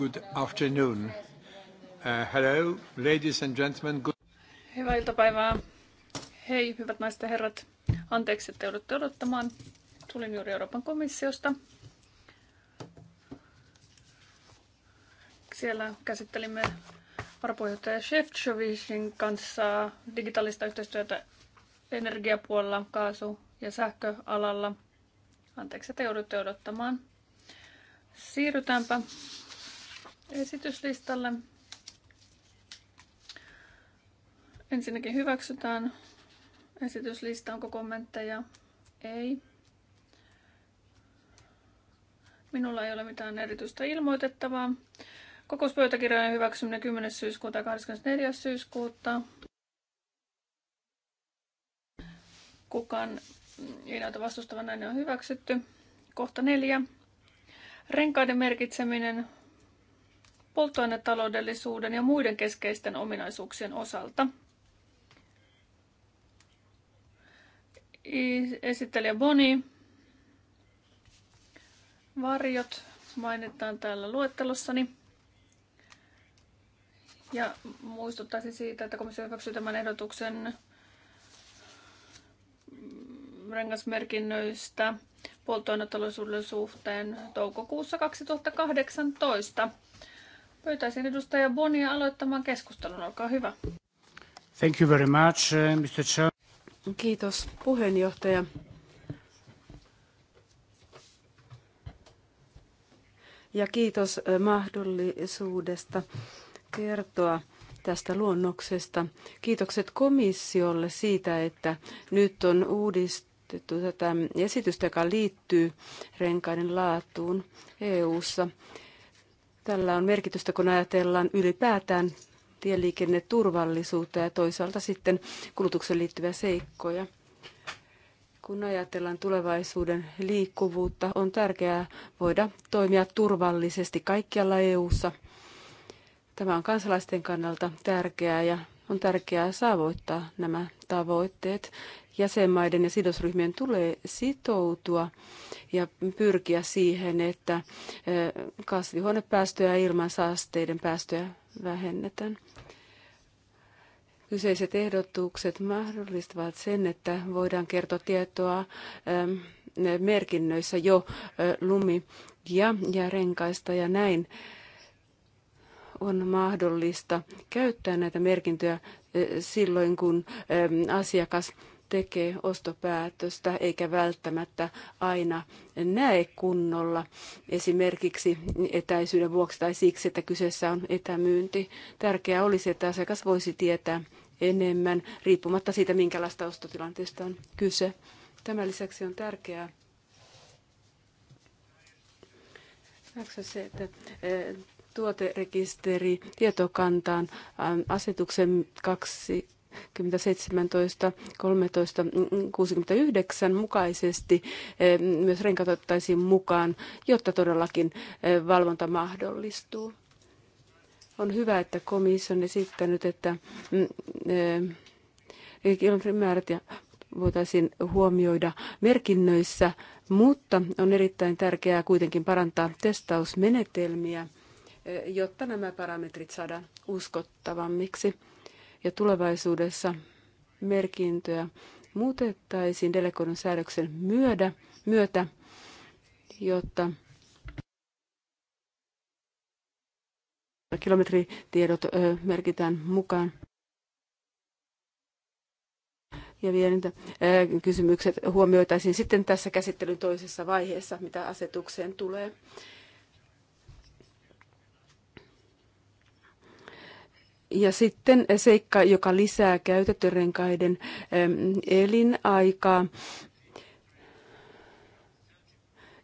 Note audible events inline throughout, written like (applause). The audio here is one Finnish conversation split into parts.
Good afternoon. Uh, hello, ladies and gentlemen. Good... Hyvää iltapäivää. Hei, hyvät naiset ja herrat. Anteeksi, että joudutte odottamaan. Tulin juuri Euroopan komissiosta. Siellä käsittelimme varapuheenjohtaja Šefčovičin kanssa digitaalista yhteistyötä energiapuolella, kaasu- ja sähköalalla. Anteeksi, että joudutte odottamaan. Siirrytäänpä esityslistalle. Ensinnäkin hyväksytään. Esityslista, onko kommentteja? Ei. Minulla ei ole mitään erityistä ilmoitettavaa. Kokouspöytäkirjojen hyväksyminen 10. syyskuuta ja 24. syyskuuta. Kukaan ei näytä vastustavan, näin on hyväksytty. Kohta neljä. Renkaiden merkitseminen polttoainetaloudellisuuden ja muiden keskeisten ominaisuuksien osalta. Esittelijä Boni. Varjot mainitaan täällä luettelossani. Ja muistuttaisin siitä, että komissio hyväksyy tämän ehdotuksen rengasmerkinnöistä polttoainetaloudellisuuden suhteen toukokuussa 2018. Pyytäisin edustaja Bonia aloittamaan keskustelun. Olkaa hyvä. Thank you very much, eh, Mr. Chair. Kiitos puheenjohtaja. Ja kiitos eh, mahdollisuudesta kertoa tästä luonnoksesta. Kiitokset komissiolle siitä, että nyt on uudistettu tätä esitystä, joka liittyy renkaiden laatuun EU-ssa. Tällä on merkitystä, kun ajatellaan ylipäätään tieliikenneturvallisuutta ja toisaalta sitten kulutukseen liittyviä seikkoja. Kun ajatellaan tulevaisuuden liikkuvuutta, on tärkeää voida toimia turvallisesti kaikkialla EU:ssa. Tämä on kansalaisten kannalta tärkeää ja on tärkeää saavuttaa nämä tavoitteet jäsenmaiden ja sidosryhmien tulee sitoutua ja pyrkiä siihen, että kasvihuonepäästöjä ja ilmansaasteiden päästöjä vähennetään. Kyseiset ehdotukset mahdollistavat sen, että voidaan kertoa tietoa merkinnöissä jo lumi- ja, ja renkaista ja näin on mahdollista käyttää näitä merkintöjä silloin, kun asiakas tekee ostopäätöstä eikä välttämättä aina näe kunnolla esimerkiksi etäisyyden vuoksi tai siksi, että kyseessä on etämyynti. Tärkeää olisi, että asiakas voisi tietää enemmän riippumatta siitä, minkälaista ostotilanteesta on kyse. Tämän lisäksi on tärkeää se, että e, tuoterekisteri tietokantaan asetuksen 2 17, 13, 69 mukaisesti eh, myös renkaat ottaisiin mukaan, jotta todellakin eh, valvonta mahdollistuu. On hyvä, että komissio on esittänyt, että mm, eh, kilometrimäärät ja voitaisiin huomioida merkinnöissä, mutta on erittäin tärkeää kuitenkin parantaa testausmenetelmiä, jotta nämä parametrit saadaan uskottavammiksi ja tulevaisuudessa merkintöjä muutettaisiin delegoidun säädöksen myödä, myötä, jotta kilometritiedot merkitään mukaan. Ja vielä kysymykset huomioitaisiin sitten tässä käsittelyn toisessa vaiheessa, mitä asetukseen tulee. Ja sitten seikka, joka lisää käytettyrenkaiden elinaikaa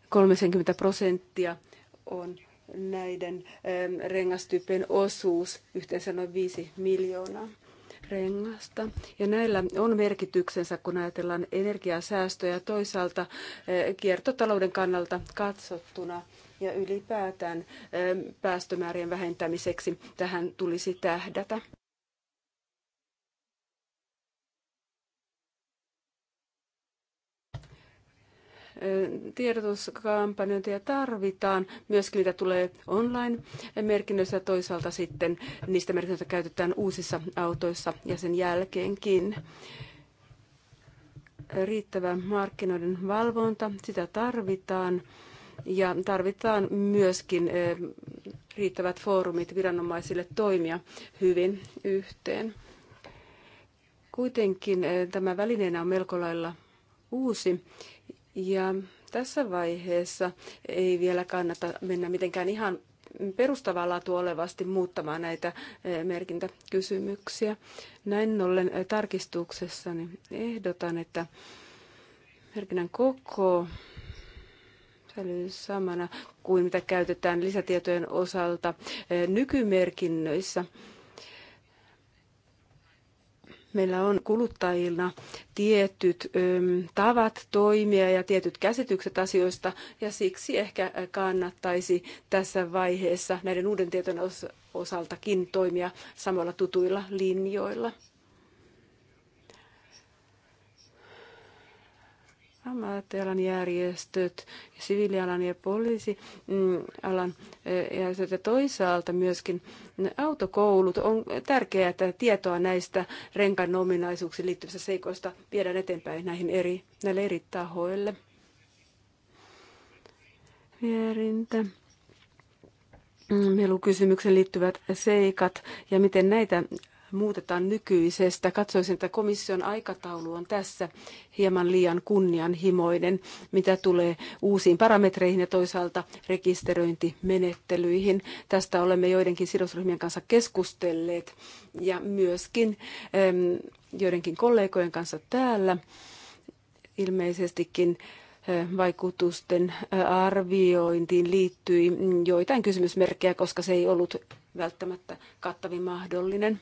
30 prosenttia on näiden rengastyyppien osuus, yhteensä noin 5 miljoonaa rengasta. Ja näillä on merkityksensä, kun ajatellaan energiasäästöjä toisaalta eh, kiertotalouden kannalta katsottuna – ja ylipäätään päästömäärien vähentämiseksi tähän tulisi tähdätä. tiedotuskampanjointia tarvitaan, myöskin mitä tulee online-merkinnöistä toisaalta sitten niistä merkinnöistä käytetään uusissa autoissa ja sen jälkeenkin. Riittävä markkinoiden valvonta, sitä tarvitaan ja tarvitaan myöskin riittävät foorumit viranomaisille toimia hyvin yhteen. Kuitenkin tämä välineenä on melko lailla uusi ja tässä vaiheessa ei vielä kannata mennä mitenkään ihan perustavaa laatua olevasti muuttamaan näitä merkintäkysymyksiä. Näin ollen tarkistuksessani ehdotan, että merkinnän koko säilyy samana kuin mitä käytetään lisätietojen osalta eh, nykymerkinnöissä. Meillä on kuluttajilla tietyt ö, tavat toimia ja tietyt käsitykset asioista, ja siksi ehkä kannattaisi tässä vaiheessa näiden uuden tietojen osaltakin toimia samalla tutuilla linjoilla. ammattialan järjestöt, siviilialan ja poliisialan mm, e, järjestöt ja toisaalta myöskin autokoulut. On tärkeää, että tietoa näistä renkan ominaisuuksiin liittyvistä seikoista viedään eteenpäin näihin eri, näille eri tahoille. Vierintä Melukysymyksen mm, liittyvät seikat ja miten näitä muutetaan nykyisestä. Katsoisin, että komission aikataulu on tässä hieman liian kunnianhimoinen, mitä tulee uusiin parametreihin ja toisaalta rekisteröintimenettelyihin. Tästä olemme joidenkin sidosryhmien kanssa keskustelleet ja myöskin joidenkin kollegojen kanssa täällä ilmeisestikin e, vaikutusten e, arviointiin liittyi joitain kysymysmerkkejä, koska se ei ollut välttämättä kattavin mahdollinen.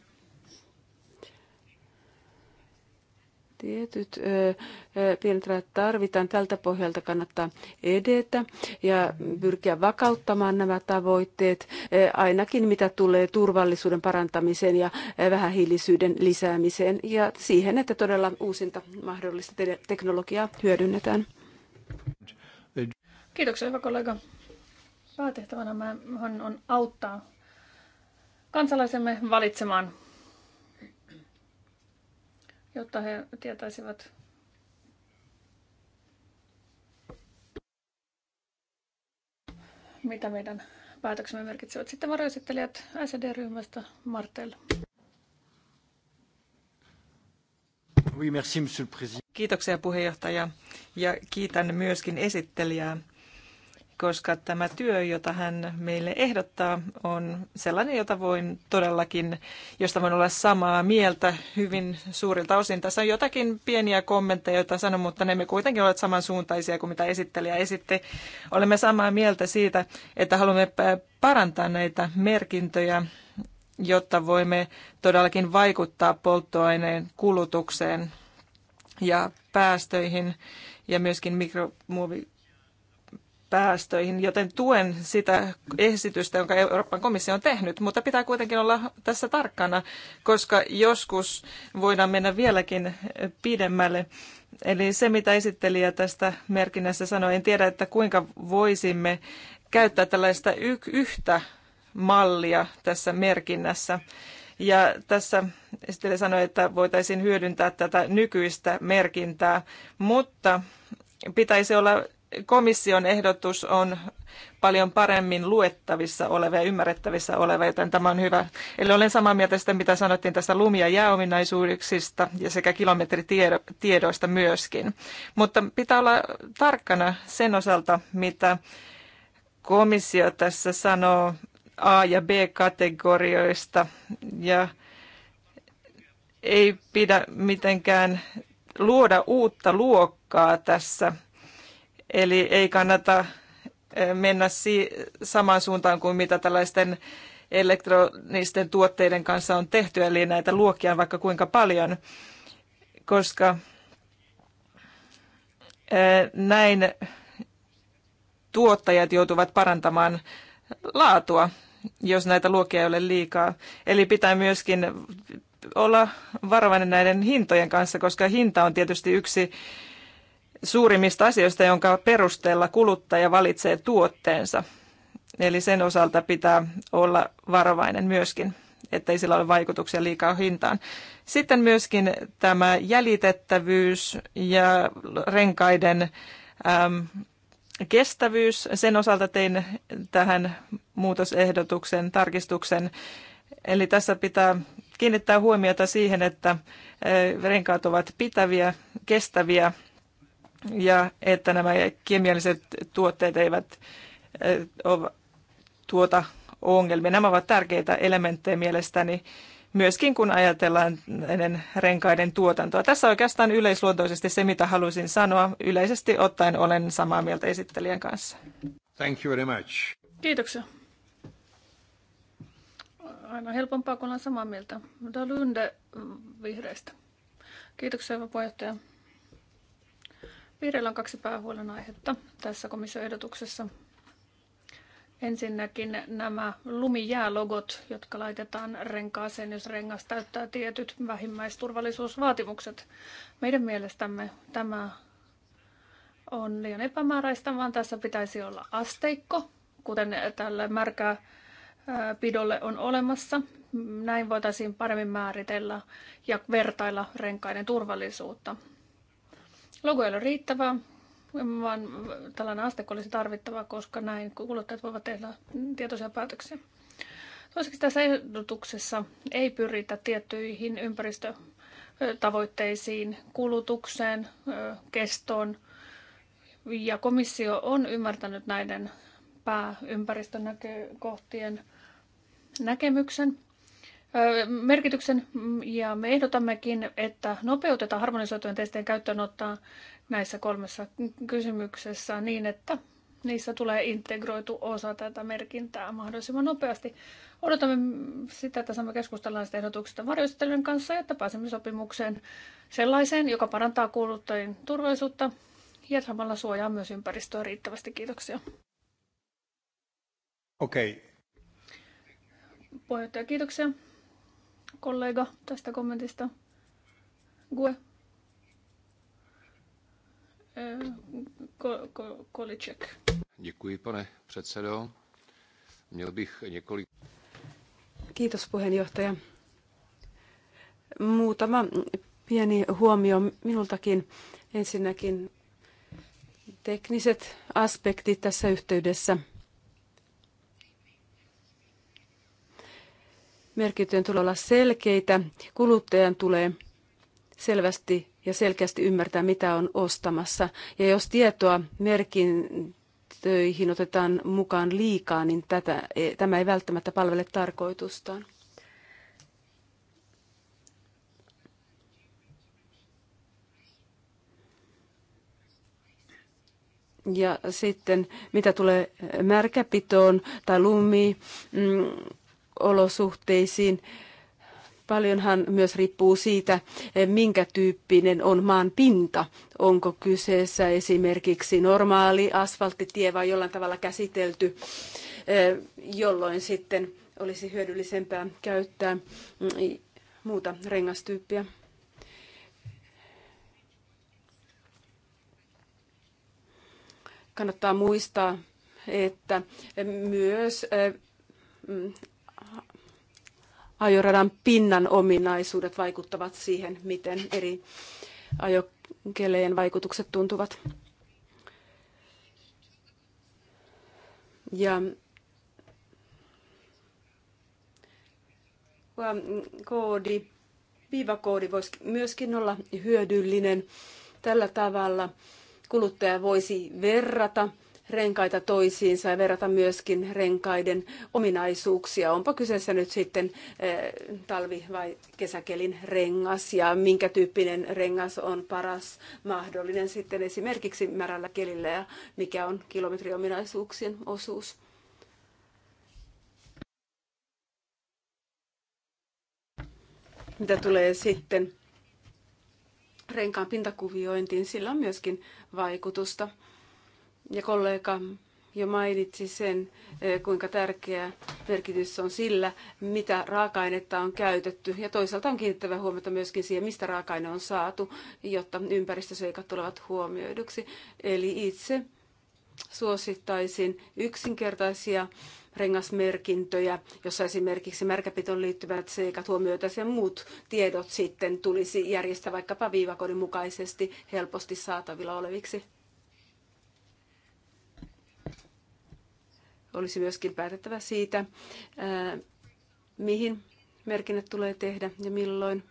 Tietyt ö, pienet rajat tarvitaan. Tältä pohjalta kannattaa edetä ja pyrkiä vakauttamaan nämä tavoitteet, ainakin mitä tulee turvallisuuden parantamiseen ja vähähiilisyyden lisäämiseen ja siihen, että todella uusinta mahdollista te- teknologiaa hyödynnetään. Kiitoksia, hyvä kollega. Päätehtävänä on auttaa kansalaisemme valitsemaan jotta he tietäisivät mitä meidän päätöksemme merkitsevät. Sitten varjoesittelijät SD-ryhmästä Martel. Kiitoksia puheenjohtaja ja kiitän myöskin esittelijää koska tämä työ, jota hän meille ehdottaa, on sellainen, jota voin todellakin, josta voin olla samaa mieltä hyvin suurilta osin. Tässä on jotakin pieniä kommentteja, joita sanon, mutta ne me kuitenkin ovat samansuuntaisia kuin mitä esittelijä esitti. Olemme samaa mieltä siitä, että haluamme parantaa näitä merkintöjä, jotta voimme todellakin vaikuttaa polttoaineen kulutukseen ja päästöihin ja myöskin mikromuovi päästöihin, joten tuen sitä esitystä, jonka Euroopan komissio on tehnyt, mutta pitää kuitenkin olla tässä tarkkana, koska joskus voidaan mennä vieläkin pidemmälle. Eli se, mitä esittelijä tästä merkinnässä sanoi, en tiedä, että kuinka voisimme käyttää tällaista yhtä mallia tässä merkinnässä. Ja tässä esittelijä sanoi, että voitaisiin hyödyntää tätä nykyistä merkintää, mutta pitäisi olla komission ehdotus on paljon paremmin luettavissa oleva ja ymmärrettävissä oleva, joten tämä on hyvä. Eli olen samaa mieltä sitä, mitä sanottiin tästä lumi- ja jääominaisuuksista ja sekä kilometritiedoista myöskin. Mutta pitää olla tarkkana sen osalta, mitä komissio tässä sanoo A- ja B-kategorioista ja ei pidä mitenkään luoda uutta luokkaa tässä – Eli ei kannata eh, mennä samaan suuntaan kuin mitä tällaisten elektronisten tuotteiden kanssa on tehty, eli näitä luokkia vaikka kuinka paljon, koska eh, näin tuottajat joutuvat parantamaan laatua, jos näitä luokkia ei ole liikaa. Eli pitää myöskin olla varovainen näiden hintojen kanssa, koska hinta on tietysti yksi suurimmista asioista, jonka perusteella kuluttaja valitsee tuotteensa. Eli sen osalta pitää olla varovainen myöskin, ettei sillä ole vaikutuksia liikaa hintaan. Sitten myöskin tämä jäljitettävyys ja renkaiden äm, kestävyys. Sen osalta tein tähän muutosehdotuksen, tarkistuksen. Eli tässä pitää kiinnittää huomiota siihen, että renkaat ovat pitäviä, kestäviä ja että nämä kemialliset tuotteet eivät eh, tuota ongelmia. Nämä ovat tärkeitä elementtejä mielestäni myöskin kun ajatellaan näiden renkaiden tuotantoa. Tässä oikeastaan yleisluontoisesti se, mitä halusin sanoa. Yleisesti ottaen olen samaa mieltä esittelijän kanssa. Thank you very much. Kiitoksia. Aina helpompaa, kun olen samaa mieltä. Lunde mm, vihreistä. Kiitoksia, hyvä puheenjohtaja. Viirellä on kaksi päähuolenaihetta tässä komissioehdotuksessa. Ensinnäkin nämä lumijäälogot, jotka laitetaan renkaaseen, jos rengas täyttää tietyt vähimmäisturvallisuusvaatimukset. Meidän mielestämme tämä on liian epämääräistä, vaan tässä pitäisi olla asteikko, kuten tällä märkää pidolle on olemassa. Näin voitaisiin paremmin määritellä ja vertailla renkaiden turvallisuutta. Logo ei ole riittävää, vaan tällainen asteikko olisi tarvittava, koska näin kuluttajat voivat tehdä tietoisia päätöksiä. Toiseksi tässä ehdotuksessa ei pyritä tiettyihin ympäristötavoitteisiin, kulutukseen, kestoon, ja komissio on ymmärtänyt näiden pääympäristönäkökohtien näkemyksen merkityksen mm, ja me ehdotammekin, että nopeutetaan harmonisoitujen testien käyttöönottaa näissä kolmessa kysymyksessä niin, että niissä tulee integroitu osa tätä merkintää mahdollisimman nopeasti. Odotamme sitä, että saamme keskustella näistä ehdotuksista varjoistelujen kanssa, että pääsemme sopimukseen sellaiseen, joka parantaa kuluttajien turvallisuutta ja samalla suojaa myös ympäristöä riittävästi. Kiitoksia. Okei. Okay. Puheenjohtaja, kiitoksia kollega tästä kommentista. Gue. Eh, ko, ko, Količek. Děkuji, pane předsedo. Měl bych několik... Kiitos, puheenjohtaja. Muutama pieni huomio minultakin. Ensinnäkin tekniset aspektit tässä yhteydessä – merkintöjen tulee olla selkeitä. Kuluttajan tulee selvästi ja selkeästi ymmärtää, mitä on ostamassa. Ja jos tietoa merkintöihin otetaan mukaan liikaa, niin tätä, e, tämä ei välttämättä palvele tarkoitustaan. Ja sitten mitä tulee märkäpitoon tai lumiin, mm, olosuhteisiin. Paljonhan myös riippuu siitä, minkä tyyppinen on maan pinta. Onko kyseessä esimerkiksi normaali asfalttitie vai jollain tavalla käsitelty, jolloin sitten olisi hyödyllisempää käyttää muuta rengastyyppiä. Kannattaa muistaa, että myös ajoradan pinnan ominaisuudet vaikuttavat siihen, miten eri ajokelejen vaikutukset tuntuvat. Ja koodi, viivakoodi voisi myöskin olla hyödyllinen. Tällä tavalla kuluttaja voisi verrata renkaita toisiinsa ja verrata myöskin renkaiden ominaisuuksia. Onpa kyseessä nyt sitten eh, talvi- vai kesäkelin rengas ja minkä tyyppinen rengas on paras mahdollinen sitten esimerkiksi märällä kelillä ja mikä on kilometriominaisuuksien osuus. Mitä tulee sitten renkaan pintakuviointiin, sillä on myöskin vaikutusta ja kollega jo mainitsi sen, eh, kuinka tärkeä merkitys on sillä, mitä raaka-ainetta on käytetty. Ja toisaalta on kiinnittävä huomiota myöskin siihen, mistä raaka-aine on saatu, jotta ympäristöseikat tulevat huomioiduksi. Eli itse suosittaisin yksinkertaisia rengasmerkintöjä, jossa esimerkiksi märkäpitoon liittyvät seikat huomioitaisiin ja muut tiedot sitten tulisi järjestää vaikkapa viivakodin mukaisesti helposti saatavilla oleviksi. Olisi myöskin päätettävä siitä, mihin merkinnät tulee tehdä ja milloin.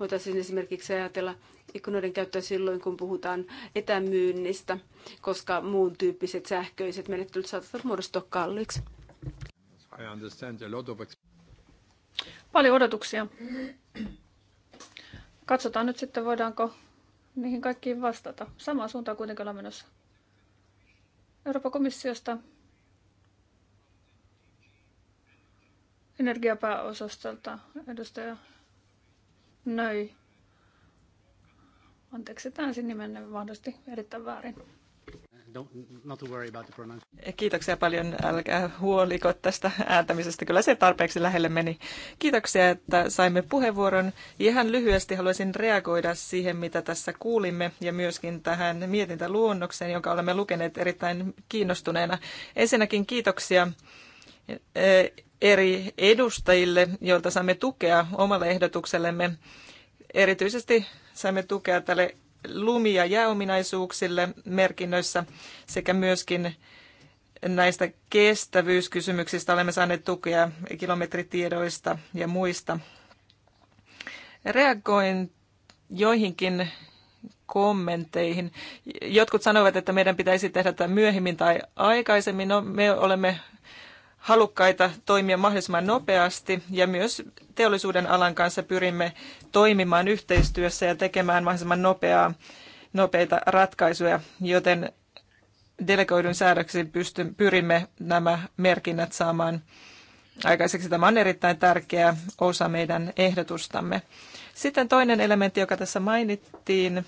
Voitaisiin esimerkiksi ajatella ikkunoiden käyttöä silloin, kun puhutaan etämyynnistä, koska muun tyyppiset sähköiset menettelyt saattavat muodostua kalliiksi. Paljon odotuksia. Katsotaan nyt sitten, voidaanko niihin kaikkiin vastata. Samaan suuntaan kuitenkin ollaan menossa. Euroopan komissiosta energiapääosastolta edustaja Nöi. Anteeksi, tämän nimenne mahdollisesti erittäin väärin not to worry about the pronunciation. Kiitoksia paljon, älkää huoliko tästä ääntämisestä, kyllä se tarpeeksi lähelle meni. Kiitoksia, että saimme puheenvuoron. Ihan lyhyesti haluaisin reagoida siihen, mitä tässä kuulimme, ja myöskin tähän mietintäluonnokseen, jonka olemme lukeneet erittäin kiinnostuneena. Ensinnäkin kiitoksia e, eri edustajille, joilta saamme tukea omalle ehdotuksellemme. Erityisesti saimme tukea tälle lumi- ja jääominaisuuksille merkinnöissä sekä myöskin näistä kestävyyskysymyksistä olemme saaneet tukea kilometritiedoista ja muista. Reagoin joihinkin kommenteihin. Jotkut sanovat, että meidän pitäisi tehdä tämä myöhemmin tai aikaisemmin. No, me olemme halukkaita toimia mahdollisimman nopeasti ja myös teollisuuden alan kanssa pyrimme toimimaan yhteistyössä ja tekemään mahdollisimman nopeaa, nopeita ratkaisuja, joten delegoidun säädöksiin pystyn, pyrimme nämä merkinnät saamaan aikaiseksi. Tämä on erittäin tärkeä osa meidän ehdotustamme. Sitten toinen elementti, joka tässä mainittiin,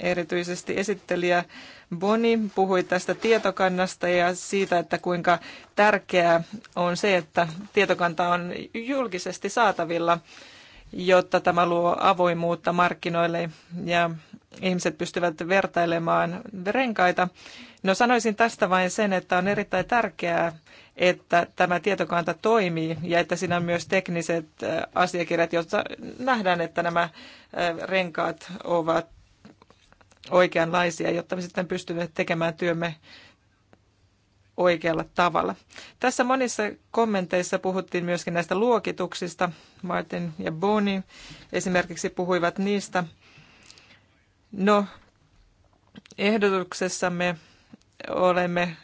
erityisesti esittelijä Boni puhui tästä tietokannasta ja siitä, että kuinka tärkeää on se, että tietokanta on julkisesti saatavilla, jotta tämä luo avoimuutta markkinoille ja ihmiset pystyvät vertailemaan renkaita. No sanoisin tästä vain sen, että on erittäin tärkeää, että tämä tietokanta toimii ja että siinä on myös tekniset äh, asiakirjat, jotta nähdään, että nämä äh, renkaat ovat oikeanlaisia, jotta me sitten pystymme tekemään työmme oikealla tavalla. Tässä monissa kommenteissa puhuttiin myöskin näistä luokituksista. Martin ja Boni esimerkiksi puhuivat niistä. No, ehdotuksessamme olemme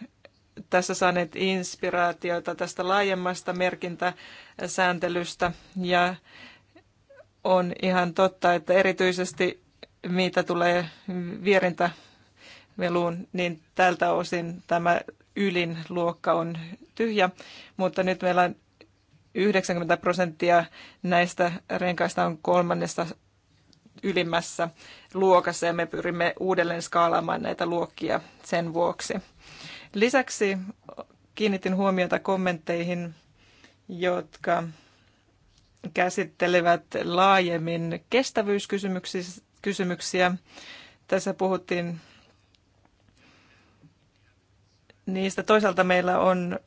tässä saaneet inspiraatiota tästä laajemmasta merkintäsääntelystä ja on ihan totta, että erityisesti mitä tulee vierintäveluun, niin tältä osin tämä ylin luokka on tyhjä, mutta nyt meillä on 90 prosenttia näistä renkaista on kolmannessa ylimmässä luokassa ja me pyrimme uudelleen skaalaamaan näitä luokkia sen vuoksi. Lisäksi kiinnitin huomiota kommentteihin, jotka käsittelevät laajemmin kestävyyskysymyksiä kysymyksiä. Tässä puhuttiin niistä. Toisaalta meillä on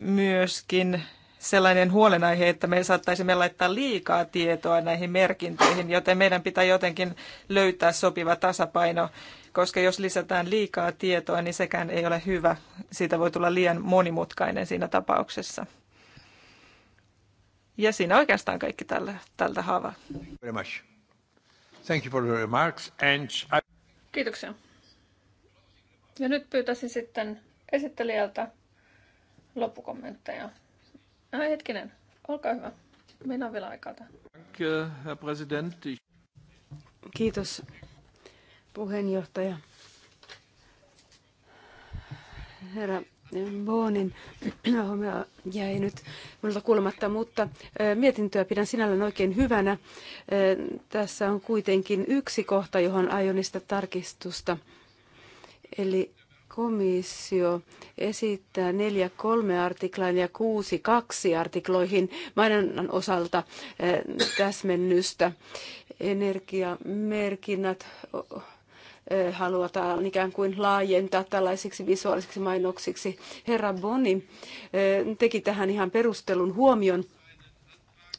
myöskin sellainen huolenaihe, että me saattaisimme laittaa liikaa tietoa näihin merkintöihin, joten meidän pitää jotenkin löytää sopiva tasapaino, koska jos lisätään liikaa tietoa, niin sekään ei ole hyvä. Siitä voi tulla liian monimutkainen siinä tapauksessa. Ja siinä oikeastaan kaikki tällä, tältä haavaa. Thank you for remarks. Kiitoksia. Ja nyt pyytäisin sitten esittelijältä loppukommentteja. Ah, hetkinen, olkaa hyvä. Meillä on vielä aikaa tähän. Kiitos, puheenjohtaja. Herra Boonin homea (clears throat) jäi nyt minulta kuulematta, mutta mietintöä pidän sinällään oikein hyvänä. Tässä on kuitenkin yksi kohta, johon aion tarkistusta. Eli komissio esittää 4.3 artiklaan ja 6.2 artikloihin mainonnan osalta täsmennystä. Energiamerkinnät halutaan ikään kuin laajentaa tällaisiksi visuaalisiksi mainoksiksi. Herra Boni teki tähän ihan perustelun huomion,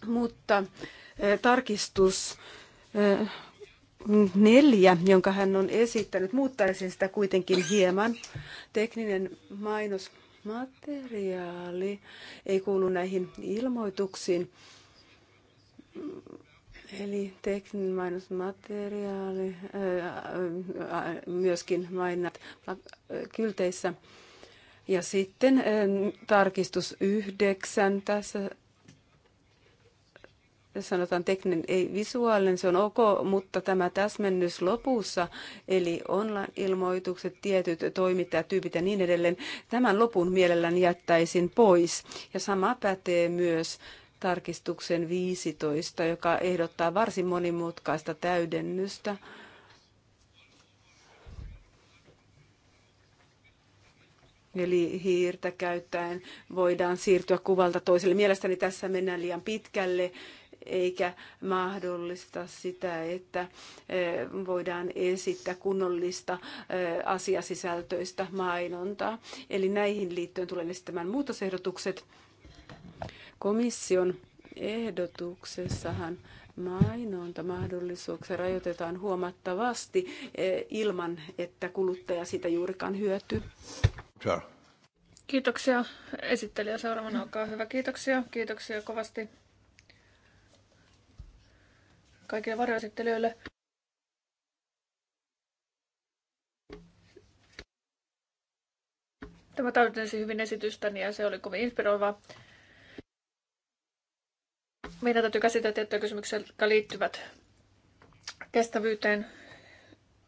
mutta tarkistus neljä, jonka hän on esittänyt, muuttaisin sitä kuitenkin hieman. Tekninen mainosmateriaali ei kuulu näihin ilmoituksiin Eli tekninen mainosmateriaali, äh, äh, äh, myöskin mainat kylteissä. Ja sitten tarkistus yhdeksän tässä sanotaan tekninen, ei visuaalinen, se on ok, mutta tämä täsmennys lopussa, eli online-ilmoitukset, tietyt toimittajatyypit ja niin edelleen, tämän lopun mielellään jättäisin pois. Ja sama pätee myös tarkistuksen 15, joka ehdottaa varsin monimutkaista täydennystä. Eli hiirtä käyttäen voidaan siirtyä kuvalta toiselle. Mielestäni tässä mennään liian pitkälle eikä mahdollista sitä, että e, voidaan esittää kunnollista e, asiasisältöistä mainontaa. Eli näihin liittyen tulen esittämään muutosehdotukset. Komission ehdotuksessahan mainonta mahdollisuuksia rajoitetaan huomattavasti eh, ilman, että kuluttaja siitä juurikaan hyötyy. Kiitoksia esittelijä seuraavana, olkaa hyvä. Kiitoksia, kiitoksia kovasti kaikille varjoesittelijöille. Tämä täydensi hyvin esitystäni ja se oli kovin inspiroivaa. Meidän täytyy käsitellä tiettyjä kysymyksiä, jotka liittyvät kestävyyteen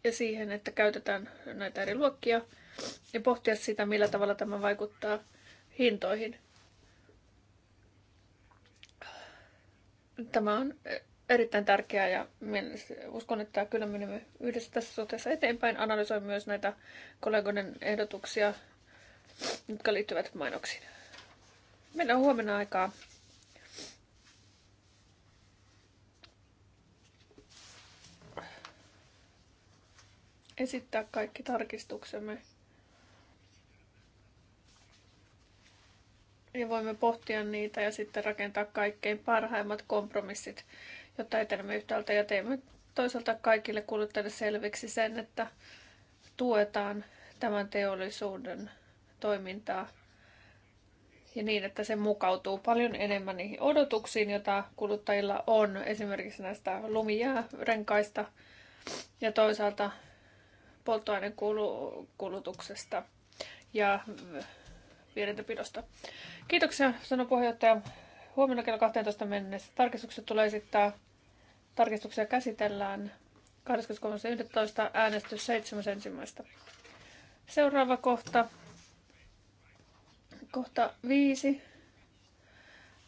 ja siihen, että käytetään näitä eri luokkia ja pohtia sitä, millä tavalla tämä vaikuttaa hintoihin. Tämä on erittäin tärkeää ja uskon, että kyllä menemme yhdessä tässä suhteessa eteenpäin. Analysoin myös näitä kollegoiden ehdotuksia, jotka liittyvät mainoksiin. Meillä on huomenna aikaa esittää kaikki tarkistuksemme. Ja voimme pohtia niitä ja sitten rakentaa kaikkein parhaimmat kompromissit, jotta etenemme yhtäältä ja teemme toisaalta kaikille kuluttajille selviksi sen, että tuetaan tämän teollisuuden toimintaa ja niin, että se mukautuu paljon enemmän niihin odotuksiin, joita kuluttajilla on esimerkiksi näistä lumijäärenkaista ja toisaalta polttoaineen kulutuksesta ja viidentäpidosta. Kiitoksia, sanoi puheenjohtaja. Huomenna kello 12 mennessä tarkistukset tulee esittää. Tarkistuksia käsitellään 23.11. äänestys 7.1. Seuraava kohta. Kohta 5.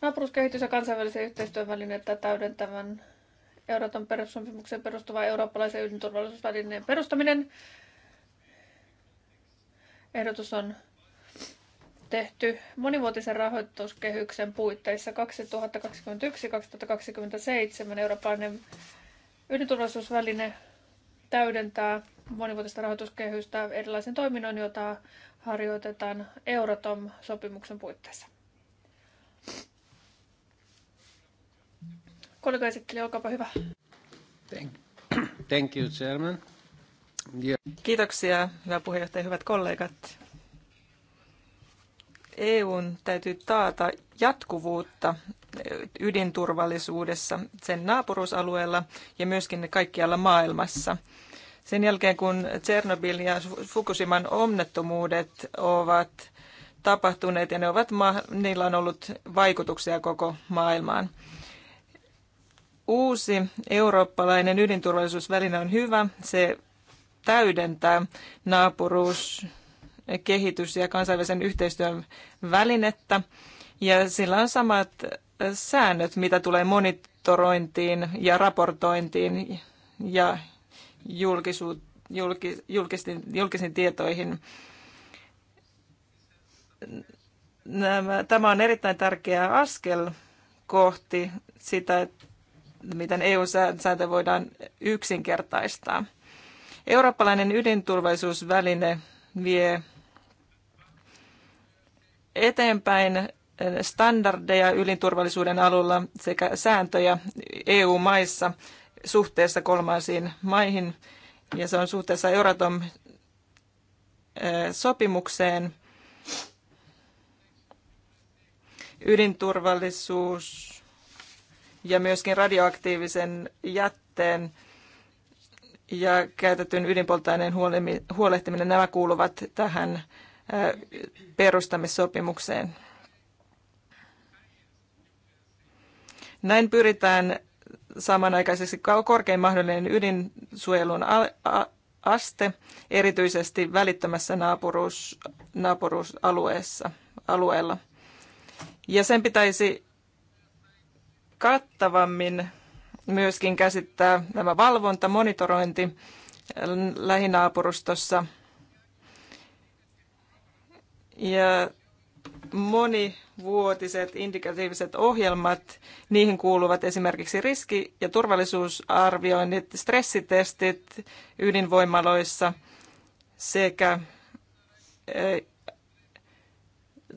Naapuruskehitys ja kansainvälisen yhteistyön välinettä täydentävän Euroopan perussopimukseen perustuva eurooppalaisen ydinturvallisuusvälineen perustaminen. Ehdotus on tehty monivuotisen rahoituskehyksen puitteissa 2021-2027. Eurooppalainen ydinturvallisuusväline täydentää monivuotista rahoituskehystä erilaisen toiminnon, jota harjoitetaan Euratom-sopimuksen puitteissa. Kollega olkaapa hyvä. Thank, thank you, Chairman. Yeah. Kiitoksia, hyvä puheenjohtaja, hyvät kollegat. EUn täytyy taata jatkuvuutta eh, ydinturvallisuudessa sen naapuruusalueella ja myöskin kaikkialla maailmassa. Sen jälkeen kun Tsernobyl ja Fukushiman onnettomuudet ovat tapahtuneet ja ne ovat, niillä on ollut vaikutuksia koko maailmaan. Uusi eurooppalainen ydinturvallisuusväline on hyvä. Se täydentää naapuruus, kehitys ja kansainvälisen yhteistyön välinettä. Ja sillä on samat säännöt, mitä tulee monitorointiin ja raportointiin ja julkisuut, julki, julkisiin, julkisiin tietoihin. Nämä, tämä on erittäin tärkeä askel kohti sitä, että miten EU-sääntö voidaan yksinkertaistaa. Eurooppalainen ydinturvallisuusväline vie eteenpäin standardeja ydinturvallisuuden alulla sekä sääntöjä EU-maissa suhteessa kolmansiin maihin, ja se on suhteessa Euratom-sopimukseen. Eh, Ydinturvallisuus ja myöskin radioaktiivisen jätteen ja käytetyn ydinpoltaineen huolehtiminen, nämä kuuluvat tähän äh, perustamissopimukseen. Näin pyritään samanaikaisesti korkein mahdollinen ydinsuojelun aste, erityisesti välittömässä naapuruus, naapuruusalueessa alueella. Ja sen pitäisi kattavammin myöskin käsittää tämä valvonta, monitorointi lähinaapurustossa. Ja monivuotiset indikatiiviset ohjelmat, niihin kuuluvat esimerkiksi riski- ja turvallisuusarvioinnit, stressitestit ydinvoimaloissa sekä eh,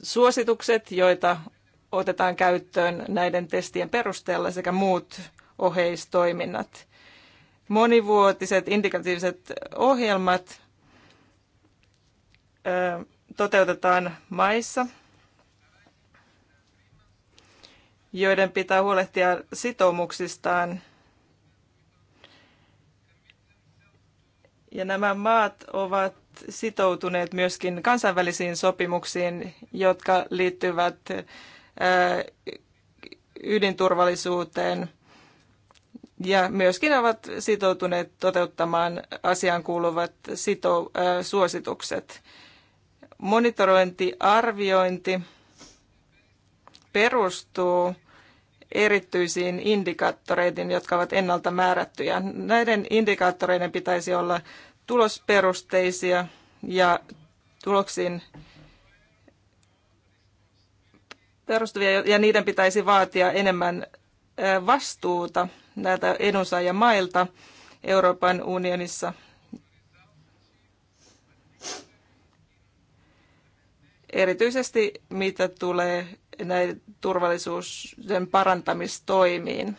suositukset, joita otetaan käyttöön näiden testien perusteella sekä muut oheistoiminnat. Monivuotiset indikatiiviset ohjelmat toteutetaan maissa, joiden pitää huolehtia sitoumuksistaan. Ja nämä maat ovat sitoutuneet myöskin kansainvälisiin sopimuksiin, jotka liittyvät ydinturvallisuuteen ja myöskin ovat sitoutuneet toteuttamaan asiaan kuuluvat sito- suositukset. Monitorointi, arviointi perustuu erityisiin indikaattoreihin, jotka ovat ennalta määrättyjä. Näiden indikaattoreiden pitäisi olla tulosperusteisia ja tuloksiin perustuvia ja niiden pitäisi vaatia enemmän vastuuta näiltä edunsaajamailta Euroopan unionissa. Erityisesti mitä tulee näiden turvallisuuden parantamistoimiin.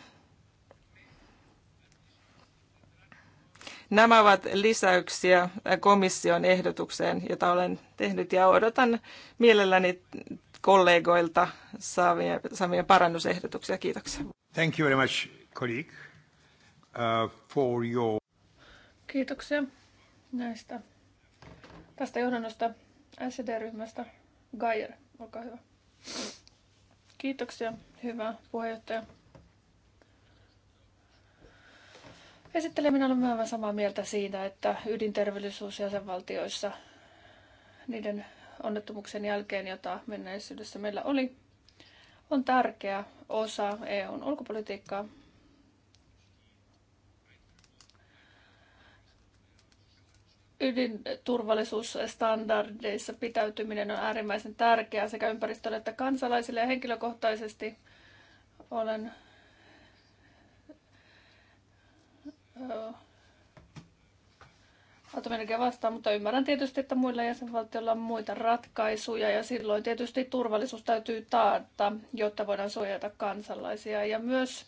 Nämä ovat lisäyksiä komission ehdotukseen, jota olen tehnyt ja odotan mielelläni kollegoilta saamia, parannusehdotuksia. Kiitoksia. Thank you very much, colleague, uh, for your... Kiitoksia näistä tästä johdannosta SED-ryhmästä. Gajer, olkaa hyvä. Kiitoksia, hyvä puheenjohtaja. Esitteleminen olen myöhemmin samaa mieltä siitä, että ydinterveellisuus jäsenvaltioissa, niiden onnettomuuksen jälkeen, jota menneisyydessä meillä oli, on tärkeä osa EUn ulkopolitiikkaa. Ydinturvallisuusstandardeissa pitäytyminen on äärimmäisen tärkeää sekä ympäristölle että kansalaisille ja henkilökohtaisesti olen atomenergia vastaan, mutta ymmärrän tietysti, että muilla jäsenvaltioilla on muita ratkaisuja ja silloin tietysti turvallisuus täytyy taata, jotta voidaan suojata kansalaisia ja myös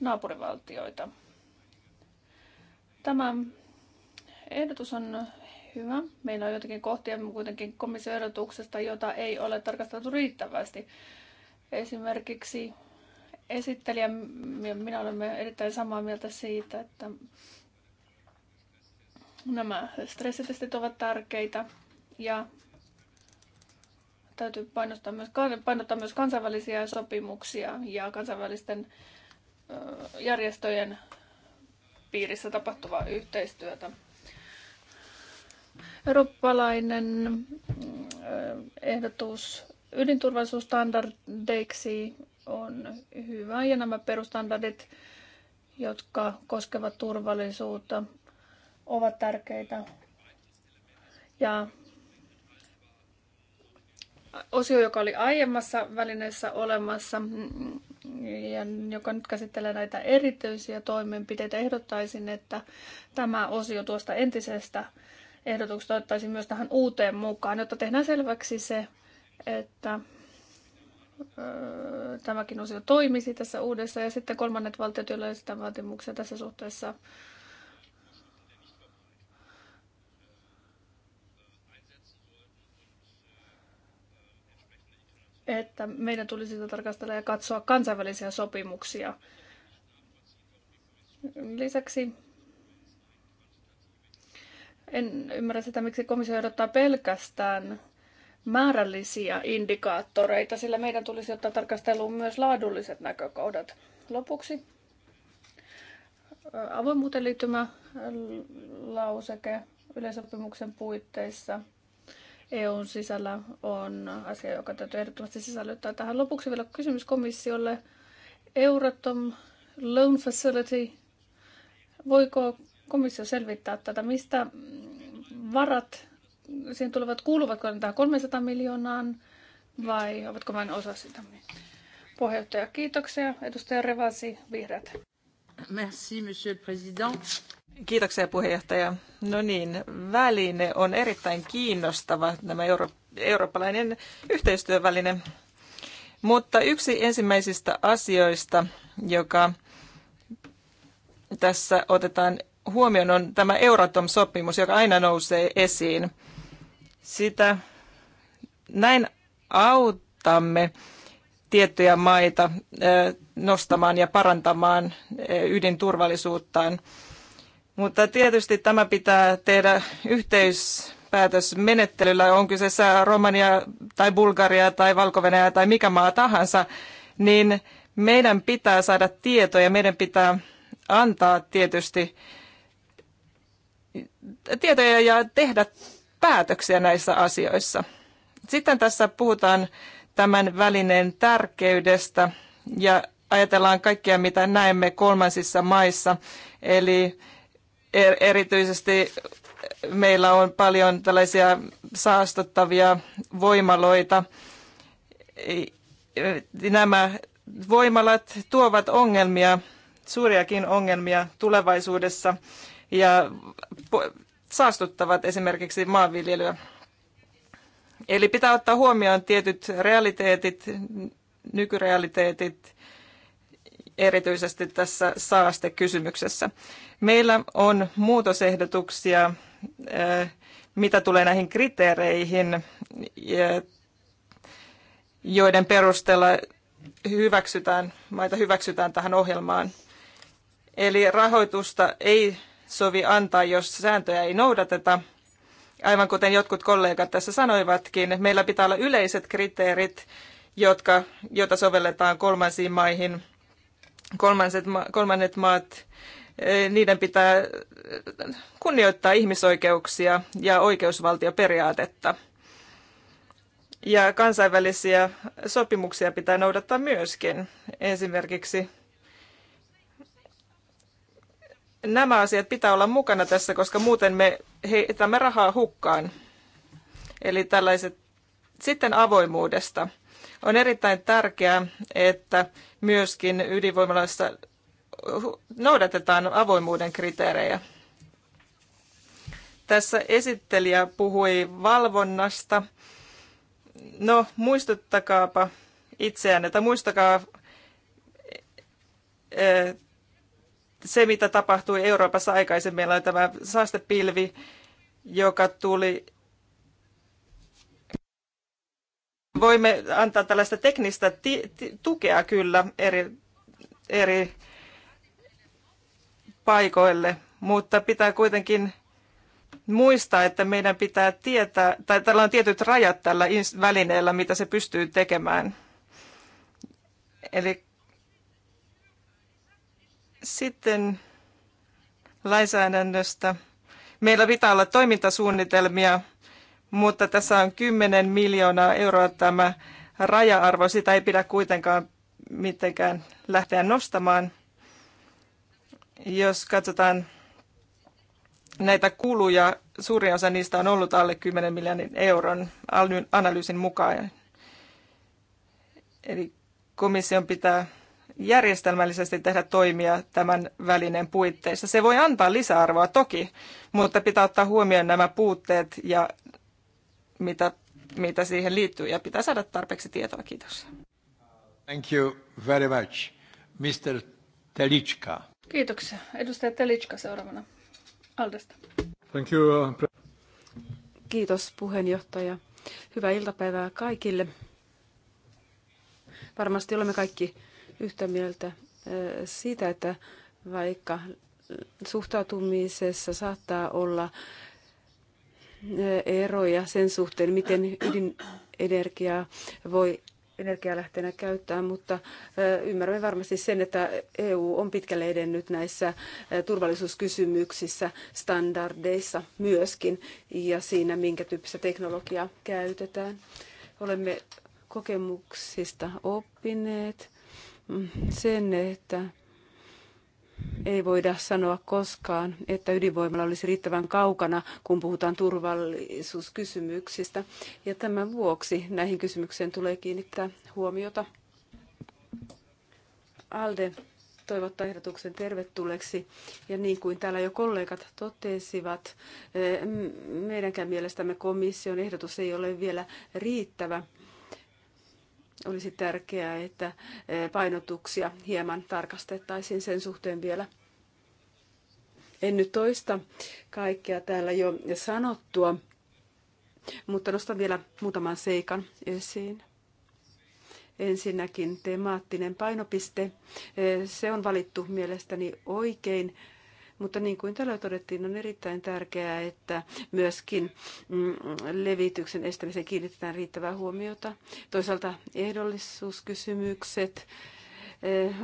naapurivaltioita. Tämä ehdotus on hyvä. Meillä on jotakin kohtia kuitenkin komission ehdotuksesta, jota ei ole tarkasteltu riittävästi. Esimerkiksi esittelijä minä olemme erittäin samaa mieltä siitä, että Nämä stressitestit ovat tärkeitä ja täytyy painottaa myös, painottaa myös kansainvälisiä sopimuksia ja kansainvälisten järjestöjen piirissä tapahtuvaa yhteistyötä. Eurooppalainen ehdotus ydinturvallisuusstandardeiksi on hyvä ja nämä perustandardit, jotka koskevat turvallisuutta, ovat tärkeitä. Ja osio, joka oli aiemmassa välineessä olemassa ja joka nyt käsittelee näitä erityisiä toimenpiteitä, ehdottaisin, että tämä osio tuosta entisestä ehdotuksesta ottaisiin myös tähän uuteen mukaan, jotta tehdään selväksi se, että tämäkin osio toimisi tässä uudessa ja sitten kolmannet valtiot, joilla sitä vaatimuksia tässä suhteessa että meidän tulisi sitä tarkastella ja katsoa kansainvälisiä sopimuksia. Lisäksi en ymmärrä sitä, miksi komissio odottaa pelkästään määrällisiä indikaattoreita, sillä meidän tulisi ottaa tarkasteluun myös laadulliset näkökohdat. Lopuksi avoimuuteen liittymä lauseke yleisopimuksen puitteissa – EUn sisällä on asia, joka täytyy ehdottomasti sisällyttää tähän. Lopuksi vielä kysymys komissiolle. Euratom Loan Facility. Voiko komissio selvittää tätä, mistä varat siihen tulevat, kuuluvatko ne tähän 300 miljoonaan vai ovatko vain osa sitä? Puheenjohtaja, kiitoksia. Edustaja Revasi, Vihreät. Merci, monsieur le président. Kiitoksia puheenjohtaja. No niin, väline on erittäin kiinnostava, nämä euro- eurooppalainen yhteistyöväline. Mutta yksi ensimmäisistä asioista, joka tässä otetaan huomioon, on tämä Euratom-sopimus, joka aina nousee esiin. Sitä näin autamme tiettyjä maita nostamaan ja parantamaan ydinturvallisuuttaan. turvallisuuttaan mutta tietysti tämä pitää tehdä yhteispäätösmenettelyllä, on kyseessä Romania tai Bulgaria tai valko tai mikä maa tahansa, niin meidän pitää saada tietoja, meidän pitää antaa tietysti tietoja ja tehdä päätöksiä näissä asioissa. Sitten tässä puhutaan tämän välineen tärkeydestä ja ajatellaan kaikkea, mitä näemme kolmansissa maissa, eli E- erityisesti meillä on paljon tällaisia saastuttavia voimaloita. E- e- nämä voimalat tuovat ongelmia, suuriakin ongelmia tulevaisuudessa ja saastuttavat esimerkiksi maanviljelyä. Eli pitää ottaa huomioon tietyt realiteetit, nykyrealiteetit erityisesti tässä saastekysymyksessä. Meillä on muutosehdotuksia, äh, mitä tulee näihin kriteereihin, joiden perusteella hyväksytään, maita hyväksytään tähän ohjelmaan. Eli rahoitusta ei sovi antaa, jos sääntöjä ei noudateta. Aivan kuten jotkut kollegat tässä sanoivatkin, meillä pitää olla yleiset kriteerit, jotka, joita sovelletaan kolmansiin maihin – kolmanset, kolmannet maat, e, niiden pitää kunnioittaa ihmisoikeuksia ja oikeusvaltioperiaatetta. Ja kansainvälisiä sopimuksia pitää noudattaa myöskin. Esimerkiksi nämä asiat pitää olla mukana tässä, koska muuten me heitämme rahaa hukkaan. Eli tällaiset sitten avoimuudesta. On erittäin tärkeää, että myöskin ydinvoimaloissa noudatetaan avoimuuden kriteerejä. Tässä esittelijä puhui valvonnasta. No, muistuttakaapa itseänne, tai muistakaa e, se, mitä tapahtui Euroopassa aikaisemmin, oli tämä saastepilvi, joka tuli Voimme antaa tällaista teknistä tukea kyllä eri, eri paikoille, mutta pitää kuitenkin muistaa, että meidän pitää tietää, tai tällä on tietyt rajat tällä välineellä, mitä se pystyy tekemään. Eli sitten lainsäädännöstä. Meillä pitää olla toimintasuunnitelmia mutta tässä on 10 miljoonaa euroa tämä raja-arvo. Sitä ei pidä kuitenkaan mitenkään lähteä nostamaan. Jos katsotaan näitä kuluja, suurin osa niistä on ollut alle 10 miljoonan euron analyysin mukaan. Eli komission pitää järjestelmällisesti tehdä toimia tämän välineen puitteissa. Se voi antaa lisäarvoa toki, mutta pitää ottaa huomioon nämä puutteet ja mitä, mitä siihen liittyy, ja pitää saada tarpeeksi tietoa. Kiitos. Thank you very much. Mr. Telička. Kiitoksia. Edustaja Telička seuraavana Aldesta. Thank you. Uh, Kiitos puheenjohtaja. Hyvää iltapäivää kaikille. Varmasti olemme kaikki yhtä mieltä uh, siitä, että vaikka suhtautumisessa saattaa olla eroja sen suhteen, miten ydinenergiaa voi energialähteenä käyttää, mutta ymmärrämme varmasti sen, että EU on pitkälle edennyt näissä turvallisuuskysymyksissä, standardeissa myöskin ja siinä, minkä tyyppistä teknologiaa käytetään. Olemme kokemuksista oppineet sen, että ei voida sanoa koskaan, että ydinvoimalla olisi riittävän kaukana, kun puhutaan turvallisuuskysymyksistä. Ja tämän vuoksi näihin kysymyksiin tulee kiinnittää huomiota. Alde toivottaa ehdotuksen tervetulleeksi. Ja niin kuin täällä jo kollegat totesivat, eh, meidänkään mielestämme komission ehdotus ei ole vielä riittävä olisi tärkeää, että eh, painotuksia hieman tarkastettaisiin sen suhteen vielä. En nyt toista kaikkea täällä jo sanottua, mutta nostan vielä muutaman seikan esiin. Ensinnäkin temaattinen painopiste. Eh, se on valittu mielestäni oikein mutta niin kuin täällä todettiin, on erittäin tärkeää, että myöskin mm, levityksen estämiseen kiinnitetään riittävää huomiota. Toisaalta ehdollisuuskysymykset,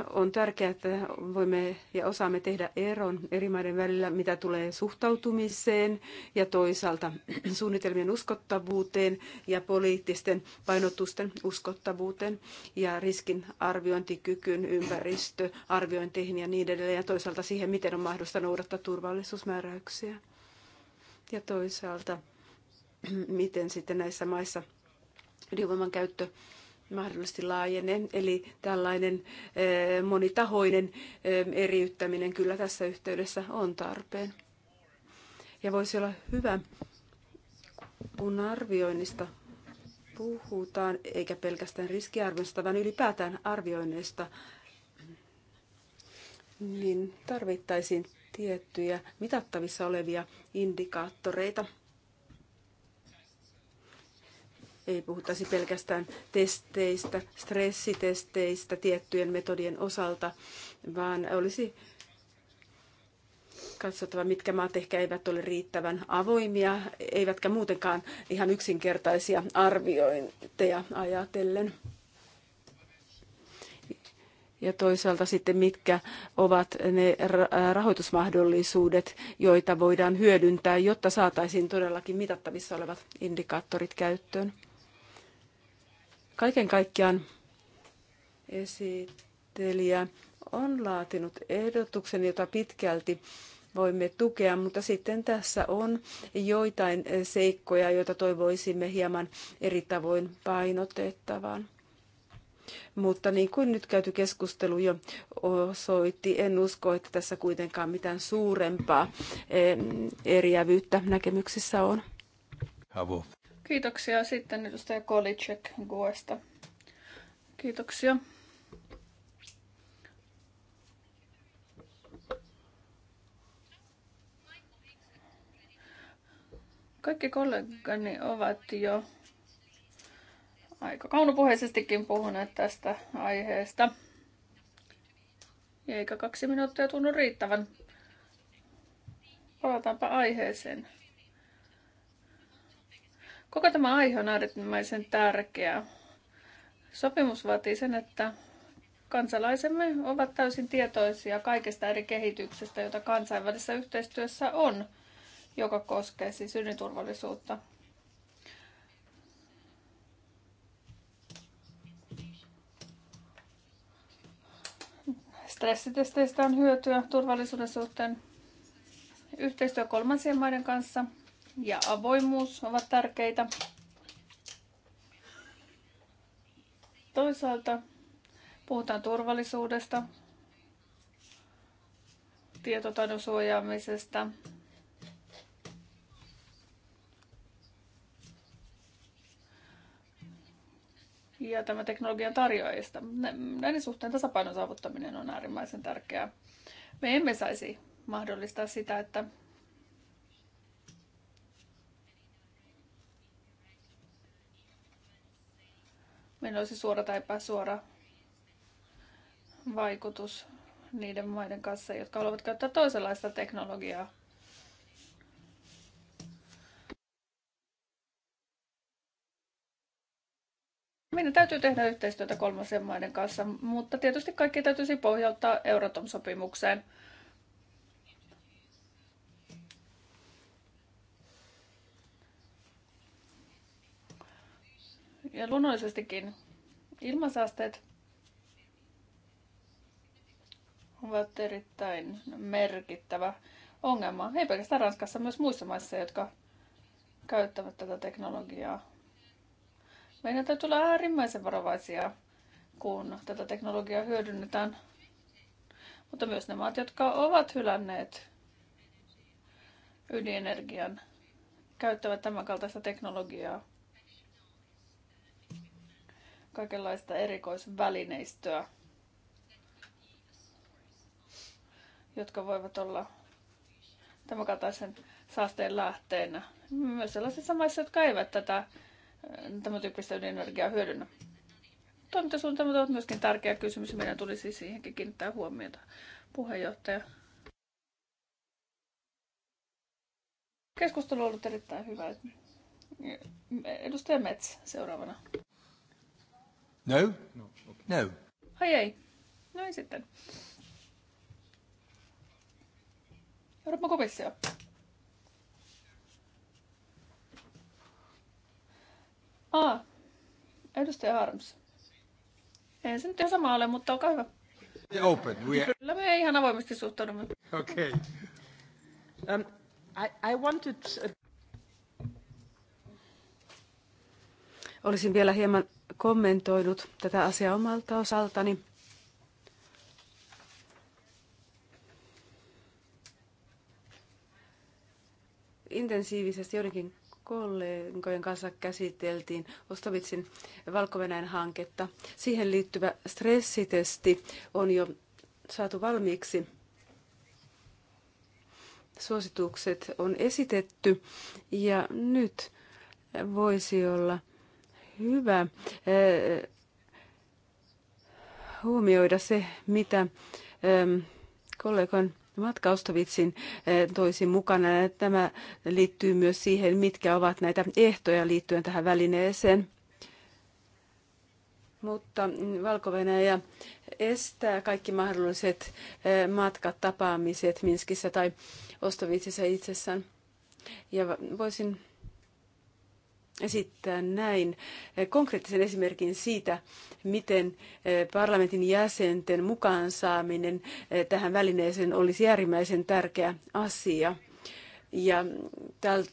on tärkeää, että voimme ja osaamme tehdä eron eri maiden välillä, mitä tulee suhtautumiseen ja toisaalta (clears throat) suunnitelmien uskottavuuteen ja poliittisten painotusten uskottavuuteen ja riskin arviointikykyyn, ympäristöarviointeihin ja niin edelleen ja toisaalta siihen, miten on mahdollista noudattaa turvallisuusmääräyksiä. Ja toisaalta, (clears throat) miten sitten näissä maissa ydinvoiman käyttö mahdollisesti laajene. Eli tällainen eh, monitahoinen eh, eriyttäminen kyllä tässä yhteydessä on tarpeen. Ja voisi olla hyvä, kun arvioinnista puhutaan, eikä pelkästään riskiarvioinnista, vaan ylipäätään arvioinneista, niin tarvittaisiin tiettyjä mitattavissa olevia indikaattoreita – ei puhuttaisi pelkästään testeistä, stressitesteistä tiettyjen metodien osalta, vaan olisi katsottava, mitkä maat ehkä eivät ole riittävän avoimia, eivätkä muutenkaan ihan yksinkertaisia arviointeja ajatellen. Ja toisaalta sitten mitkä ovat ne rahoitusmahdollisuudet, joita voidaan hyödyntää, jotta saataisiin todellakin mitattavissa olevat indikaattorit käyttöön. Kaiken kaikkiaan esittelijä on laatinut ehdotuksen, jota pitkälti voimme tukea, mutta sitten tässä on joitain seikkoja, joita toivoisimme hieman eri tavoin painotettavan. Mutta niin kuin nyt käyty keskustelu jo osoitti, en usko, että tässä kuitenkaan mitään suurempaa eh, eriävyyttä näkemyksissä on. Havo. Kiitoksia sitten edustaja Kolicek Goesta. Kiitoksia. Kaikki kollegani ovat jo aika kaunopuheisestikin puhuneet tästä aiheesta. Eikä kaksi minuuttia tunnu riittävän. Palataanpa aiheeseen. Koko tämä aihe on äärimmäisen tärkeä. Sopimus vaatii sen, että kansalaisemme ovat täysin tietoisia kaikesta eri kehityksestä, jota kansainvälisessä yhteistyössä on, joka koskee siis ydinturvallisuutta. Stressitesteistä on hyötyä turvallisuuden suhteen. Yhteistyö kolmansien maiden kanssa ja avoimuus ovat tärkeitä. Toisaalta puhutaan turvallisuudesta, tietotaidon suojaamisesta, ja tämä teknologian tarjoajista. Näiden suhteen tasapainon saavuttaminen on äärimmäisen tärkeää. Me emme saisi mahdollistaa sitä, että meillä olisi suora tai epäsuora vaikutus niiden maiden kanssa, jotka haluavat käyttää toisenlaista teknologiaa. Meidän täytyy tehdä yhteistyötä kolmansien maiden kanssa, mutta tietysti kaikki täytyisi pohjalta Euratom-sopimukseen – Ja luonnollisestikin ilmansaasteet ovat erittäin merkittävä ongelma. Ei pelkästään Ranskassa, myös muissa maissa, jotka käyttävät tätä teknologiaa. Meidän täytyy olla äärimmäisen varovaisia, kun tätä teknologiaa hyödynnetään. Mutta myös ne maat, jotka ovat hylänneet ydinenergian, käyttävät tämän kaltaista teknologiaa kaikenlaista erikoisvälineistöä, jotka voivat olla tämänkaltaisen saasteen lähteenä. Myös sellaisissa maissa, jotka eivät tätä, äh, tämän tyyppistä ydinenergiaa hyödynnä. Toimintasuunnitelmat ovat myöskin tärkeä kysymys ja meidän tulisi siis siihenkin kiinnittää huomiota, puheenjohtaja. Keskustelu on ollut erittäin hyvä. Edustaja Mets seuraavana. No? No. Okay. no. Ai ei. No ei sitten. Euroopan komissio. A. Edustaja Harms. Ei se nyt ihan sama ole, mutta olkaa hyvä. Open. We... are. Kyllä me ihan avoimesti suhtaudumme. Okei. Okay. Um, I, I wanted... Olisin vielä hieman kommentoinut tätä asiaa omalta osaltani. Intensiivisesti joidenkin kollegojen kanssa käsiteltiin Ostovitsin valko hanketta. Siihen liittyvä stressitesti on jo saatu valmiiksi. Suositukset on esitetty ja nyt voisi olla – hyvä eh, huomioida se, mitä kollegan Matka Ostovitsin eh, toisin mukana. Tämä liittyy myös siihen, mitkä ovat näitä ehtoja liittyen tähän välineeseen. Mutta valko estää kaikki mahdolliset eh, matkat, tapaamiset Minskissä tai Ostovitsissa itsessään. Ja voisin esittää näin konkreettisen esimerkin siitä, miten eh, parlamentin jäsenten mukaan saaminen eh, tähän välineeseen olisi äärimmäisen tärkeä asia. Ja tältä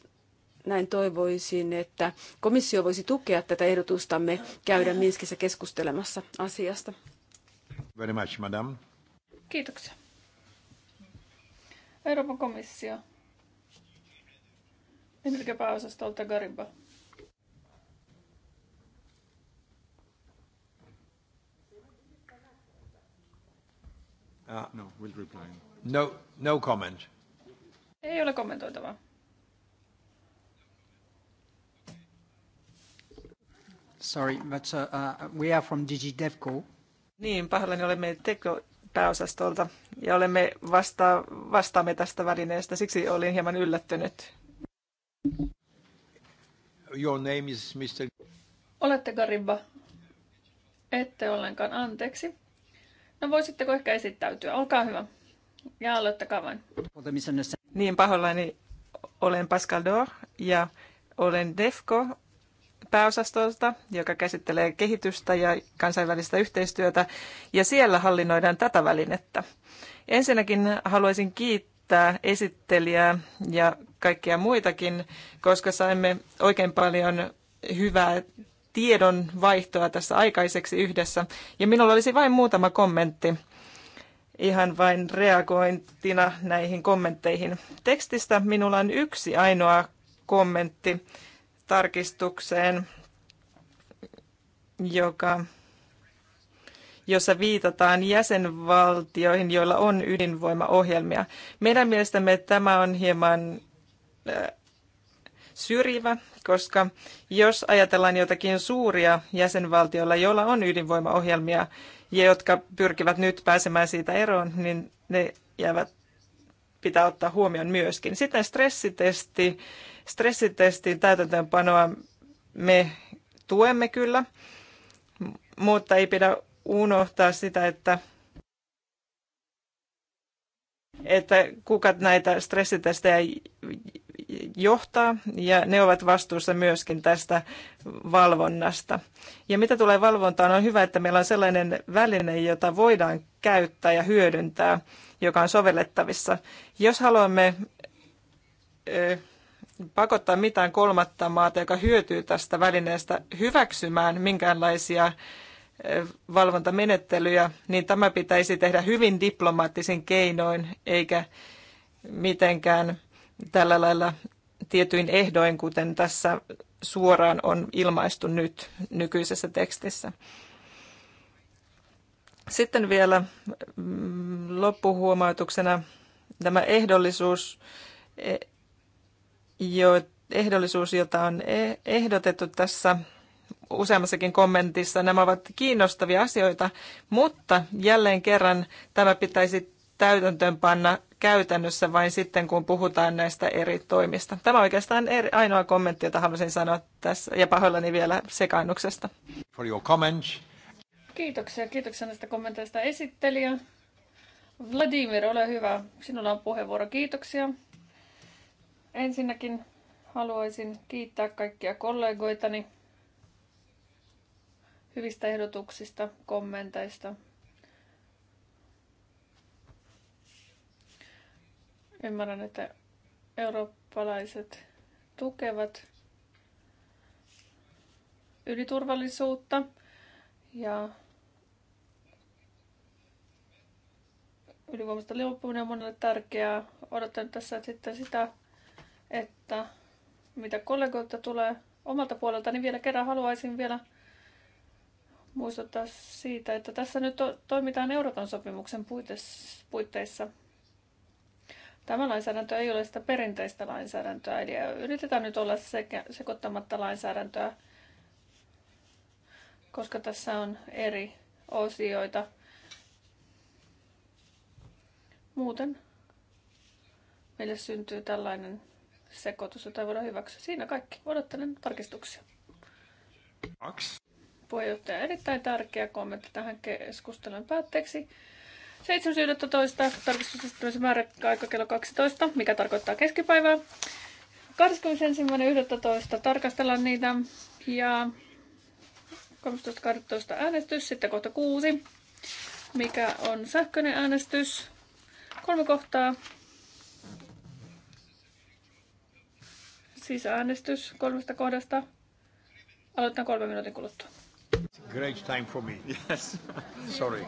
näin toivoisin, että komissio voisi tukea tätä ehdotustamme käydä Minskissä keskustelemassa asiasta. Very much, madam. Kiitoksia. Euroopan komissio. Emirke pääosastolta Garimba. Uh, no, we'll reply. No, no comment. Ei ole kommentoitavaa. Sorry, but uh, uh we are from Devco. Niin, pahoillani olemme teko, pääosastolta ja olemme vasta, vastaamme tästä välineestä. Siksi olin hieman yllättynyt. Your name is Mr. Olette Garibba. Ette ollenkaan anteeksi. No voisitteko ehkä esittäytyä? Olkaa hyvä. Ja aloittakaa vain. Niin pahoillani olen Pascal Dor ja olen DEFCO pääosastolta, joka käsittelee kehitystä ja kansainvälistä yhteistyötä, ja siellä hallinnoidaan tätä välinettä. Ensinnäkin haluaisin kiittää esittelijää ja kaikkia muitakin, koska saimme oikein paljon hyvää tiedon vaihtoa tässä aikaiseksi yhdessä. Ja minulla olisi vain muutama kommentti ihan vain reagointina näihin kommentteihin. Tekstistä minulla on yksi ainoa kommentti tarkistukseen, joka, jossa viitataan jäsenvaltioihin, joilla on ydinvoimaohjelmia. Meidän mielestämme tämä on hieman äh, syrjivä koska jos ajatellaan jotakin suuria jäsenvaltioilla, joilla on ydinvoimaohjelmia ja jotka pyrkivät nyt pääsemään siitä eroon, niin ne jäävät, pitää ottaa huomioon myöskin. Sitten stressitesti, stressitestin täytäntöönpanoa me tuemme kyllä, mutta ei pidä unohtaa sitä, että että kuka näitä stressitestejä johtaa ja ne ovat vastuussa myöskin tästä valvonnasta. Ja mitä tulee valvontaan, on hyvä, että meillä on sellainen väline, jota voidaan käyttää ja hyödyntää, joka on sovellettavissa. Jos haluamme pakottaa mitään kolmatta maata, joka hyötyy tästä välineestä hyväksymään minkäänlaisia valvontamenettelyjä, niin tämä pitäisi tehdä hyvin diplomaattisin keinoin, eikä mitenkään tällä lailla tietyin ehdoin, kuten tässä suoraan on ilmaistu nyt nykyisessä tekstissä. Sitten vielä mm, loppuhuomautuksena tämä ehdollisuus, e, jo, ehdollisuus jota on e, ehdotettu tässä useammassakin kommentissa. Nämä ovat kiinnostavia asioita, mutta jälleen kerran tämä pitäisi täytäntöönpanna käytännössä vain sitten, kun puhutaan näistä eri toimista. Tämä on oikeastaan eri, ainoa kommentti, jota haluaisin sanoa tässä, ja pahoillani vielä sekaannuksesta. For your comments. Kiitoksia, kiitoksia näistä kommenteista esittelijä. Vladimir, ole hyvä. Sinulla on puheenvuoro. Kiitoksia. Ensinnäkin haluaisin kiittää kaikkia kollegoitani hyvistä ehdotuksista, kommenteista, Ymmärrän, että eurooppalaiset tukevat yliturvallisuutta ja ylivoimasta liuppuminen on monelle tärkeää. Odotan tässä sitten sitä, että mitä kollegoilta tulee omalta puolelta, niin vielä kerran haluaisin vielä muistuttaa siitä, että tässä nyt to- toimitaan Euroopan sopimuksen puitteissa. Tämä lainsäädäntö ei ole sitä perinteistä lainsäädäntöä, eli yritetään nyt olla sekä sekoittamatta lainsäädäntöä, koska tässä on eri osioita. Muuten meille syntyy tällainen sekoitus, jota ei voida hyväksyä. Siinä kaikki. Odottelen tarkistuksia. Aks. Puheenjohtaja, erittäin tärkeä kommentti tähän keskustelun päätteeksi. 7.11. tarkistusesittelyn määräaika kello 12, mikä tarkoittaa keskipäivää. 21.11. tarkastellaan niitä ja 13.12. äänestys, sitten kohta 6, mikä on sähköinen äänestys. Kolme kohtaa. Siis äänestys kolmesta kohdasta. Aloitan kolme minuutin kuluttua. Great time for me. Yes. Sorry.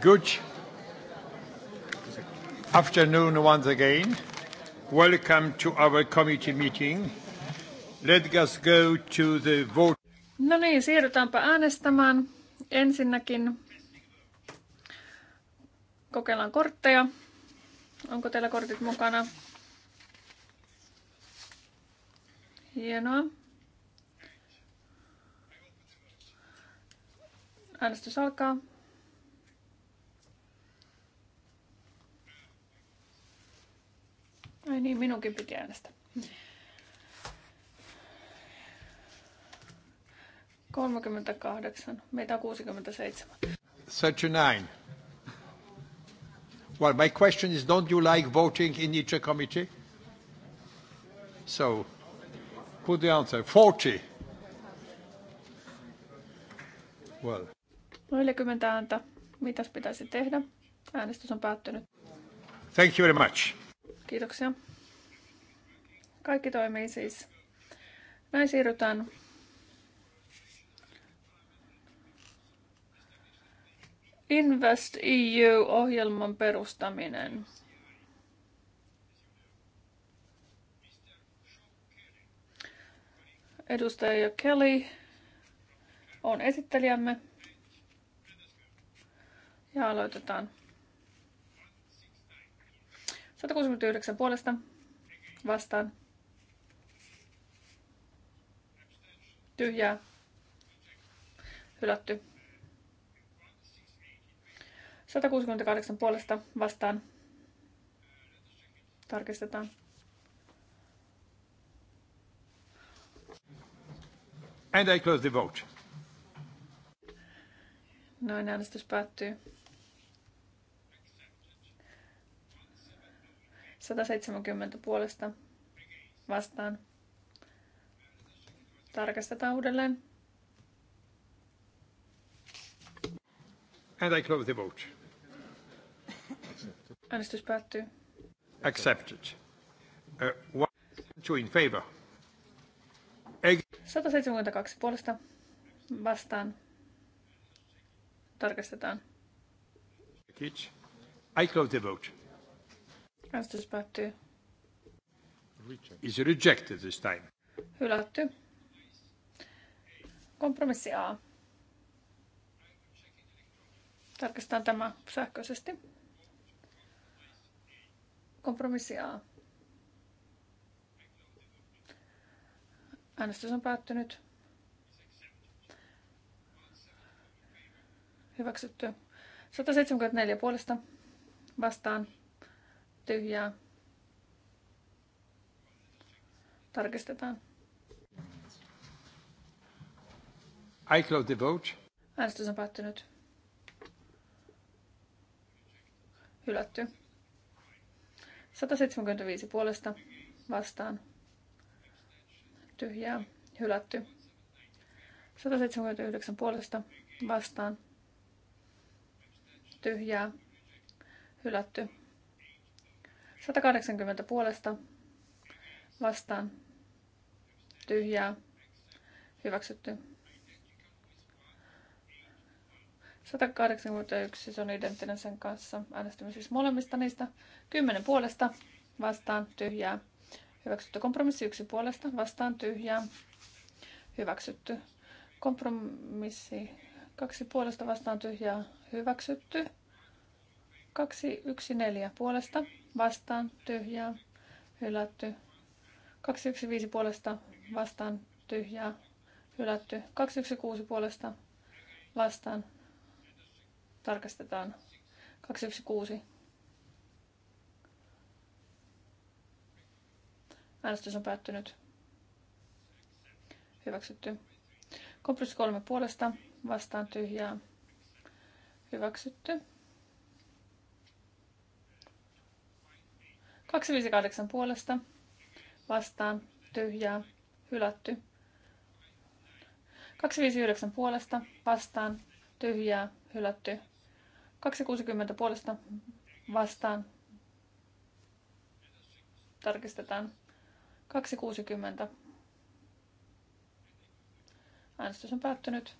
Good afternoon once again. Welcome to our committee meeting. Let us go to the vote. No niin, siirrytäänpä äänestämään. Ensinnäkin kokeillaan kortteja. Onko teillä kortit mukana? Hienoa. Äänestys alkaa. minunkin piti äänestää. 38. Meitä on Well, my question is, don't you like voting in each committee? So, put the answer. Forty. Well. 40 ääntä. Mitäs pitäisi tehdä? Äänestys on päättynyt. Thank you very much. Kiitoksia. Kaikki toimii siis. Näin siirrytään Invest EU-ohjelman perustaminen. Edustaja Kelly on esittelijämme. Ja aloitetaan. 169 puolesta vastaan. Tyhjää. Hylätty. 168 puolesta vastaan. Tarkistetaan. And I close the vote. Noin äänestys päättyy. 170 puolesta vastaan. Tarkastetaan uudelleen. And I close the vote. Äänestys päättyy. Accepted. Uh, one, two in favor. Eg- 172 puolesta vastaan. Tarkastetaan. I close the vote. Äänestys päättyy. Is rejected this time. Hylätty. Kompromissi A. Tarkistetaan tämä sähköisesti. Kompromissi A. Äänestys on päättynyt. Hyväksytty. 174 puolesta vastaan tyhjää. Tarkistetaan. I close the vote. Äänestys on päättynyt. Hylätty. 175 puolesta vastaan. Tyhjää. Hylätty. 179 puolesta vastaan. Tyhjää. Hylätty. 180 puolesta vastaan. Tyhjää. Hyväksytty. 181, se on identtinen sen kanssa. Äänestämme siis molemmista niistä. 10 puolesta vastaan tyhjää. Hyväksytty kompromissi 1 puolesta vastaan tyhjää. Hyväksytty kompromissi 2 puolesta vastaan tyhjää. Hyväksytty. 2, 1, 4 puolesta vastaan tyhjää. Hylätty. 2, 1, 5 puolesta vastaan tyhjää. Hylätty. 2, 1, 6 puolesta vastaan Tarkastetaan. 216. Äänestys on päättynyt. Hyväksytty. Kompromissi kolme puolesta. Vastaan tyhjää. Hyväksytty. 258 puolesta. Vastaan tyhjää. Hylätty. 259 puolesta. Vastaan tyhjää. Hylätty. 260 puolesta vastaan. Tarkistetaan. 260. Äänestys on päättynyt.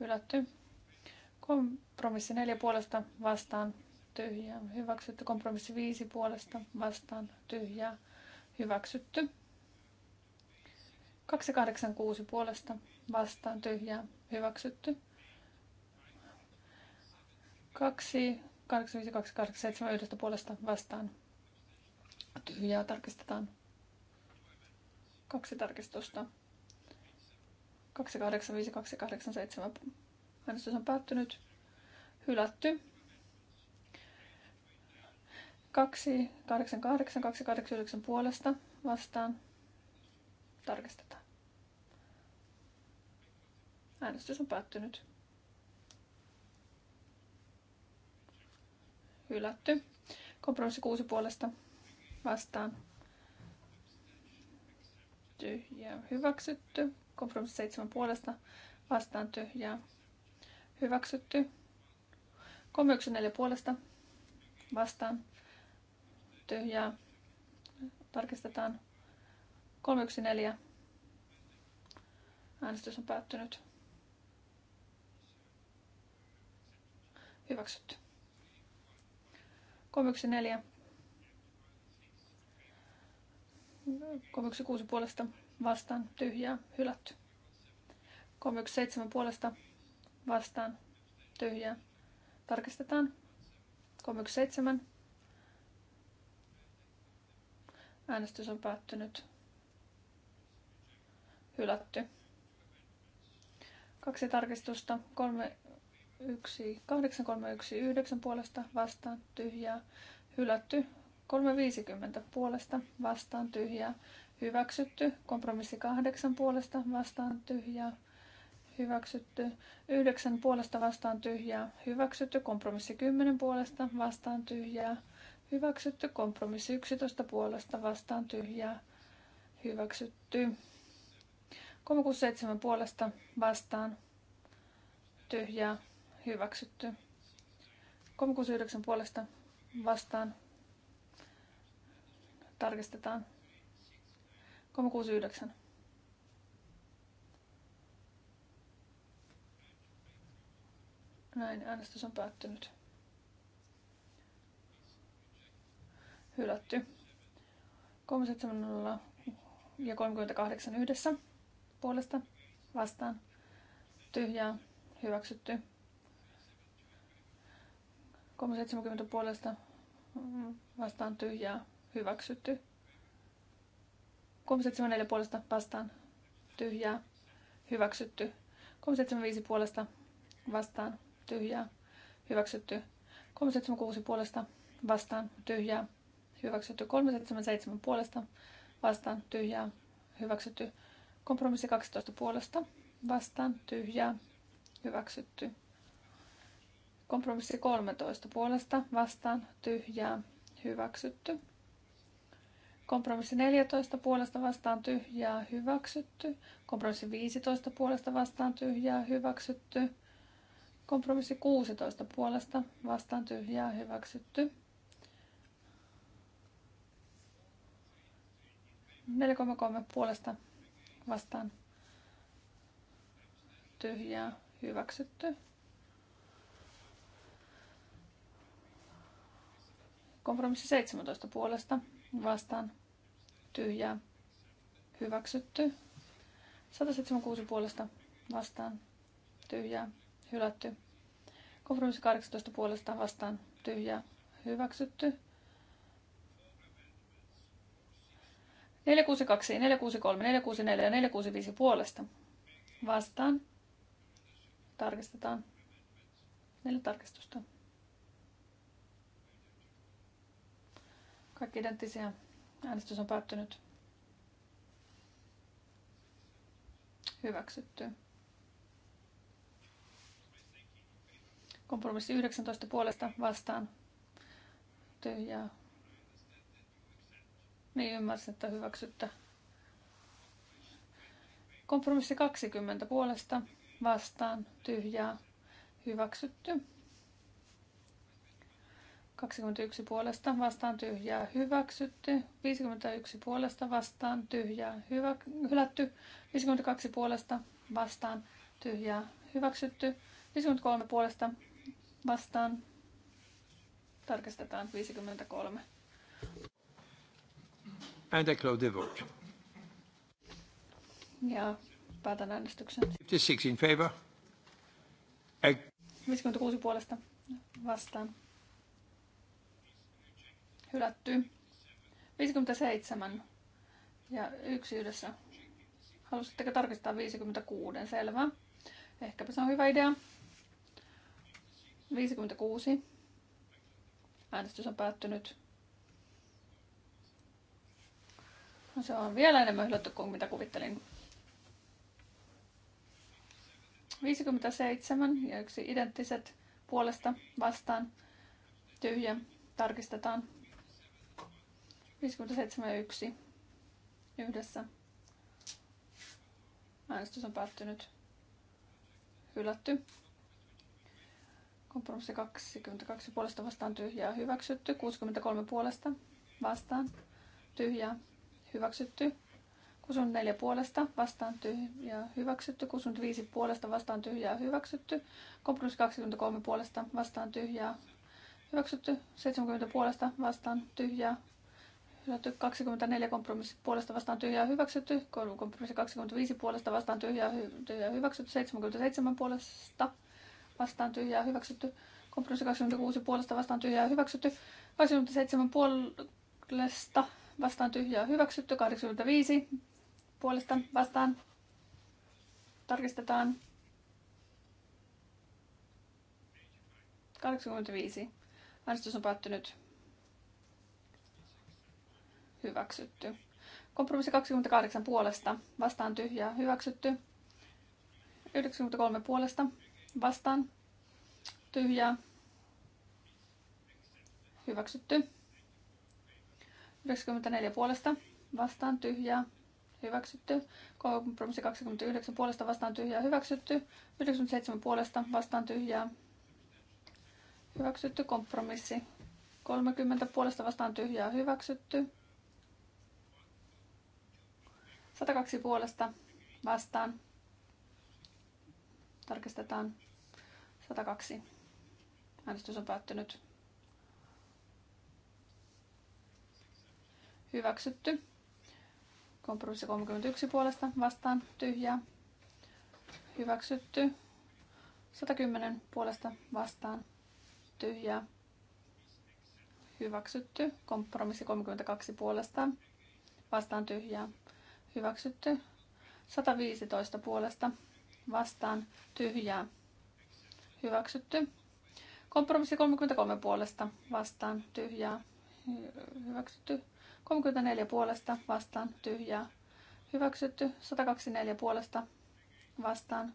Hylätty. Kompromissi 4 puolesta vastaan tyhjää. Hyväksytty. Kompromissi 5 puolesta vastaan tyhjää. Hyväksytty. 286 puolesta vastaan tyhjää. Hyväksytty. 2, 8, 11 puolesta vastaan. Tyhjää tarkistetaan. Kaksi tarkistusta. 285287. Äänestys on päättynyt. Hylätty. 288289 puolesta vastaan. Tarkistetaan. Äänestys on päättynyt. hylätty. Kompromissi 6 puolesta vastaan tyhjää hyväksytty. Kompromissi 7 puolesta vastaan tyhjää hyväksytty. neljä puolesta vastaan tyhjää tarkistetaan 314. Äänestys on päättynyt. Hyväksytty. 314. 316 puolesta vastaan tyhjää hylätty. 317 puolesta vastaan tyhjää. Tarkistetaan. 317. Äänestys on päättynyt. Hylätty. Kaksi tarkistusta. 3, 1, 8, 3, 1, 9 puolesta vastaan tyhjää. Hylätty 350 puolesta vastaan tyhjää. Hyväksytty kompromissi 8 puolesta vastaan tyhjää. Hyväksytty 9 puolesta vastaan tyhjää. Hyväksytty kompromissi 10 puolesta vastaan tyhjää. Hyväksytty kompromissi 11 puolesta vastaan tyhjää. Hyväksytty 367 puolesta vastaan tyhjää hyväksytty. 369 puolesta vastaan tarkistetaan. 369. Näin, äänestys on päättynyt. Hylätty. 370 ja 38 yhdessä puolesta vastaan. Tyhjää, hyväksytty. 370 puolesta vastaan tyhjää hyväksytty. 374 puolesta vastaan tyhjää hyväksytty. 375 puolesta vastaan tyhjää hyväksytty. 376 puolesta vastaan tyhjää hyväksytty. 377 puolesta vastaan tyhjää hyväksytty. Kompromissi 12 puolesta vastaan tyhjää hyväksytty. Kompromissi 13 puolesta vastaan tyhjää hyväksytty. Kompromissi 14 puolesta vastaan tyhjää hyväksytty. Kompromissi 15 puolesta vastaan tyhjää hyväksytty. Kompromissi 16 puolesta vastaan tyhjää hyväksytty. 4,3 puolesta vastaan tyhjää hyväksytty. Kompromissi 17 puolesta vastaan tyhjää hyväksytty. 176 puolesta vastaan tyhjää hylätty. Kompromissi 18 puolesta vastaan tyhjää hyväksytty. 462, 463, 464 ja 465 puolesta vastaan. Tarkistetaan. Neljä tarkistusta. Kaikki identtisiä. Äänestys on päättynyt. Hyväksytty. Kompromissi 19 puolesta vastaan. Tyhjää. Niin ymmärsin, että hyväksyttä. Kompromissi 20 puolesta vastaan. Tyhjää. Hyväksytty. 21 puolesta vastaan tyhjää hyväksytty. 51 puolesta vastaan tyhjää hyvä, hylätty. 52 puolesta vastaan tyhjää hyväksytty. 53 puolesta vastaan tarkistetaan 53. And I close the vote. Ja päätän äänestyksen. 56 in favor. I... 56 puolesta vastaan Hylätty. 57 ja yksi yhdessä. Halusitteko tarkistaa 56? Selvä. Ehkäpä se on hyvä idea. 56. Äänestys on päättynyt. No se on vielä enemmän hylätty kuin mitä kuvittelin. 57 ja yksi identtiset puolesta vastaan. Tyhjä. Tarkistetaan. 57.1. yhdessä. Äänestys on päättynyt. Hylätty. Kompromissi 22 puolesta vastaan tyhjää hyväksytty. 63 puolesta vastaan tyhjää hyväksytty. 64 puolesta vastaan tyhjää hyväksytty. 65 puolesta vastaan tyhjää hyväksytty. Kompromissi 23 puolesta vastaan tyhjää hyväksytty. 70 puolesta vastaan tyhjää Hylätty 24 kompromissi puolesta vastaan tyhjää hyväksytty. Kompromissi 25 puolesta vastaan tyhjää, tyhjää hyväksytty. 77 puolesta vastaan tyhjää hyväksytty. Kompromissi 26 puolesta vastaan tyhjää hyväksytty. 27 puolesta vastaan tyhjää hyväksytty. 85 puolesta vastaan tarkistetaan. 85. Äänestys on päättynyt hyväksytty. Kompromissi 28 puolesta, vastaan tyhjää, hyväksytty. 93 puolesta, vastaan, tyhjää, hyväksytty. 94 puolesta, vastaan, tyhjää, hyväksytty. Kompromissi 29 puolesta, vastaan, tyhjää, hyväksytty. 97 puolesta, vastaan, tyhjää, hyväksytty. Kompromissi 30 puolesta, vastaan, tyhjää, hyväksytty. 102 puolesta vastaan. Tarkistetaan 102. Äänestys on päättynyt. Hyväksytty. Kompromissi 31 puolesta vastaan tyhjää. Hyväksytty. 110 puolesta vastaan tyhjää. Hyväksytty. Kompromissi 32 puolesta vastaan tyhjää. Hyväksytty. 115 puolesta vastaan tyhjää. Hyväksytty. Kompromissi 33 puolesta vastaan tyhjää. Hyväksytty. 34 puolesta vastaan tyhjää. Hyväksytty. 124 puolesta vastaan.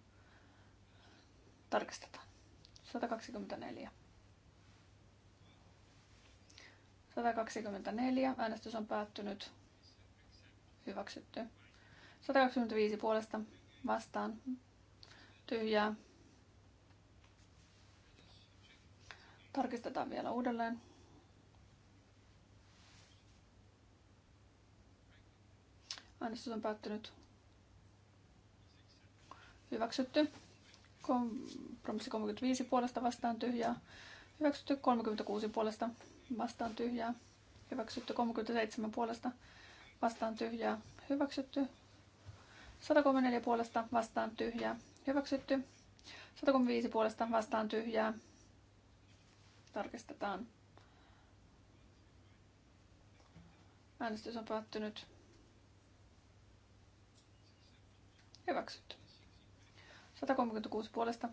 Tarkistetaan. 124. 124. Äänestys on päättynyt hyväksytty. 125 puolesta vastaan tyhjää. Tarkistetaan vielä uudelleen. Äänestys on päättynyt. Hyväksytty. Kompromissi 35 puolesta vastaan tyhjää. Hyväksytty 36 puolesta vastaan tyhjää. Hyväksytty 37 puolesta vastaan tyhjää, hyväksytty. 134 puolesta vastaan tyhjää, hyväksytty. 135 puolesta vastaan tyhjää, tarkistetaan. Äänestys on päättynyt. Hyväksytty. 136 puolesta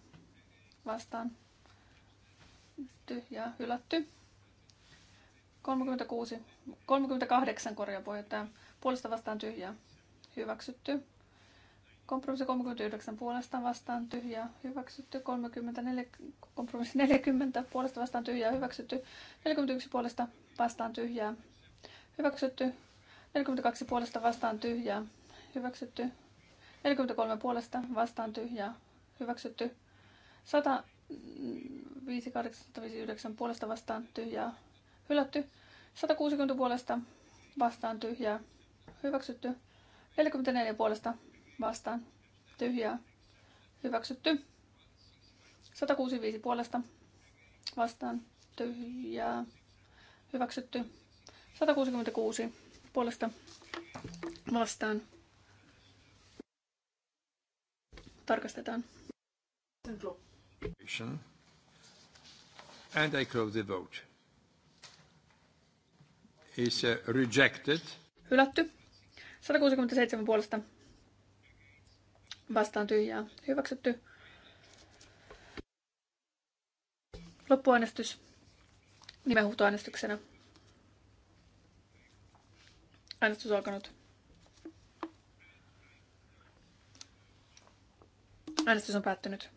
vastaan. Tyhjää hylätty. 36 38 korjaa puheenjohtaja. Puolesta vastaan tyhjää. Hyväksytty. Kompromissi 39 puolesta vastaan tyhjää. Hyväksytty. 34, kompromissi 40 puolesta vastaan tyhjää. Hyväksytty. 41 puolesta vastaan tyhjää. Hyväksytty. 42 puolesta vastaan tyhjää. Hyväksytty. 43 puolesta vastaan tyhjää. Hyväksytty. 158 5859 puolesta vastaan tyhjää. Hylätty. 160 puolesta vastaan tyhjää. Hyväksytty. 44 puolesta vastaan tyhjää. Hyväksytty. 165 puolesta vastaan tyhjää. Hyväksytty. 166 puolesta vastaan. Tarkastetaan. And I close the vote is uh, rejected. Hylätty. 167 puolesta. Vastaan tyhjää. Hyväksytty. Loppuäänestys nimenhuutoäänestyksenä. Äänestys alkanut. Äänestys on päättynyt.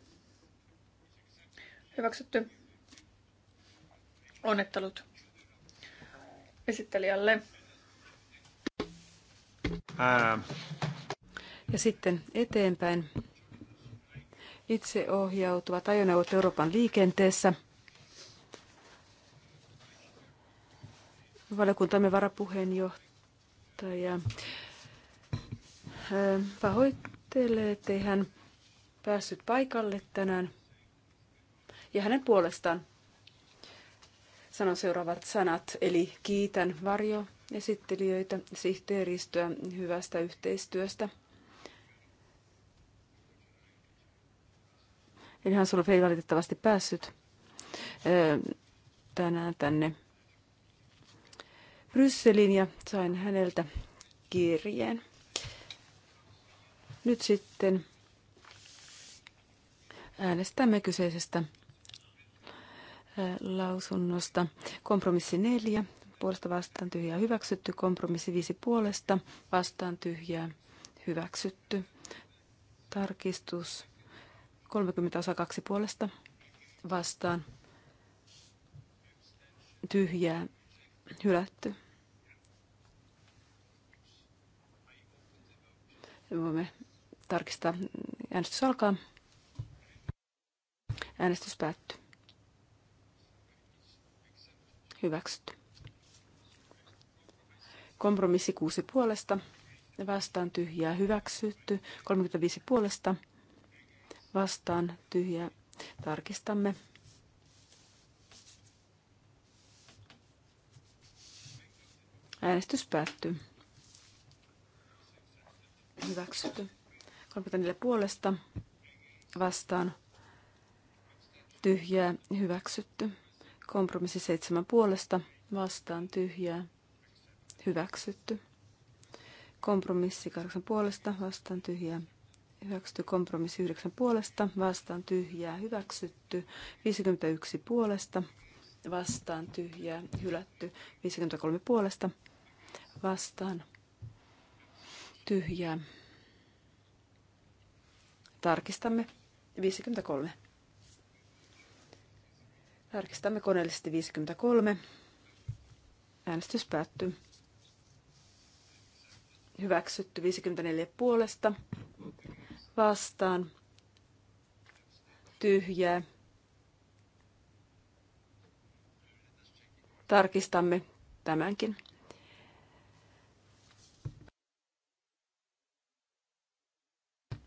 Hyväksytty. Onnettelut esittelijälle. Ää. Ähm. Ja sitten eteenpäin. Itseohjautuvat ajoneuvot Euroopan liikenteessä. Valiokuntamme varapuheenjohtaja ähm, pahoittelee, ettei hän päässyt paikalle tänään. Ja hänen puolestaan sanon seuraavat sanat. Eli kiitän varjo esittelijöitä, sihteeristöä hyvästä yhteistyöstä. Eli hän ei valitettavasti päässyt tänään tänne Brysselin ja sain häneltä kirjeen. Nyt sitten äänestämme kyseisestä lausunnosta. Kompromissi neljä puolesta vastaan tyhjää hyväksytty. Kompromissi viisi puolesta vastaan tyhjää hyväksytty. Tarkistus 30 osa 2 puolesta vastaan tyhjää hylätty. Voimme tarkistaa. Äänestys alkaa. Äänestys päättyy. Hyväksytty. Kompromissi 6 puolesta. Vastaan tyhjää. Hyväksytty. 35 puolesta. Vastaan tyhjää. Tarkistamme. Äänestys päättyy. Hyväksytty. 34 puolesta vastaan tyhjää hyväksytty. Kompromissi seitsemän puolesta vastaan tyhjää. Hyväksytty. Kompromissi kahdeksan puolesta vastaan tyhjää. Hyväksytty kompromissi yhdeksän puolesta, vastaan tyhjää, hyväksytty. 51 puolesta, vastaan tyhjää, hylätty. 53 puolesta, vastaan tyhjää. Tarkistamme 53. Tarkistamme koneellisesti 53. Äänestys päättyy. Hyväksytty 54 puolesta. Vastaan. Tyhjää. Tarkistamme tämänkin.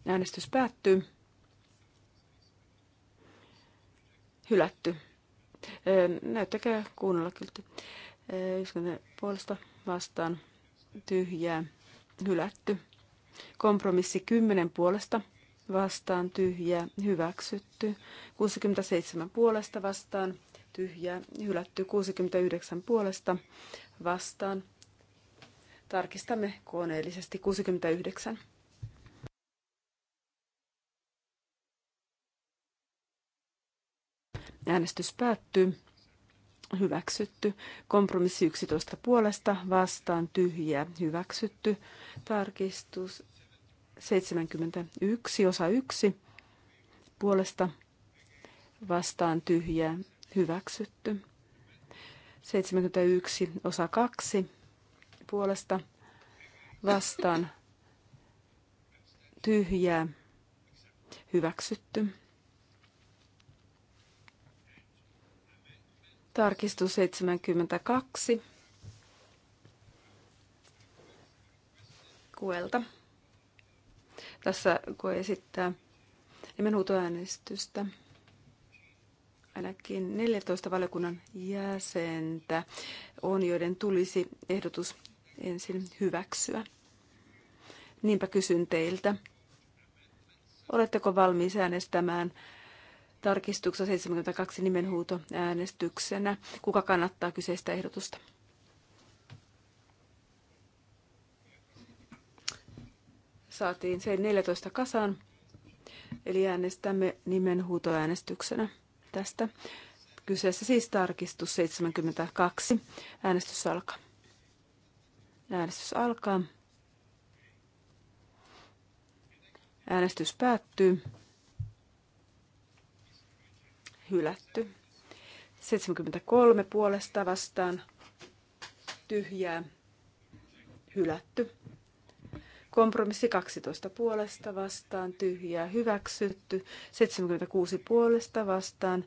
Äänestys päättyy. Hylätty. Näyttäkää kuunnella kyllä. 50 puolesta vastaan tyhjää hylätty. Kompromissi 10 puolesta vastaan tyhjää hyväksytty. 67 puolesta vastaan tyhjää hylätty. 69 puolesta vastaan. Tarkistamme koneellisesti 69. Äänestys päättyy. Hyväksytty. Kompromissi 11 puolesta vastaan tyhjiä. Hyväksytty. Tarkistus 71 osa 1 puolesta vastaan tyhjiä. Hyväksytty. 71 osa 2 puolesta vastaan tyhjää. Hyväksytty. Tarkistus 72. Kuelta. Tässä kun esittää nimenhuutoäänestystä ainakin 14 valiokunnan jäsentä on, joiden tulisi ehdotus ensin hyväksyä. Niinpä kysyn teiltä, oletteko valmis äänestämään tarkistuksessa 72 nimenhuuto äänestyksenä. Kuka kannattaa kyseistä ehdotusta? Saatiin se 14 kasaan, eli äänestämme nimenhuutoäänestyksenä tästä. Kyseessä siis tarkistus 72. Äänestys alkaa. Äänestys alkaa. Äänestys päättyy hylätty. 73 puolesta vastaan tyhjää hylätty. Kompromissi 12 puolesta vastaan tyhjää hyväksytty. 76 puolesta vastaan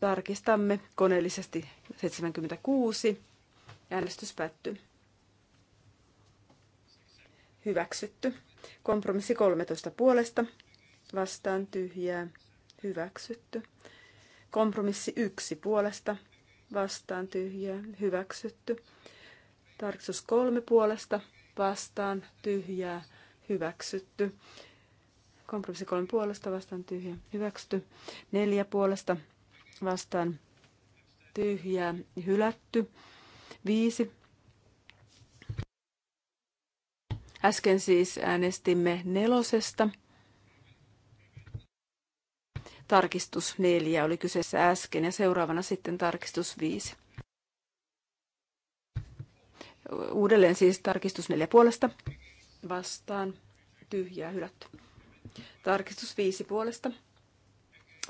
tarkistamme koneellisesti 76. Äänestys päättyy. Hyväksytty. Kompromissi 13 puolesta vastaan tyhjää hyväksytty. Kompromissi yksi puolesta vastaan tyhjää hyväksytty. Tarkistus kolme puolesta vastaan tyhjää hyväksytty. Kompromissi kolme puolesta vastaan tyhjää hyväksytty. Neljä puolesta vastaan tyhjää hylätty. Viisi Äsken siis äänestimme nelosesta. Tarkistus 4 oli kyseessä äsken ja seuraavana sitten tarkistus 5. Uudelleen siis tarkistus 4 puolesta. Vastaan. Tyhjää hylätty. Tarkistus 5 puolesta.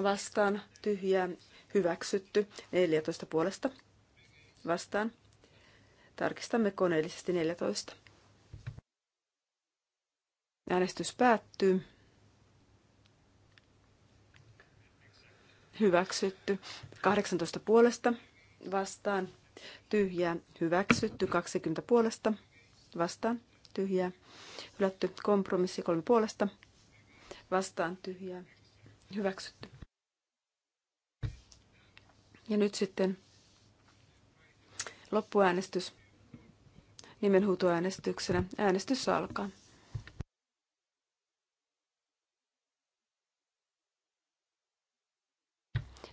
Vastaan. Tyhjää hyväksytty. 14 puolesta. Vastaan. Tarkistamme koneellisesti 14. Äänestys päättyy. hyväksytty. 18 puolesta vastaan tyhjää hyväksytty. 20 puolesta vastaan tyhjää hylätty. Kompromissi 3 puolesta vastaan tyhjää hyväksytty. Ja nyt sitten loppuäänestys nimenhuutoäänestyksenä. Äänestys alkaa.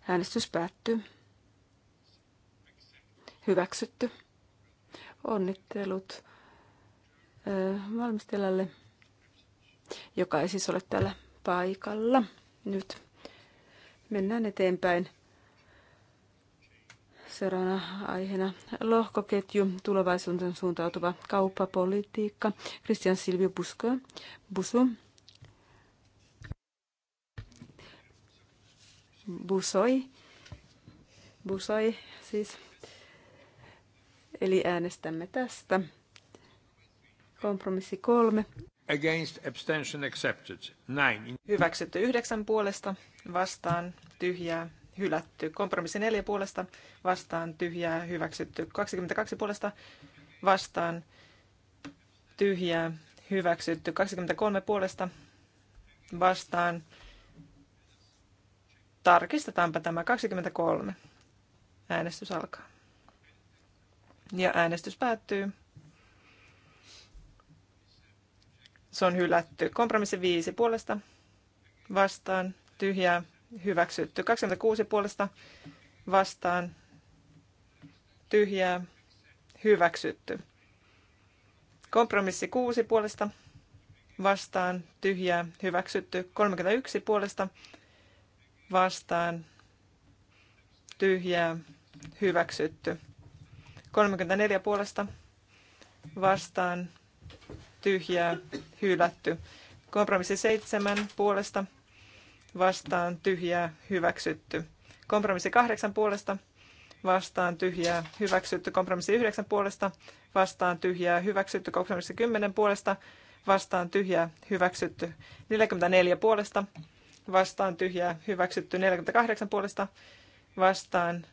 Äänestys päättyy. Hyväksytty. Onnittelut valmistelijalle, joka ei siis ole täällä paikalla. Nyt mennään eteenpäin. Seuraavana aiheena lohkoketju, tulevaisuuden suuntautuva kauppapolitiikka. Christian Silvio Busco, Busu Busoi. Busoi siis. Eli äänestämme tästä. Kompromissi kolme. Against abstention accepted. Nine. Hyväksytty yhdeksän puolesta, vastaan tyhjää, hylätty. Kompromissi neljä puolesta, vastaan tyhjää, hyväksytty. 22 puolesta, vastaan tyhjää, hyväksytty. 23 puolesta, vastaan Tarkistetaanpa tämä 23. Äänestys alkaa. Ja äänestys päättyy. Se on hylätty. Kompromissi 5 puolesta vastaan. Tyhjää hyväksytty. 26 puolesta vastaan. Tyhjää hyväksytty. Kompromissi 6 puolesta vastaan. Tyhjää hyväksytty. 31 puolesta vastaan tyhjää hyväksytty. 34 puolesta vastaan tyhjää hylätty. Kompromissi 7 puolesta vastaan tyhjää hyväksytty. Kompromissi 8 puolesta vastaan tyhjää hyväksytty. Kompromissi 9 puolesta vastaan tyhjää hyväksytty. Kompromissi 10 puolesta vastaan tyhjää hyväksytty. 44 puolesta vastaan tyhjää hyväksytty 48 puolesta vastaan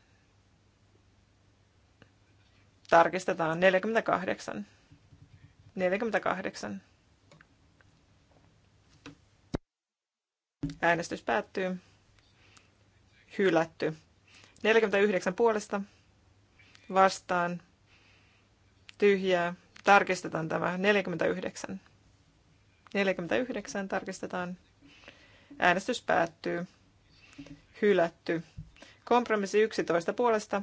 tarkistetaan 48. 48. Äänestys päättyy. Hylätty. 49 puolesta vastaan tyhjää. Tarkistetaan tämä 49. 49 tarkistetaan. Äänestys päättyy. Hylätty. Kompromissi 11 puolesta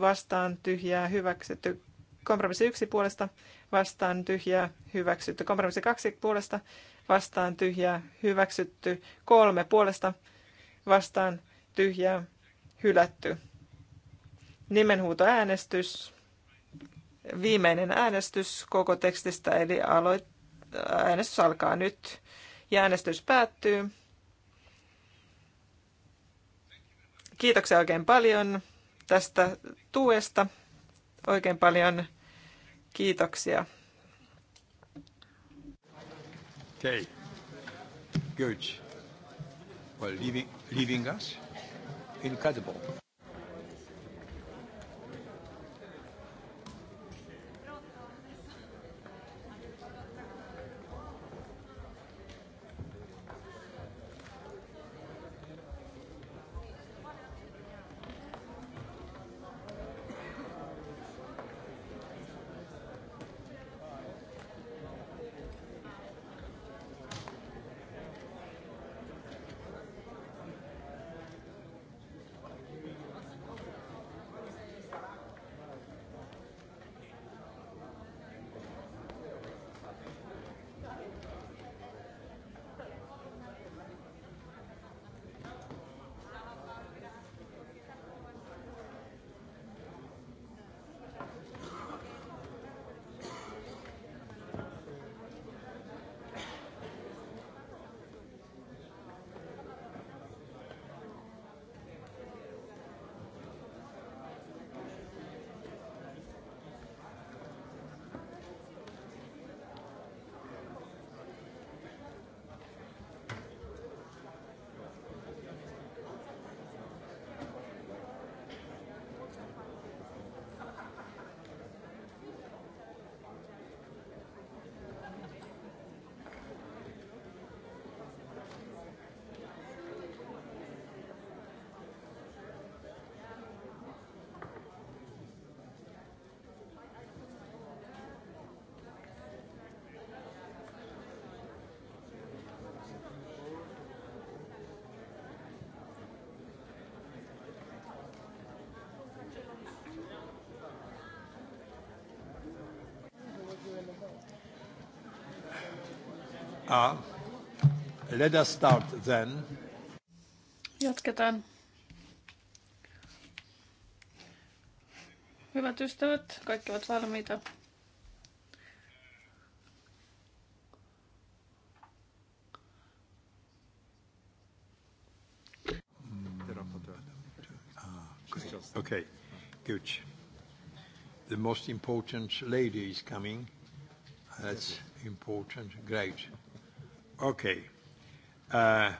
vastaan tyhjää hyväksytty. Kompromissi 1 puolesta vastaan tyhjää hyväksytty. Kompromissi 2 puolesta vastaan tyhjää hyväksytty. 3 puolesta vastaan tyhjää hylätty. Nimenhuutoäänestys. Viimeinen äänestys koko tekstistä, eli aloit- äänestys alkaa nyt ja äänestys päättyy. Kiitoksia oikein paljon tästä tuesta. Oikein paljon kiitoksia. Okay. Good. Well, leaving, leaving us incredible. Let us start then. Jatketaan. Hyvät ystävät, kaikki ovat valmiita. Ah, okay, good. The most important lady is coming. That's important. Great. Okay. Uh,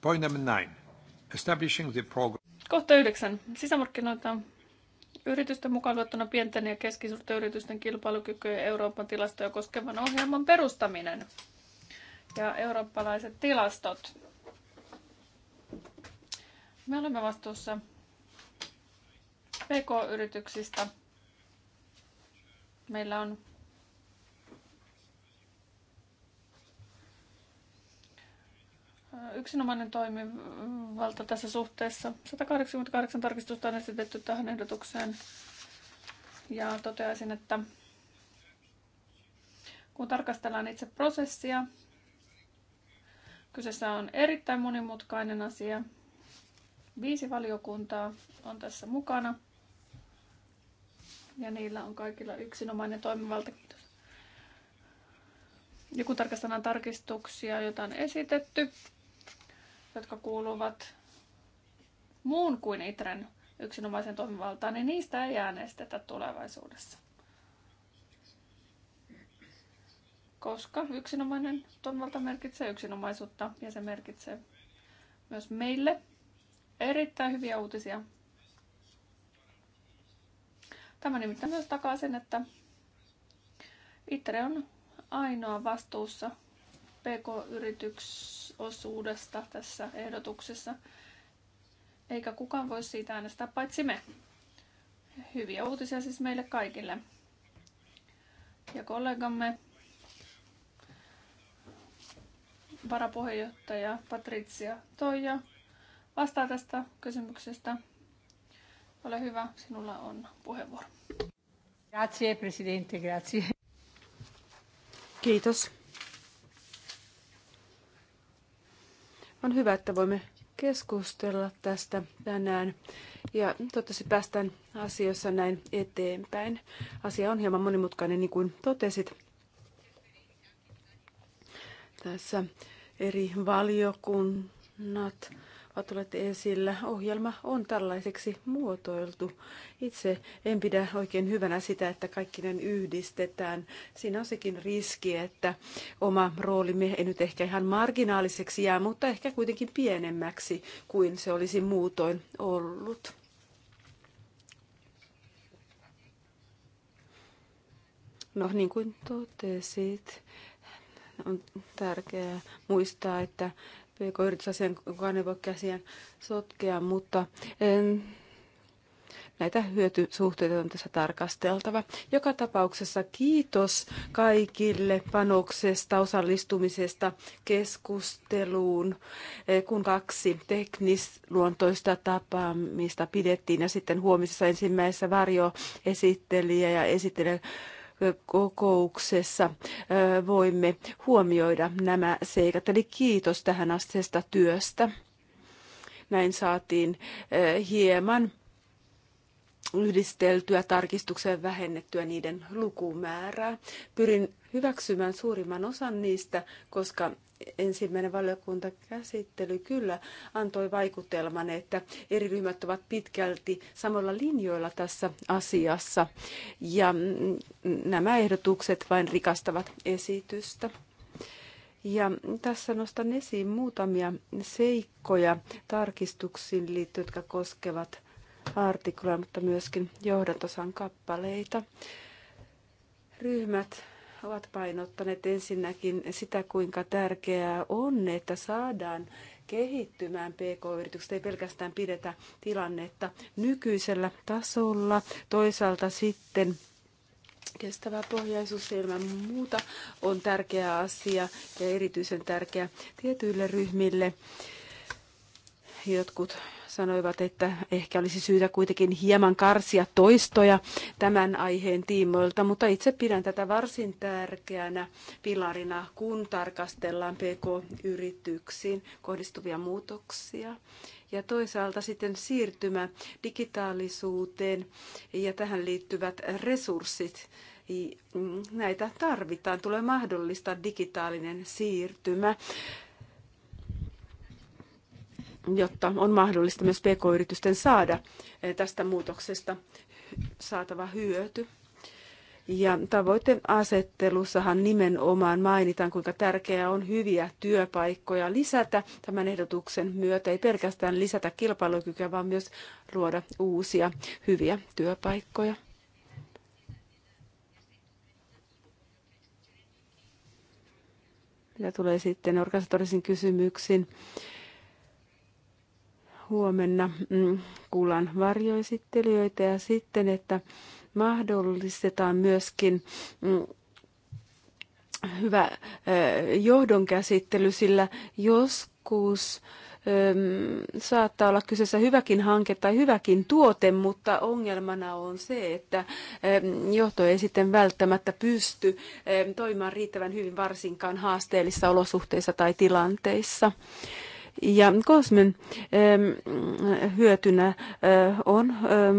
point number nine. Establishing the program. Kohta yhdeksän. Sisämarkkinoita yritysten mukaan luettuna pienten ja keskisuurten yritysten kilpailukykyä Euroopan tilastoja koskevan ohjelman perustaminen ja eurooppalaiset tilastot. Me olemme vastuussa PK-yrityksistä. Meillä on yksinomainen toimivalta tässä suhteessa. 188 tarkistusta on esitetty tähän ehdotukseen ja toteaisin, että kun tarkastellaan itse prosessia, kyseessä on erittäin monimutkainen asia. Viisi valiokuntaa on tässä mukana ja niillä on kaikilla yksinomainen toimivalta. Kiitos. Ja kun tarkastellaan tarkistuksia, joita on esitetty, jotka kuuluvat muun kuin ITREn yksinomaisen toimivaltaan, niin niistä ei äänestetä tulevaisuudessa. Koska yksinomainen toimivalta merkitsee yksinomaisuutta ja se merkitsee myös meille erittäin hyviä uutisia. Tämä nimittäin myös takaa sen, että ITRE on ainoa vastuussa pk osuudesta tässä ehdotuksessa, eikä kukaan voi siitä äänestää paitsi me. Hyviä uutisia siis meille kaikille. Ja kollegamme, varapuheenjohtaja Patricia Toija, vastaa tästä kysymyksestä. Ole hyvä, sinulla on puheenvuoro. Grazie, presidente, grazie. Kiitos On hyvä, että voimme keskustella tästä tänään ja toivottavasti päästään asioissa näin eteenpäin. Asia on hieman monimutkainen, niin kuin totesit. Tässä eri valiokunnat olette esillä. Ohjelma on tällaiseksi muotoiltu. Itse en pidä oikein hyvänä sitä, että kaikkinen yhdistetään. Siinä on sekin riski, että oma roolimme ei nyt ehkä ihan marginaaliseksi jää, mutta ehkä kuitenkin pienemmäksi kuin se olisi muutoin ollut. No niin kuin totesit, on tärkeää muistaa, että pk-yritysasian kukaan ei voi käsiään sotkea, mutta en, näitä hyötysuhteita on tässä tarkasteltava. Joka tapauksessa kiitos kaikille panoksesta, osallistumisesta keskusteluun, e, kun kaksi teknisluontoista tapaamista pidettiin ja sitten huomisessa ensimmäisessä varjo esittelijä ja esittelijä kokouksessa voimme huomioida nämä seikat. Eli kiitos tähän asteesta työstä. Näin saatiin hieman yhdisteltyä tarkistukseen vähennettyä niiden lukumäärää. Pyrin hyväksymään suurimman osan niistä, koska ensimmäinen valiokuntakäsittely kyllä antoi vaikutelman, että eri ryhmät ovat pitkälti samalla linjoilla tässä asiassa. Ja nämä ehdotukset vain rikastavat esitystä. Ja tässä nostan esiin muutamia seikkoja tarkistuksiin liittyen, jotka koskevat artikloja, mutta myöskin johdantosan kappaleita. Ryhmät ovat painottaneet ensinnäkin sitä, kuinka tärkeää on, että saadaan kehittymään PK-yritykset, ei pelkästään pidetä tilannetta nykyisellä tasolla. Toisaalta sitten kestävä pohjaisuus ilman muuta on tärkeä asia ja erityisen tärkeä tietyille ryhmille. Jotkut sanoivat, että ehkä olisi syytä kuitenkin hieman karsia toistoja tämän aiheen tiimoilta, mutta itse pidän tätä varsin tärkeänä pilarina, kun tarkastellaan PK-yrityksiin kohdistuvia muutoksia ja toisaalta sitten siirtymä digitaalisuuteen ja tähän liittyvät resurssit mm, näitä tarvitaan, tulee mahdollistaa digitaalinen siirtymä jotta on mahdollista myös pk-yritysten saada eh, tästä muutoksesta saatava hyöty. Ja tavoiteasettelussahan nimenomaan mainitaan, kuinka tärkeää on hyviä työpaikkoja lisätä tämän ehdotuksen myötä. Ei pelkästään lisätä kilpailukykyä, vaan myös luoda uusia hyviä työpaikkoja. Mitä tulee sitten organisatorisiin kysymyksiin, huomenna mm, kuullaan varjoesittelijöitä ja sitten, että mahdollistetaan myöskin mm, hyvä johdon johdonkäsittely, sillä joskus saattaa olla kyseessä hyväkin hanke tai hyväkin tuote, mutta ongelmana on se, että johto ei sitten välttämättä pysty toimimaan riittävän hyvin varsinkaan haasteellisissa olosuhteissa tai tilanteissa. Ja kosmen hyötynä on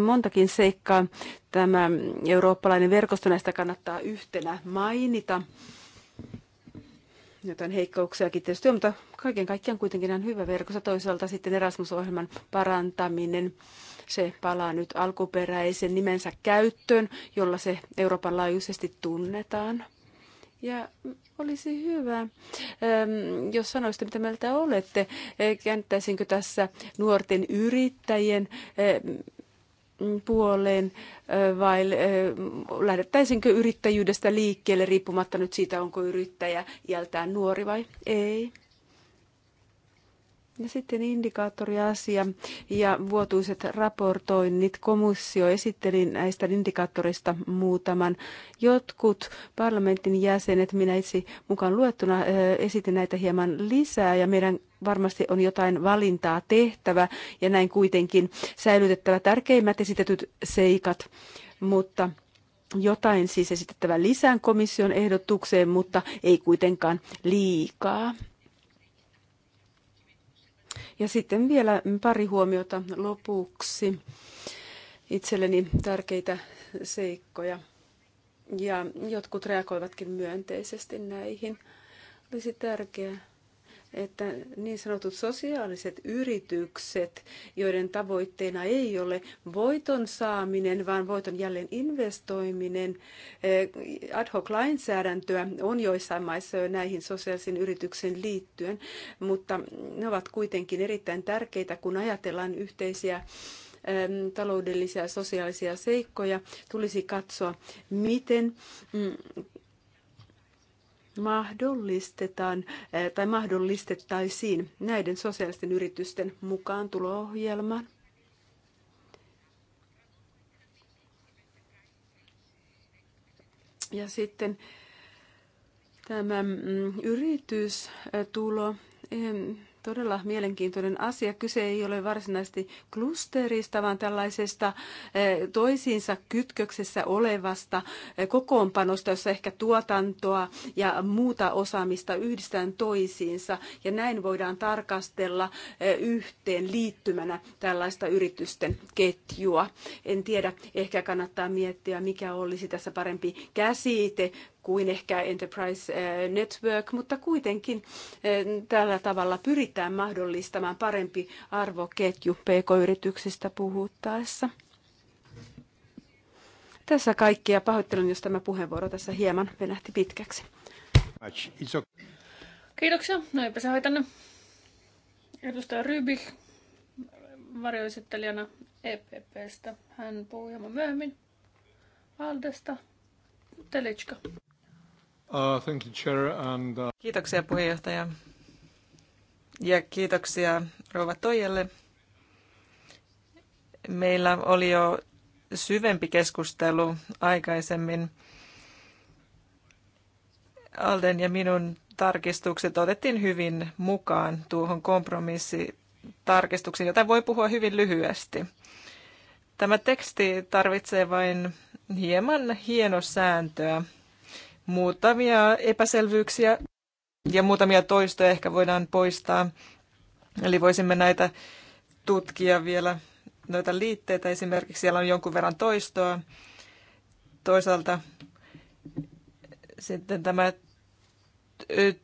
montakin seikkaa. Tämä eurooppalainen verkosto näistä kannattaa yhtenä mainita. Jotain heikkouksiakin tietysti on, mutta kaiken kaikkiaan kuitenkin on hyvä verkosto. Toisaalta sitten Erasmus-ohjelman parantaminen se palaa nyt alkuperäisen nimensä käyttöön, jolla se Euroopan laajuisesti tunnetaan. Ja olisi hyvä, ähm, jos sanoisitte, mitä mieltä olette. Äh, Kääntäisinkö tässä nuorten yrittäjien äh, puoleen äh, vai lähdettäisinkö yrittäjyydestä liikkeelle riippumatta nyt siitä, onko yrittäjä iältään nuori vai ei? Ja sitten indikaattoriasia ja vuotuiset raportoinnit. Komissio esitteli näistä indikaattorista muutaman. Jotkut parlamentin jäsenet, minä itse mukaan luettuna, esitin näitä hieman lisää ja meidän varmasti on jotain valintaa tehtävä ja näin kuitenkin säilytettävä tärkeimmät esitetyt seikat, mutta jotain siis esitettävä lisään komission ehdotukseen, mutta ei kuitenkaan liikaa. Ja sitten vielä pari huomiota lopuksi itselleni tärkeitä seikkoja. Ja jotkut reagoivatkin myönteisesti näihin. Olisi tärkeää että niin sanotut sosiaaliset yritykset, joiden tavoitteena ei ole voiton saaminen, vaan voiton jälleen investoiminen, eh, ad hoc lainsäädäntöä on joissain maissa jo näihin sosiaalisiin yrityksiin liittyen, mutta ne ovat kuitenkin erittäin tärkeitä, kun ajatellaan yhteisiä taloudellisia ja sosiaalisia seikkoja tulisi katsoa, miten mm, mahdollistetaan eh, tai mahdollistettaisiin näiden sosiaalisten yritysten mukaan tulo ohjelmaan Ja sitten tämä mm, yritystulo eh, todella mielenkiintoinen asia. Kyse ei ole varsinaisesti klusterista, vaan tällaisesta eh, toisiinsa kytköksessä olevasta eh, kokoonpanosta, jossa ehkä tuotantoa ja muuta osaamista yhdistetään toisiinsa. Ja näin voidaan tarkastella eh, yhteen liittymänä tällaista yritysten ketjua. En tiedä, ehkä kannattaa miettiä, mikä olisi tässä parempi käsite kuin ehkä Enterprise eh, Network, mutta kuitenkin eh, tällä tavalla pyritään mahdollistamaan parempi arvoketju pk-yrityksistä puhuttaessa. Tässä kaikki ja pahoittelen, jos tämä puheenvuoro tässä hieman venähti pitkäksi. Kiitoksia. No eipä se haitannut. Edustaja Rybil varjoesittelijänä EPPstä. Hän puhuu hieman myöhemmin Aldesta. Telitska. Uh, uh, kiitoksia puheenjohtaja. Ja kiitoksia rouva Toijalle. Meillä oli jo syvempi keskustelu aikaisemmin. Alden ja minun tarkistukset otettiin hyvin mukaan tuohon kompromissitarkistuksiin, jota voi puhua hyvin lyhyesti. Tämä teksti tarvitsee vain hieman hienosääntöä. sääntöä muutamia epäselvyyksiä ja muutamia toistoja ehkä voidaan poistaa. Eli voisimme näitä tutkia vielä, noita liitteitä esimerkiksi, siellä on jonkun verran toistoa. Toisaalta sitten tämä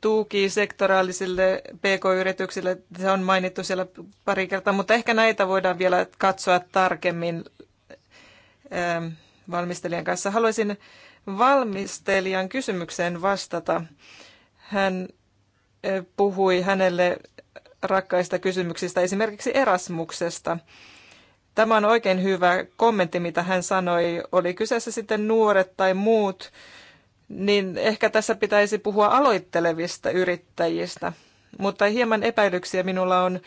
tuki sektoraalisille PK-yrityksille, se on mainittu siellä pari kertaa, mutta ehkä näitä voidaan vielä katsoa tarkemmin ähm, valmistelijan kanssa. Haluaisin valmistelijan kysymykseen vastata. Hän puhui hänelle rakkaista kysymyksistä, esimerkiksi Erasmuksesta. Tämä on oikein hyvä kommentti, mitä hän sanoi. Oli kyseessä sitten nuoret tai muut, niin ehkä tässä pitäisi puhua aloittelevista yrittäjistä. Mutta hieman epäilyksiä minulla on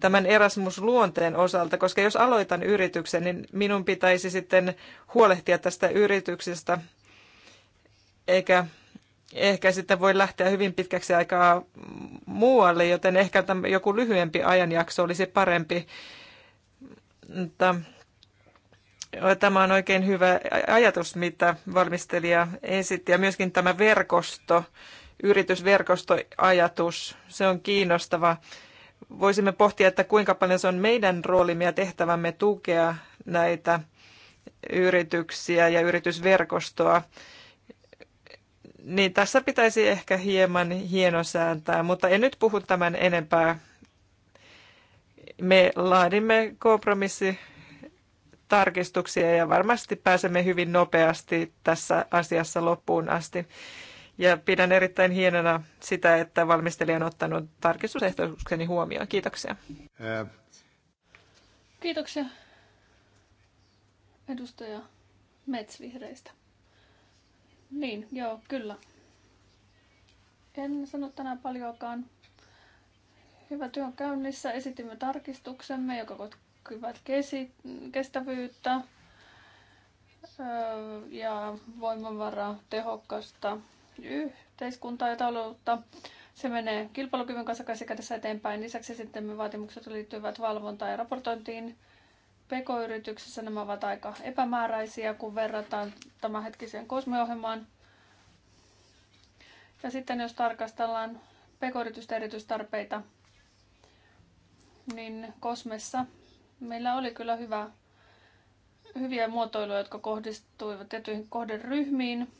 tämän Erasmus-luonteen osalta, koska jos aloitan yrityksen, niin minun pitäisi sitten huolehtia tästä yrityksestä – eikä ehkä sitten voi lähteä hyvin pitkäksi aikaa muualle, joten ehkä joku lyhyempi ajanjakso olisi parempi. Mutta tämä on oikein hyvä ajatus, mitä valmistelija esitti, ja myöskin tämä verkosto, yritysverkostoajatus, se on kiinnostava. Voisimme pohtia, että kuinka paljon se on meidän roolimme ja tehtävämme tukea näitä yrityksiä ja yritysverkostoa niin tässä pitäisi ehkä hieman hienosääntää, mutta en nyt puhu tämän enempää. Me laadimme kompromissi tarkistuksia ja varmasti pääsemme hyvin nopeasti tässä asiassa loppuun asti. Ja pidän erittäin hienona sitä, että valmistelija on ottanut tarkistusehtoisuukseni huomioon. Kiitoksia. Ää... Kiitoksia. Edustaja Metsvihreistä. Niin, joo, kyllä. En sano tänään paljonkaan. Hyvä työ on käynnissä. Esitimme tarkistuksemme, joka koskevat kestävyyttä ja voimavaraa tehokkaasta yhteiskuntaa ja taloutta. Se menee kilpailukyvyn kanssa käsikädessä eteenpäin. Lisäksi sitten me vaatimukset liittyvät valvontaan ja raportointiin PK-yrityksissä nämä ovat aika epämääräisiä, kun verrataan tämänhetkiseen kosmeohjelmaan. Ja sitten jos tarkastellaan pk-yritysten erityistarpeita, niin Kosmessa meillä oli kyllä hyvä, hyviä muotoiluja, jotka kohdistuivat tietyihin kohderyhmiin.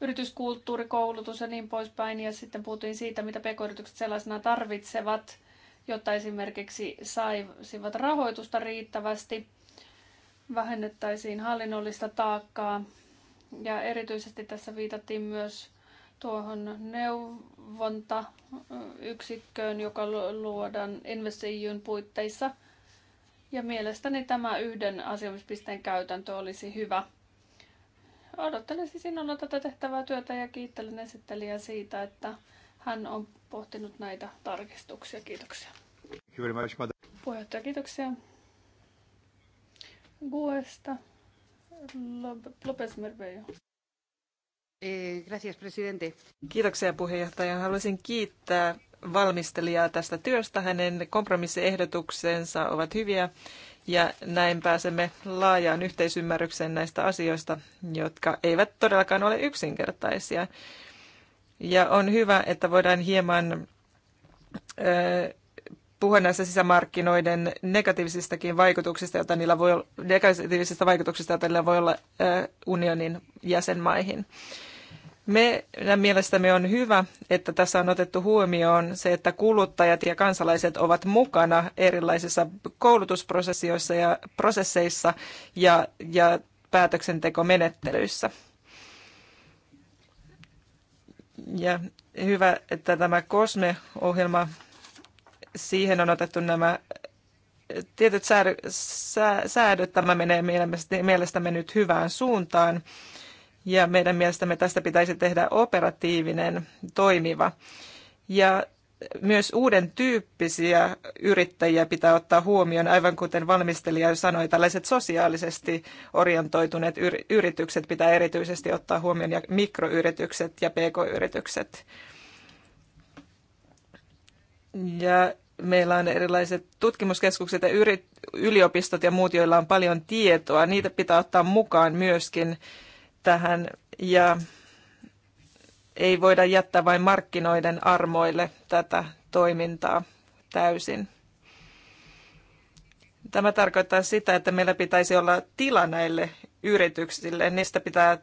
Yrityskulttuuri, koulutus ja niin poispäin. Ja sitten puhuttiin siitä, mitä pk-yritykset sellaisena tarvitsevat – jotta esimerkiksi saisivat rahoitusta riittävästi, vähennettäisiin hallinnollista taakkaa ja erityisesti tässä viitattiin myös tuohon neuvontayksikköön, joka luodaan InvestEUn puitteissa. Ja mielestäni tämä yhden asioimispisteen käytäntö olisi hyvä. Odottelen sinulla siis tätä tehtävää työtä ja kiittelen esittelijää siitä, että hän on pohtinut näitä tarkistuksia. Kiitoksia. Puheenjohtaja, kiitoksia. Guesta. López Mervejo. Eh, gracias, presidente. Kiitoksia puheenjohtaja. Haluaisin kiittää valmistelijaa tästä työstä. Hänen kompromissiehdotuksensa ovat hyviä ja näin pääsemme laajaan yhteisymmärrykseen näistä asioista, jotka eivät todellakaan ole yksinkertaisia. Ja on hyvä, että voidaan hieman puhua näistä sisämarkkinoiden negatiivisistakin vaikutuksista, joita niillä voi olla, negatiivisista vaikutuksista, joita niillä voi olla unionin jäsenmaihin. Meidän mielestämme on hyvä, että tässä on otettu huomioon se, että kuluttajat ja kansalaiset ovat mukana erilaisissa koulutusprosesseissa ja, prosesseissa ja, ja päätöksentekomenettelyissä. Ja hyvä, että tämä COSME-ohjelma, siihen on otettu nämä tietyt säädö, sää, säädöt. Tämä menee mielestämme nyt hyvään suuntaan ja meidän mielestämme tästä pitäisi tehdä operatiivinen, toimiva. Ja myös uuden tyyppisiä yrittäjiä pitää ottaa huomioon, aivan kuten valmistelija sanoi, tällaiset sosiaalisesti orientoituneet yritykset pitää erityisesti ottaa huomioon, ja mikroyritykset ja pk-yritykset. Ja meillä on erilaiset tutkimuskeskukset ja yliopistot ja muut, joilla on paljon tietoa. Niitä pitää ottaa mukaan myöskin tähän. Ja ei voida jättää vain markkinoiden armoille tätä toimintaa täysin. Tämä tarkoittaa sitä, että meillä pitäisi olla tila näille yrityksille. Niistä pitää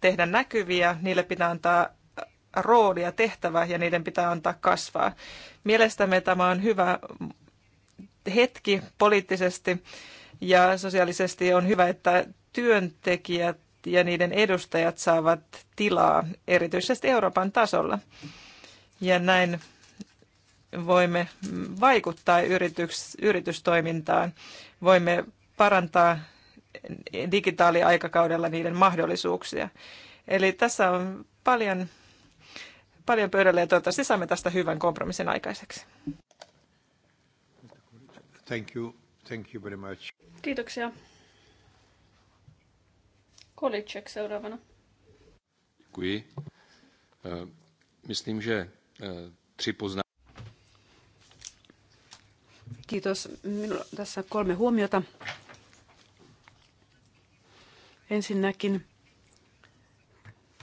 tehdä näkyviä, niille pitää antaa rooli ja tehtävä ja niiden pitää antaa kasvaa. Mielestämme tämä on hyvä hetki poliittisesti ja sosiaalisesti on hyvä, että työntekijät ja niiden edustajat saavat tilaa, erityisesti Euroopan tasolla. Ja näin voimme vaikuttaa yrityks, yritystoimintaan, voimme parantaa digitaaliaikakaudella niiden mahdollisuuksia. Eli tässä on paljon, paljon pöydällä ja toivottavasti saamme tästä hyvän kompromissin aikaiseksi. Thank you. Thank you very much. Kiitoksia. Kolicek seuraavana. Děkuji. Eh, myslím, že eh, tři poznámky. Kiitos. Minulla on tässä kolme huomiota. Ensinnäkin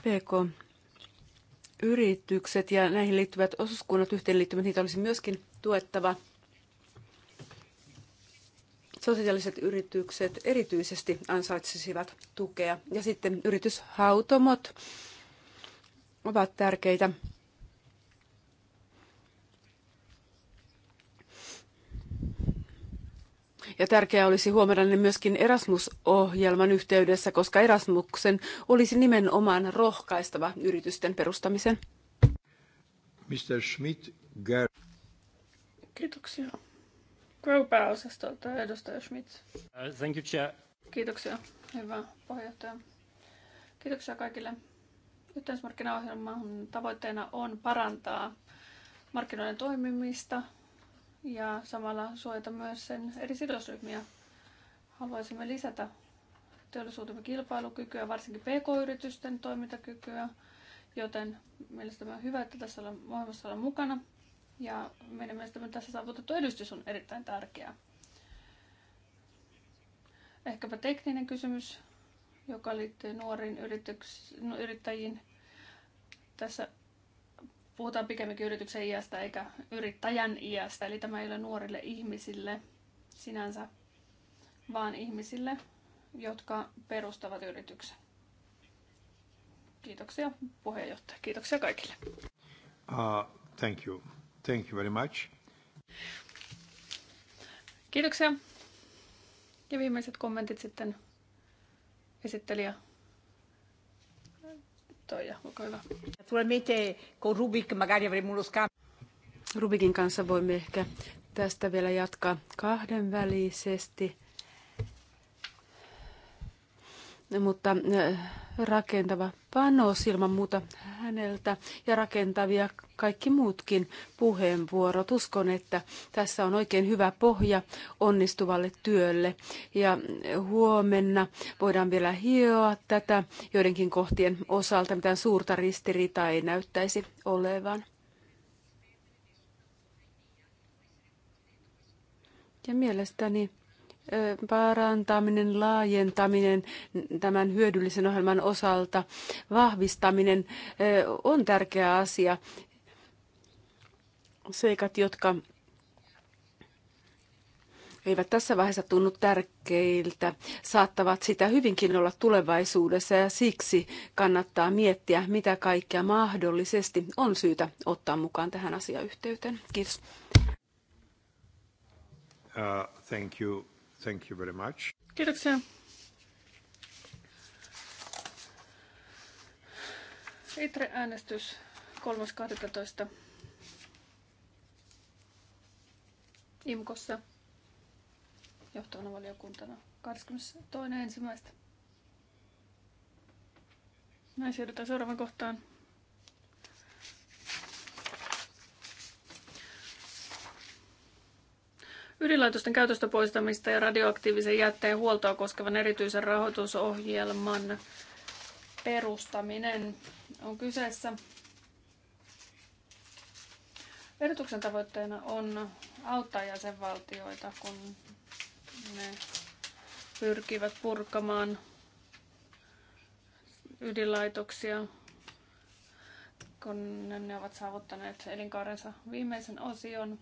PK-yritykset ja näihin liittyvät osuuskunnat, yhteenliittymät, niitä olisi myöskin tuettava – sosiaaliset yritykset erityisesti ansaitsisivat tukea. Ja sitten yrityshautomot ovat tärkeitä. Ja tärkeää olisi huomioida ne myöskin Erasmus-ohjelman yhteydessä, koska Erasmuksen olisi nimenomaan rohkaistava yritysten perustamisen. Mr. Schmidt, Ger- Kiitoksia. Grow-pääosastolta edustaja Schmidt. Uh, thank you, Chair. Kiitoksia, hyvä puheenjohtaja. Kiitoksia kaikille. Yhteismarkkinaohjelman tavoitteena on parantaa markkinoiden toimimista ja samalla suojata myös sen eri sidosryhmiä. Haluaisimme lisätä teollisuutemme kilpailukykyä, varsinkin pk-yritysten toimintakykyä, joten mielestäni on hyvä, että tässä ohjelmassa ollaan mukana. Ja meidän mielestämme tässä saavutettu edistys on erittäin tärkeää. Ehkäpä tekninen kysymys, joka liittyy nuoriin yrityksiin, yrittäjiin. Tässä puhutaan pikemminkin yrityksen iästä eikä yrittäjän iästä, eli tämä ei ole nuorille ihmisille sinänsä, vaan ihmisille, jotka perustavat yrityksen. Kiitoksia puheenjohtaja. Kiitoksia kaikille. Uh, thank you. Thank you very much. Kiitoksia. Ja viimeiset kommentit sitten esittelijä. Toija, olkaa hyvä. Naturalmente con Rubik magari avremo uno scambio. Rubikin kanssa voimme ehkä tästä vielä jatkaa kahdenvälisesti mutta eh, rakentava panos ilman muuta häneltä ja rakentavia kaikki muutkin puheenvuorot. Uskon, että tässä on oikein hyvä pohja onnistuvalle työlle ja eh, huomenna voidaan vielä hioa tätä joidenkin kohtien osalta. Mitään suurta ristiriitaa ei näyttäisi olevan. Ja mielestäni parantaminen, laajentaminen tämän hyödyllisen ohjelman osalta, vahvistaminen on tärkeä asia. Seikat, jotka eivät tässä vaiheessa tunnu tärkeiltä, saattavat sitä hyvinkin olla tulevaisuudessa ja siksi kannattaa miettiä, mitä kaikkea mahdollisesti on syytä ottaa mukaan tähän asiayhteyteen. Kiitos. Uh, thank you Thank you very much. Kiitoksia. ITRE-äänestys 3.12. IMKossa johtavana valiokuntana 22.1. Näin siirrytään seuraavaan kohtaan. ydinlaitosten käytöstä poistamista ja radioaktiivisen jätteen huoltoa koskevan erityisen rahoitusohjelman perustaminen on kyseessä. Ehdotuksen tavoitteena on auttaa jäsenvaltioita, kun ne pyrkivät purkamaan ydinlaitoksia, kun ne ovat saavuttaneet elinkaarensa viimeisen osion.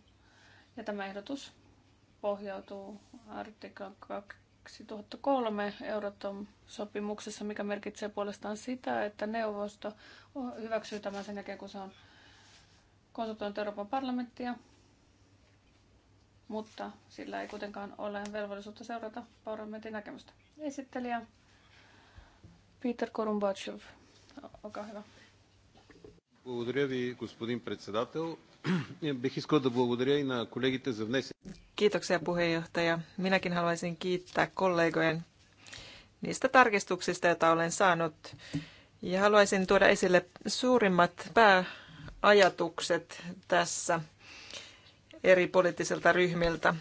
Ja tämä ehdotus pohjautuu artikla 2003 Euratom sopimuksessa, mikä merkitsee puolestaan sitä, että neuvosto hyväksyy tämän sen jälkeen, kun se on konsultoinut Euroopan parlamenttia, mutta sillä ei kuitenkaan ole velvollisuutta seurata parlamentin näkemystä. Esittelijä Peter Korumbachev, olkaa hyvä. Благодаря ви, господин председател. Kiitoksia puheenjohtaja. Minäkin haluaisin kiittää kollegojen niistä tarkistuksista, joita olen saanut. Ja haluaisin tuoda esille suurimmat pääajatukset tässä eri poliittisilta ryhmiltä.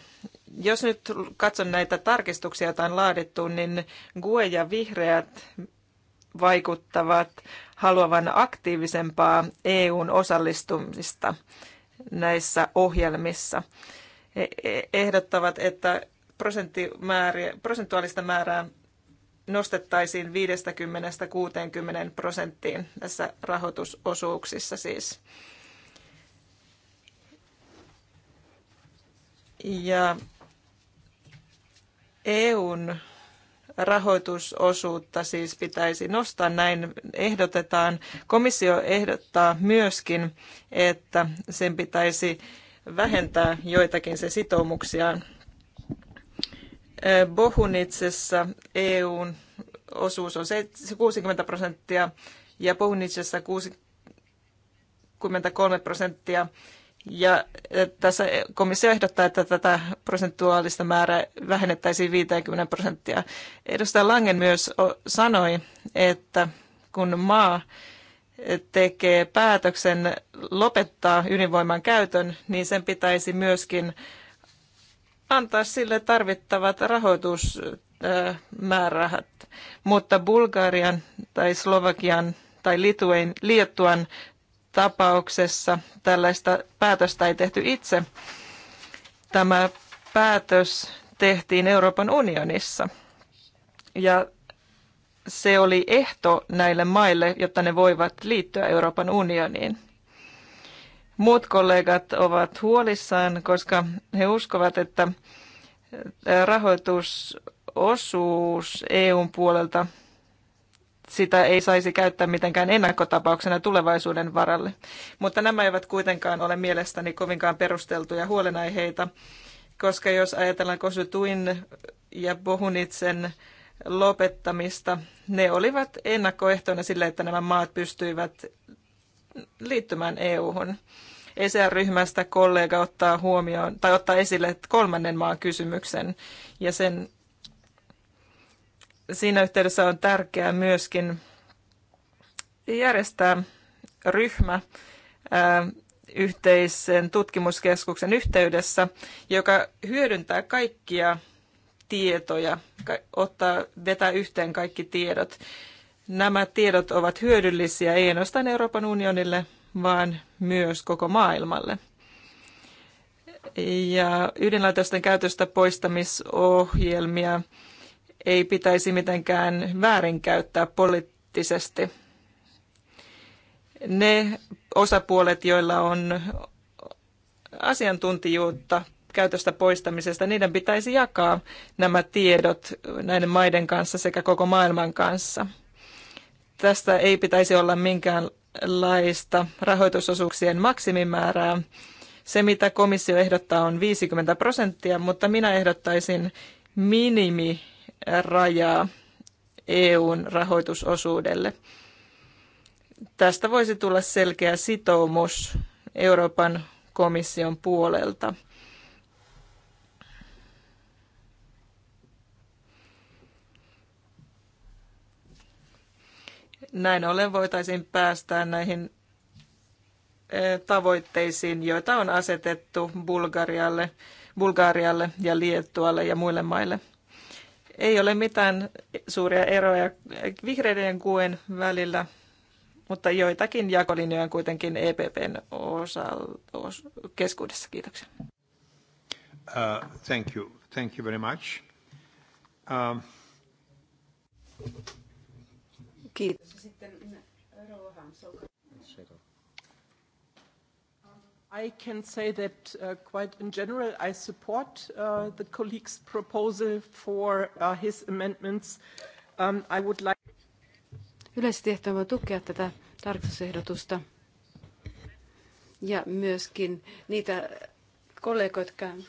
Jos nyt katson näitä tarkistuksia, joita on laadittu, niin GUE ja vihreät vaikuttavat haluavan aktiivisempaa EUn osallistumista – näissä ohjelmissa. He ehdottavat, että prosentuaalista määrää nostettaisiin 50-60 prosenttiin tässä rahoitusosuuksissa siis. Ja EUn rahoitusosuutta siis pitäisi nostaa. Näin ehdotetaan. Komissio ehdottaa myöskin, että sen pitäisi vähentää joitakin se sitoumuksiaan. Bohunitsessa EUn osuus on 60 prosenttia ja Bohunitsessa 63 prosenttia ja e, tässä komissio ehdottaa, että tätä prosentuaalista määrää vähennettäisiin 50 prosenttia. Edustaja Langen myös sanoi, että kun maa tekee päätöksen lopettaa ydinvoiman käytön, niin sen pitäisi myöskin antaa sille tarvittavat rahoitusmäärärahat. E, Mutta Bulgarian tai Slovakian tai Lituen, Liettuan tapauksessa tällaista päätöstä ei tehty itse. Tämä päätös tehtiin Euroopan unionissa. Ja se oli ehto näille maille, jotta ne voivat liittyä Euroopan unioniin. Muut kollegat ovat huolissaan, koska he uskovat, että rahoitusosuus EUn puolelta – sitä ei saisi käyttää mitenkään ennakkotapauksena tulevaisuuden varalle. Mutta nämä eivät kuitenkaan ole mielestäni kovinkaan perusteltuja huolenaiheita, koska jos ajatellaan Kosutuin ja Bohunitsen lopettamista, ne olivat ennakkoehtoina sille, että nämä maat pystyivät liittymään EU-hun. ECR-ryhmästä kollega ottaa huomioon tai ottaa esille kolmannen maan kysymyksen ja sen siinä yhteydessä on tärkeää myöskin järjestää ryhmä yhteisen tutkimuskeskuksen yhteydessä, joka hyödyntää kaikkia tietoja, ottaa, vetää yhteen kaikki tiedot. Nämä tiedot ovat hyödyllisiä ei ainoastaan Euroopan unionille, vaan myös koko maailmalle. Ja ydinlaitosten käytöstä poistamisohjelmia ei pitäisi mitenkään väärinkäyttää poliittisesti. Ne osapuolet, joilla on asiantuntijuutta käytöstä poistamisesta, niiden pitäisi jakaa nämä tiedot näiden maiden kanssa sekä koko maailman kanssa. Tästä ei pitäisi olla minkäänlaista rahoitusosuuksien maksimimäärää. Se, mitä komissio ehdottaa, on 50 prosenttia, mutta minä ehdottaisin minimi rajaa EUn rahoitusosuudelle. Tästä voisi tulla selkeä sitoumus Euroopan komission puolelta. Näin ollen voitaisiin päästä näihin tavoitteisiin, joita on asetettu Bulgarialle, Bulgarialle ja Liettualle ja muille maille. Ei ole mitään suuria eroja vihreiden kuen välillä, mutta joitakin jakolinjoja kuitenkin EPPn osa- os- keskuudessa. Kiitoksia. Uh, thank you. Thank you very much. Uh. Kiitos. Sitten Rohan, I can say that uh, quite in general, I support uh, the colleague's proposal for uh, his amendments. Um, I would like... Yleisesti ehtoimme tukea tätä tarkistusehdotusta ja myöskin niitä kollegoita, jotka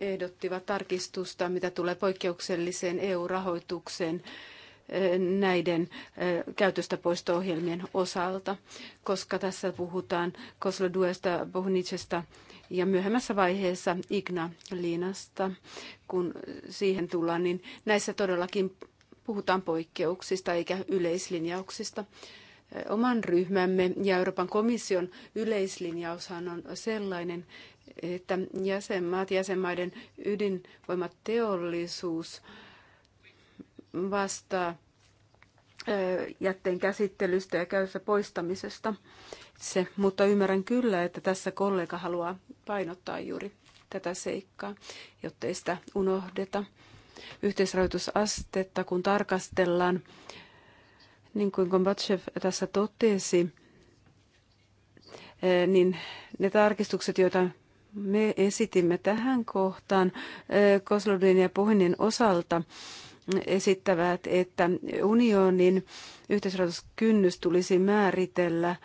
ehdottivat tarkistusta, mitä tulee poikkeukselliseen EU-rahoitukseen. Uh, näiden käytöstä poisto-ohjelmien osalta, koska tässä puhutaan Kosloduesta, Bohnicesta ja myöhemmässä vaiheessa Igna-liinasta, kun siihen tullaan, niin näissä todellakin puhutaan poikkeuksista eikä yleislinjauksista oman ryhmämme ja Euroopan komission yleislinjaushan on sellainen, että jäsenmaat, jäsenmaiden ydinvoimateollisuus vastaa jätteen käsittelystä ja käytössä poistamisesta. Se, mutta ymmärrän kyllä, että tässä kollega haluaa painottaa juuri tätä seikkaa, ei sitä unohdeta. Yhteisrahoitusastetta, kun tarkastellaan, niin kuin Kombatsev tässä totesi, niin ne tarkistukset, joita me esitimme tähän kohtaan Koslodin ja Pohjanin osalta, esittävät, että unionin yhteisrahoituskynnys tulisi määritellä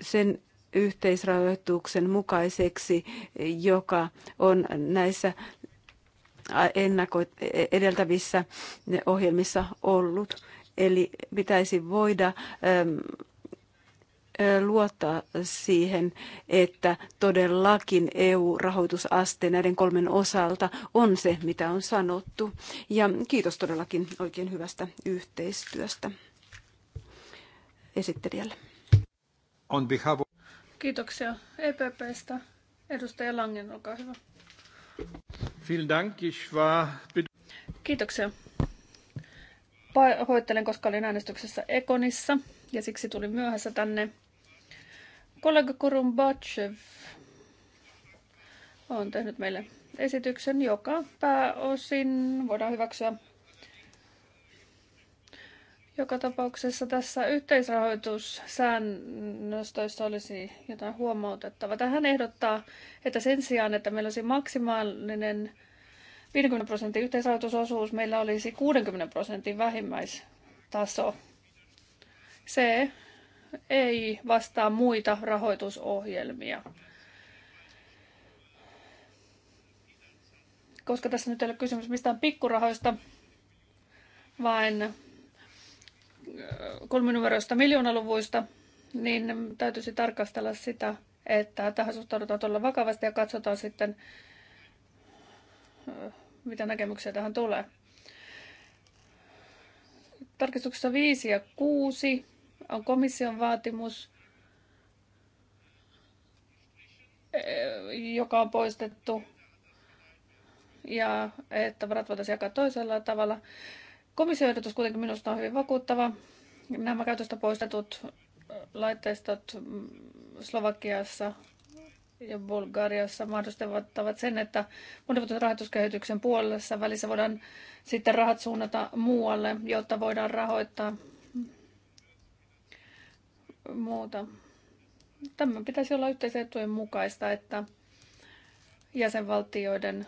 sen yhteisrahoituksen mukaiseksi, joka on näissä ennako- edeltävissä ohjelmissa ollut. Eli pitäisi voida luottaa siihen, että todellakin EU-rahoitusaste näiden kolmen osalta on se, mitä on sanottu. Ja kiitos todellakin oikein hyvästä yhteistyöstä esittelijälle. On behalf Kiitoksia EPPstä. Edustaja Langen, olkaa hyvä. Vielen Dank. Ich war... Kiitoksia. Pahoittelen, koska olin äänestyksessä Ekonissa ja siksi tulin myöhässä tänne. Kollega Kurumbachev on tehnyt meille esityksen, joka pääosin voidaan hyväksyä. Joka tapauksessa tässä yhteisrahoitussäännöstöissä olisi jotain huomautettavaa. Tähän ehdottaa, että sen sijaan, että meillä olisi maksimaalinen 50 prosentin yhteisrahoitusosuus, meillä olisi 60 prosentin vähimmäistaso. Se ei vastaa muita rahoitusohjelmia. Koska tässä nyt ei ole kysymys mistään pikkurahoista, vaan kolminumeroista miljoonaluvuista, niin täytyisi tarkastella sitä, että tähän suhtaudutaan todella vakavasti ja katsotaan sitten, mitä näkemyksiä tähän tulee. Tarkistuksessa 5 ja 6 on komission vaatimus, eh, joka on poistettu, ja että varat voitaisiin jakaa toisella tavalla. Komission ehdotus kuitenkin minusta on hyvin vakuuttava. Nämä käytöstä poistetut laitteistot Slovakiassa ja Bulgariassa mahdollistavat sen, että monivuotisen rahoituskehityksen puolessa välissä voidaan sitten rahat suunnata muualle, jotta voidaan rahoittaa muuta. tämän pitäisi olla yhteisetujen mukaista, että jäsenvaltioiden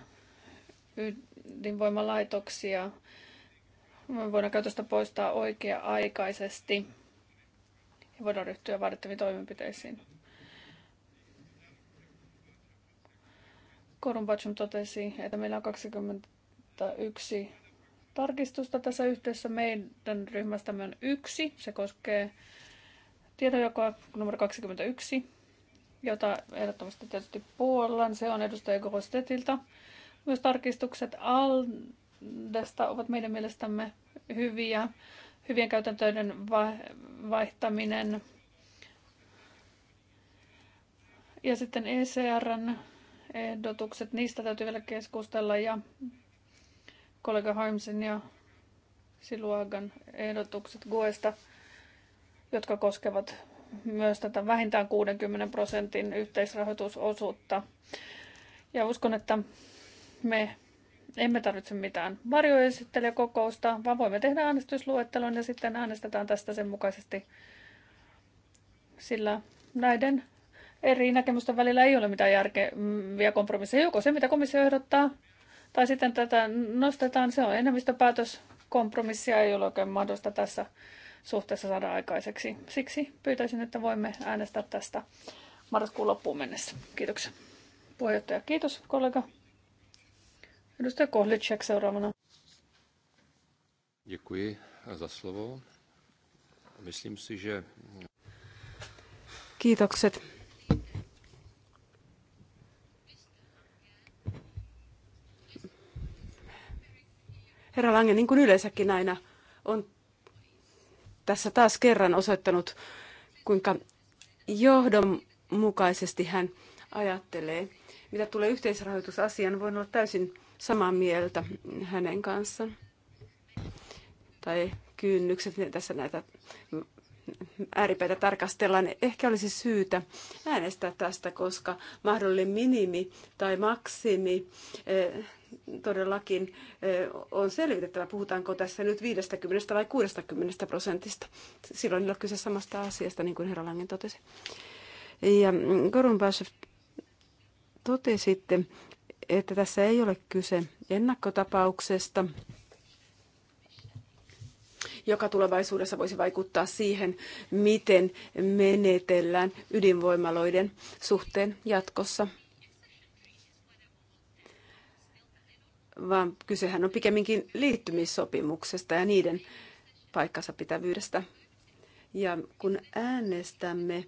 ydinvoimalaitoksia voidaan käytöstä poistaa oikea-aikaisesti ja voidaan ryhtyä vaadittaviin toimenpiteisiin. Korumbatsum totesi, että meillä on 21 tarkistusta tässä yhteydessä. Meidän ryhmästämme on yksi. Se koskee tietojakoa numero 21, jota ehdottomasti tietysti puollan. Se on edustaja Grostetilta. Myös tarkistukset Aldesta ovat meidän mielestämme hyviä. Hyvien käytäntöiden vaihtaminen. Ja sitten ECRn ehdotukset, niistä täytyy vielä keskustella ja kollega Harmsen ja Siluagan ehdotukset Guesta jotka koskevat myös tätä vähintään 60 prosentin yhteisrahoitusosuutta. Ja uskon, että me emme tarvitse mitään varjoesittelijäkokousta, vaan voimme tehdä äänestysluettelon ja sitten äänestetään tästä sen mukaisesti. Sillä näiden eri näkemysten välillä ei ole mitään järkeviä kompromisseja. Joko se, mitä komissio ehdottaa, tai sitten tätä nostetaan, se on enemmistöpäätös. Kompromissia ei ole oikein mahdollista tässä suhteessa saada aikaiseksi. Siksi pyytäisin, että voimme äänestää tästä marraskuun loppuun mennessä. Kiitoksia. Puheenjohtaja, kiitos kollega. Edustaja Kohlitschek seuraavana. Děkuji za slovo. Myslím si, že... Kiitokset. Herra Lange, niin kuin yleensäkin aina, on tässä taas kerran osoittanut, kuinka johdonmukaisesti hän ajattelee. Mitä tulee yhteisrahoitusasiaan, voin olla täysin samaa mieltä hänen kanssaan. Tai kynnykset, niin tässä näitä ääripäitä tarkastellaan, ehkä olisi syytä äänestää tästä, koska mahdollinen minimi tai maksimi eh, todellakin on selvitettävä, puhutaanko tässä nyt 50 vai 60 prosentista. Silloin ei ole kyse samasta asiasta, niin kuin herra Langen totesi. Ja Korunbashev mm, totesi, että tässä ei ole kyse ennakkotapauksesta, joka tulevaisuudessa voisi vaikuttaa siihen, miten menetellään ydinvoimaloiden suhteen jatkossa. vaan kysehän on pikemminkin liittymissopimuksesta ja niiden paikkansa pitävyydestä. Ja kun äänestämme,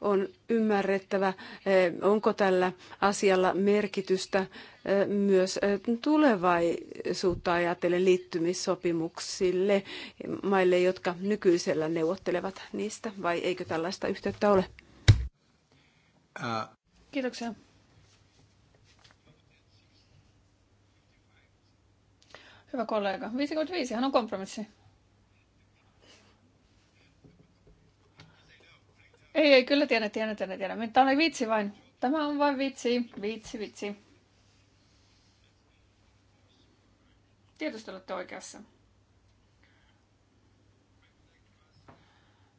on ymmärrettävä, eh, onko tällä asialla merkitystä eh, myös eh, tulevaisuutta ajatellen liittymissopimuksille maille, jotka nykyisellä neuvottelevat niistä, vai eikö tällaista yhteyttä ole? Kiitoksia. Hyvä kollega. 55 hän on kompromissi. Ei, ei, kyllä tiedän, tiedän, tiedän, tiedän. Tämä oli vitsi vain. Tämä on vain vitsi, vitsi, vitsi. Tietysti olette oikeassa.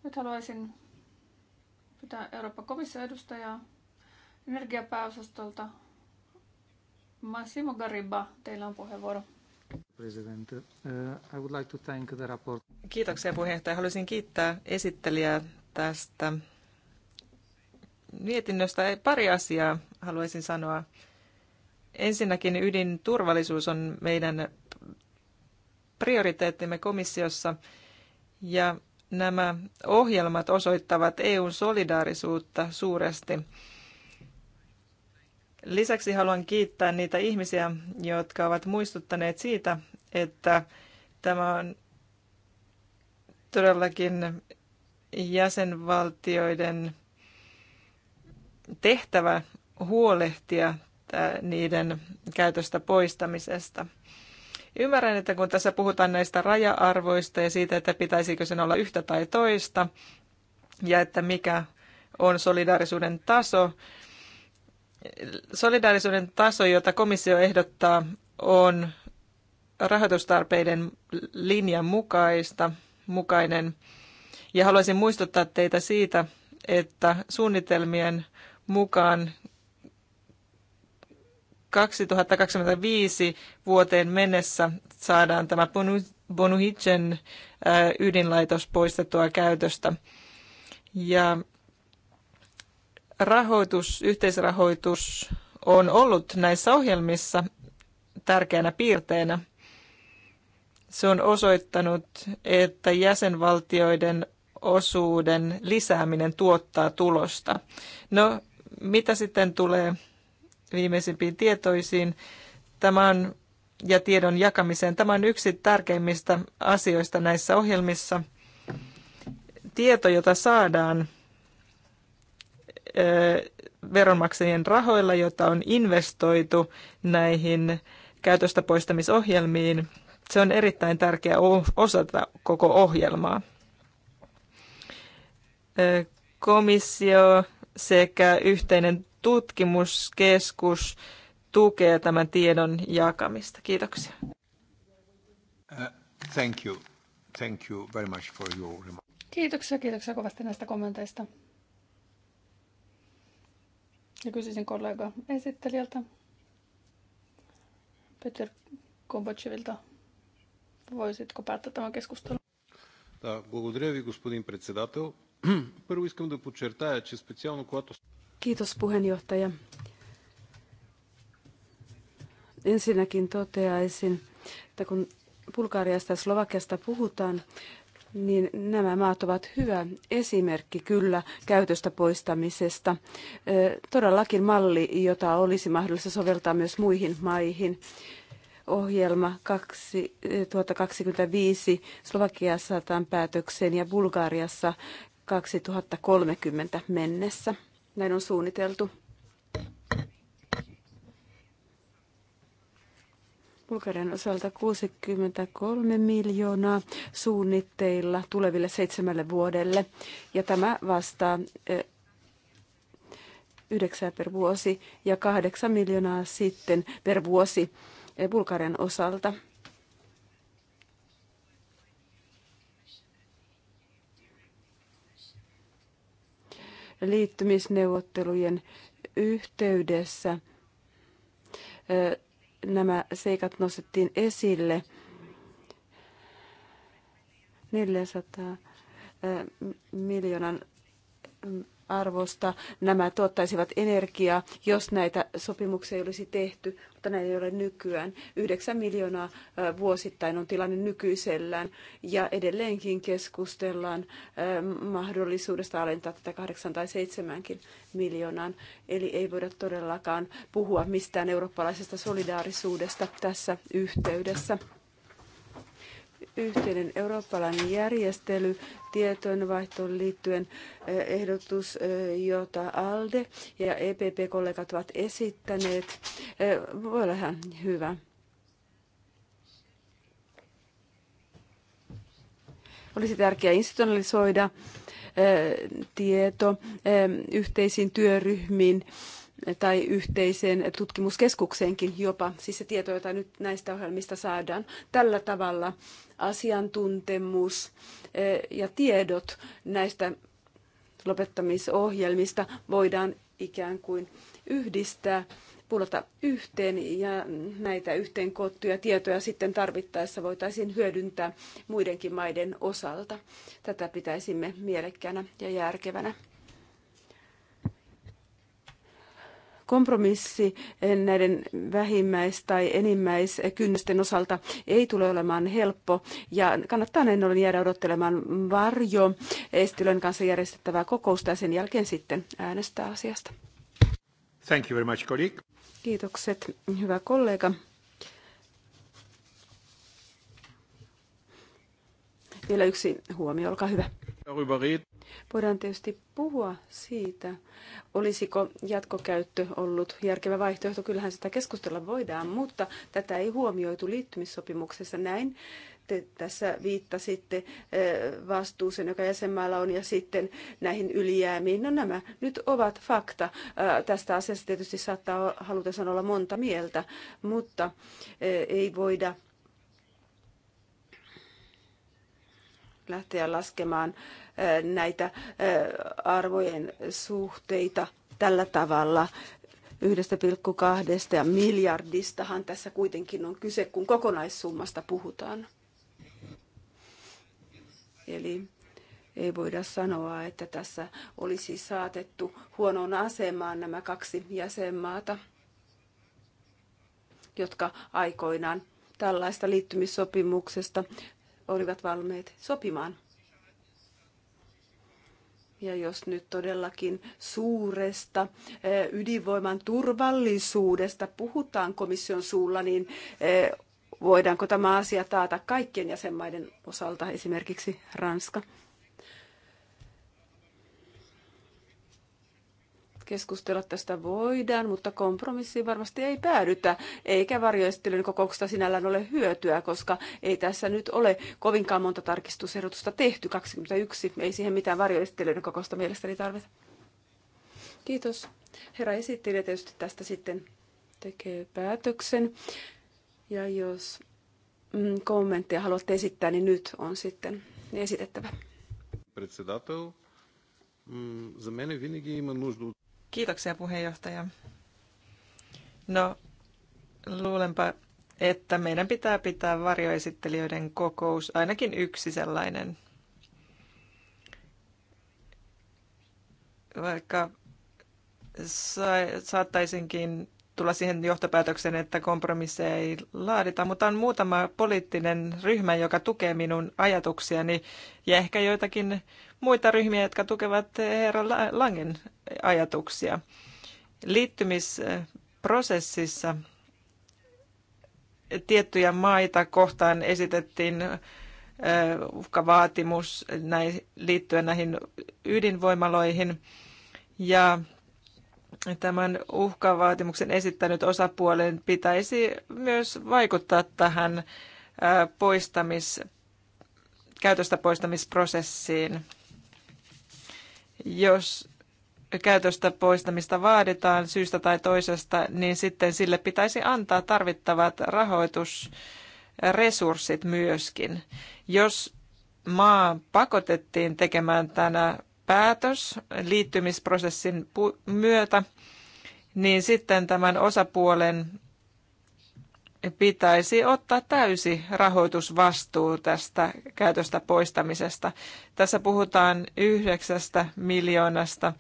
Nyt haluaisin pyytää Euroopan komission edustajaa energiapääosastolta Massimo Gariba. Teillä on puheenvuoro. Eh, Kiitoksia puheenjohtaja. Haluaisin kiittää esittelijää tästä mietinnöstä. Pari asiaa haluaisin sanoa. Ensinnäkin ydinturvallisuus on meidän prioriteettimme komissiossa ja nämä ohjelmat osoittavat EUn solidaarisuutta suuresti. Lisäksi haluan kiittää niitä ihmisiä, jotka ovat muistuttaneet siitä, että tämä on todellakin jäsenvaltioiden tehtävä huolehtia niiden käytöstä poistamisesta. Ymmärrän, että kun tässä puhutaan näistä raja-arvoista ja siitä, että pitäisikö sen olla yhtä tai toista, ja että mikä on solidaarisuuden taso, solidaarisuuden taso, jota komissio ehdottaa, on rahoitustarpeiden linjan mukaista, mukainen. Ja haluaisin muistuttaa teitä siitä, että suunnitelmien mukaan 2025 vuoteen mennessä saadaan tämä Bonuhitsen ydinlaitos poistettua käytöstä. Ja rahoitus, yhteisrahoitus on ollut näissä ohjelmissa tärkeänä piirteenä. Se on osoittanut, että jäsenvaltioiden osuuden lisääminen tuottaa tulosta. No, mitä sitten tulee viimeisimpiin tietoisiin? Tämä on, ja tiedon jakamiseen. Tämä on yksi tärkeimmistä asioista näissä ohjelmissa. Tieto, jota saadaan veronmaksajien rahoilla, jota on investoitu näihin käytöstä poistamisohjelmiin. Se on erittäin tärkeä osa tätä koko ohjelmaa. Komissio sekä yhteinen tutkimuskeskus tukee tämän tiedon jakamista. Kiitoksia. Uh, thank you. Thank you very much for your remarks. Kiitoksia, kiitoksia kovasti näistä kommenteista. Ja kysyisin kollega esittelijältä, Peter Kovacevilta, voisitko päättää tämän keskustelun? Да, благодаря ви, господин председател. (clears throat) Първо искам да подчертая, че специално когато... Kiitos puheenjohtaja. Ensinnäkin toteaisin, että kun Bulgariasta ja Slovakiasta puhutaan, niin nämä maat ovat hyvä esimerkki kyllä käytöstä poistamisesta. Todellakin malli, jota olisi mahdollista soveltaa myös muihin maihin. Ohjelma 2025 Slovakiassa saataan päätökseen ja Bulgariassa 2030 mennessä. Näin on suunniteltu. Bulgarian osalta 63 miljoonaa suunnitteilla tuleville seitsemälle vuodelle, ja tämä vastaa yhdeksää per vuosi ja kahdeksan miljoonaa sitten per vuosi Bulgarian osalta. Liittymisneuvottelujen yhteydessä nämä seikat nostettiin esille. 400 miljoonan arvosta. Nämä tuottaisivat energiaa, jos näitä sopimuksia ei olisi tehty, mutta näin ei ole nykyään. 9 miljoonaa vuosittain on tilanne nykyisellään ja edelleenkin keskustellaan mahdollisuudesta alentaa tätä 8 tai 7 miljoonaan. Eli ei voida todellakaan puhua mistään eurooppalaisesta solidaarisuudesta tässä yhteydessä yhteinen eurooppalainen järjestely tietojenvaihtoon liittyen eh, ehdotus, eh, jota ALDE ja EPP-kollegat ovat esittäneet, eh, voi olla ihan hyvä. Olisi tärkeää institutionalisoida tieto yhteisiin työryhmiin tai yhteiseen tutkimuskeskukseenkin jopa, siis se tieto, jota nyt näistä ohjelmista saadaan. Tällä tavalla asiantuntemus eh, ja tiedot näistä lopettamisohjelmista voidaan ikään kuin yhdistää, pulata yhteen ja näitä yhteen koottuja tietoja sitten tarvittaessa voitaisiin hyödyntää muidenkin maiden osalta. Tätä pitäisimme mielekkäänä ja järkevänä. Kompromissi eh, näiden vähimmäis- tai enimmäiskynnysten osalta ei tule olemaan helppo ja kannattaa näin ollen jäädä odottelemaan varjo Estilön kanssa järjestettävää kokousta ja sen jälkeen sitten äänestää asiasta. Thank you very much, colleague. Kiitokset, hyvä kollega. Vielä yksi huomio, olkaa hyvä. Voidaan tietysti puhua siitä, olisiko jatkokäyttö ollut järkevä vaihtoehto. Kyllähän sitä keskustella voidaan, mutta tätä ei huomioitu liittymissopimuksessa näin. Te tässä viittasitte eh, vastuuseen, joka jäsenmaalla on, ja sitten näihin ylijäämiin. No nämä nyt ovat fakta. Eh, tästä asiasta tietysti saattaa haluta sanoa monta mieltä, mutta eh, ei voida lähteä laskemaan näitä arvojen suhteita tällä tavalla. 1,2 miljardistahan tässä kuitenkin on kyse, kun kokonaissummasta puhutaan. Eli ei voida sanoa, että tässä olisi saatettu huonoon asemaan nämä kaksi jäsenmaata, jotka aikoinaan tällaista liittymissopimuksesta olivat valmiit sopimaan. Ja jos nyt todellakin suuresta eh, ydinvoiman turvallisuudesta puhutaan komission suulla, niin eh, voidaanko tämä asia taata kaikkien jäsenmaiden osalta, esimerkiksi Ranska? keskustella tästä voidaan, mutta kompromissiin varmasti ei päädytä, eikä varjoesittelyn kokouksesta sinällään ole hyötyä, koska ei tässä nyt ole kovinkaan monta tarkistusehdotusta tehty, 21, ei siihen mitään varjoesittelyn kokousta mielestäni tarvita. Kiitos. Herra esittelijä tietysti tästä sitten tekee päätöksen. Ja jos mm, kommentteja haluatte esittää, niin nyt on sitten esitettävä. Председател, за мене винаги има нужда от... Kiitoksia puheenjohtaja. No, luulenpa, että meidän pitää pitää varjoesittelijöiden kokous, ainakin yksi sellainen. Vaikka saattaisinkin tulla siihen johtopäätökseen, että kompromisseja ei laadita, mutta on muutama poliittinen ryhmä, joka tukee minun ajatuksiani ja ehkä joitakin muita ryhmiä, jotka tukevat herra Langen ajatuksia. Liittymisprosessissa tiettyjä maita kohtaan esitettiin uhkavaatimus näin, liittyen näihin ydinvoimaloihin. Ja tämän uhkavaatimuksen esittänyt osapuolen pitäisi myös vaikuttaa tähän poistamis, käytöstä poistamisprosessiin. Jos käytöstä poistamista vaaditaan syystä tai toisesta, niin sitten sille pitäisi antaa tarvittavat rahoitusresurssit myöskin. Jos maa pakotettiin tekemään tänä päätös liittymisprosessin myötä, niin sitten tämän osapuolen pitäisi ottaa täysi rahoitusvastuu tästä käytöstä poistamisesta. Tässä puhutaan yhdeksästä miljoonasta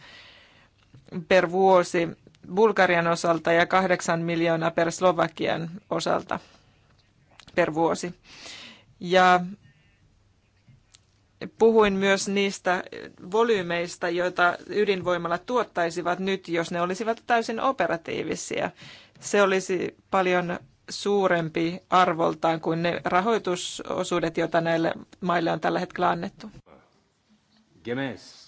per vuosi Bulgarian osalta ja kahdeksan miljoonaa per Slovakian osalta per vuosi. Ja puhuin myös niistä volyymeista, joita ydinvoimalla tuottaisivat nyt, jos ne olisivat täysin operatiivisia. Se olisi paljon suurempi arvoltaan kuin ne rahoitusosuudet, joita näille maille on tällä hetkellä annettu. Gemes.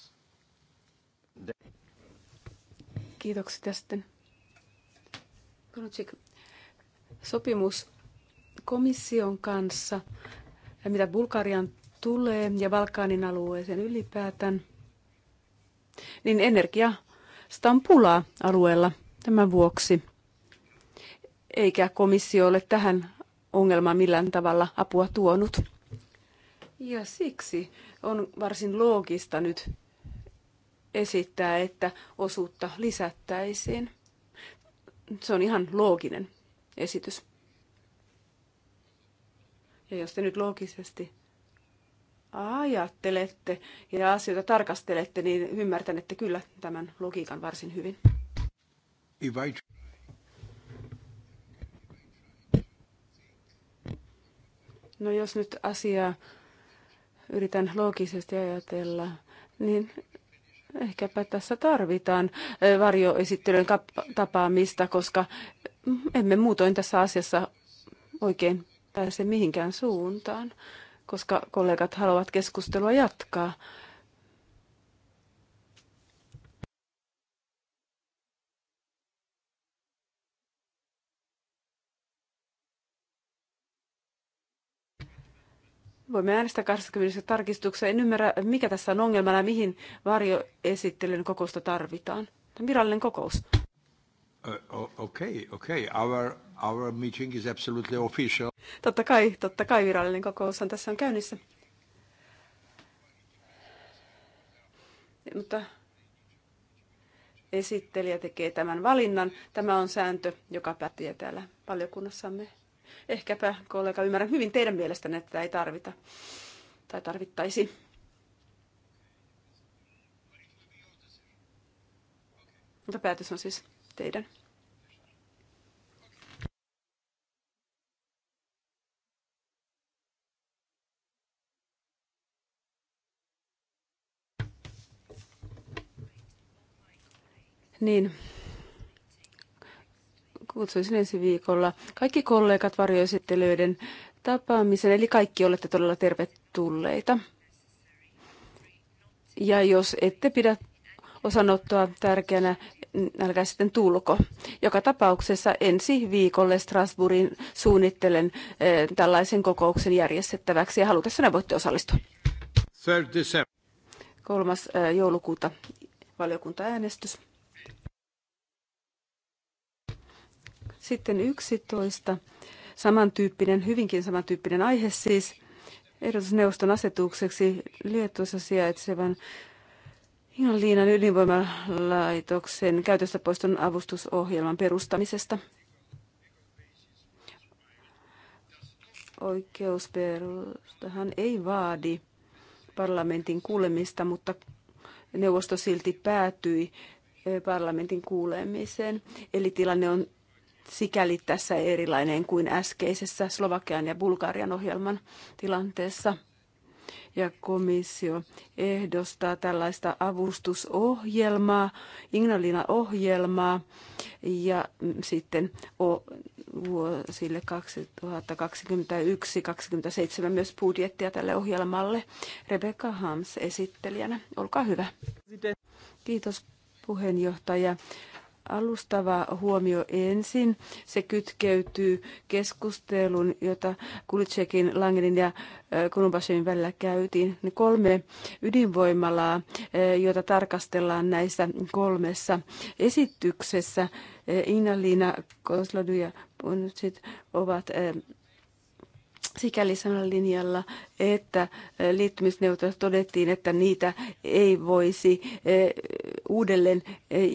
Kiitokset ja sitten. Sopimus komission kanssa, ja mitä Bulgarian tulee ja Balkanin alueeseen ylipäätään, niin energia on pulaa alueella tämän vuoksi eikä komissio ole tähän ongelmaan millään tavalla apua tuonut. Ja siksi on varsin loogista nyt esittää, että osuutta lisättäisiin. Se on ihan looginen esitys. Ja jos te nyt loogisesti ajattelette ja asioita tarkastelette, niin ymmärtänette kyllä tämän logiikan varsin hyvin. No jos nyt asia yritän loogisesti ajatella, niin ehkäpä tässä tarvitaan varjoesittelyn tapaamista, koska emme muutoin tässä asiassa oikein pääse mihinkään suuntaan, koska kollegat haluavat keskustelua jatkaa. Voimme äänestää 20 tarkistuksessa. En ymmärrä, mikä tässä on ongelmana, mihin varjoesittelyn kokousta tarvitaan. Virallinen kokous. Uh, okay, okay. Our, our meeting is absolutely official. Totta kai, totta kai virallinen kokous on tässä on käynnissä. Mutta esittelijä tekee tämän valinnan. Tämä on sääntö, joka pätee täällä valiokunnassamme. Ehkäpä kollega ymmärrän hyvin teidän mielestänne, että tätä ei tarvita tai tarvittaisi. Mutta päätös on siis teidän. Niin, kutsuisin ensi viikolla kaikki kollegat varjoesittelyiden tapaamisen, eli kaikki olette todella tervetulleita. Ja jos ette pidä osanottoa tärkeänä, älkää sitten tulko. Joka tapauksessa ensi viikolle Strasbourgin suunnittelen eh, tällaisen kokouksen järjestettäväksi ja halutessanne voitte osallistua. 3. Eh, joulukuuta valiokuntaäänestys. Sitten 11. Samantyyppinen, hyvinkin samantyyppinen aihe siis. Ehdotusneuvoston asetukseksi Liettuossa sijaitsevan Ignaliinan ydinvoimalaitoksen käytöstä poiston avustusohjelman perustamisesta. Oikeusperustahan ei vaadi parlamentin kuulemista, mutta neuvosto silti päätyi parlamentin kuulemiseen. Eli tilanne on sikäli tässä erilainen kuin äskeisessä Slovakian ja Bulgarian ohjelman tilanteessa. Ja komissio ehdostaa tällaista avustusohjelmaa, Ignalina-ohjelmaa, ja sitten vuosille 2021-2027 myös budjettia tälle ohjelmalle. Rebecca Hams esittelijänä, olkaa hyvä. Kiitos puheenjohtaja. Alustava huomio ensin. Se kytkeytyy keskusteluun, jota Kulitsekin, Langenin ja Kulubashevin välillä käytiin. Ne kolme ydinvoimalaa, joita tarkastellaan näissä kolmessa esityksessä. Inna-Liina Konsladu ja Bonutsit ovat sikäli samalla linjalla, että liittymisneuvottelussa todettiin, että niitä ei voisi uudelleen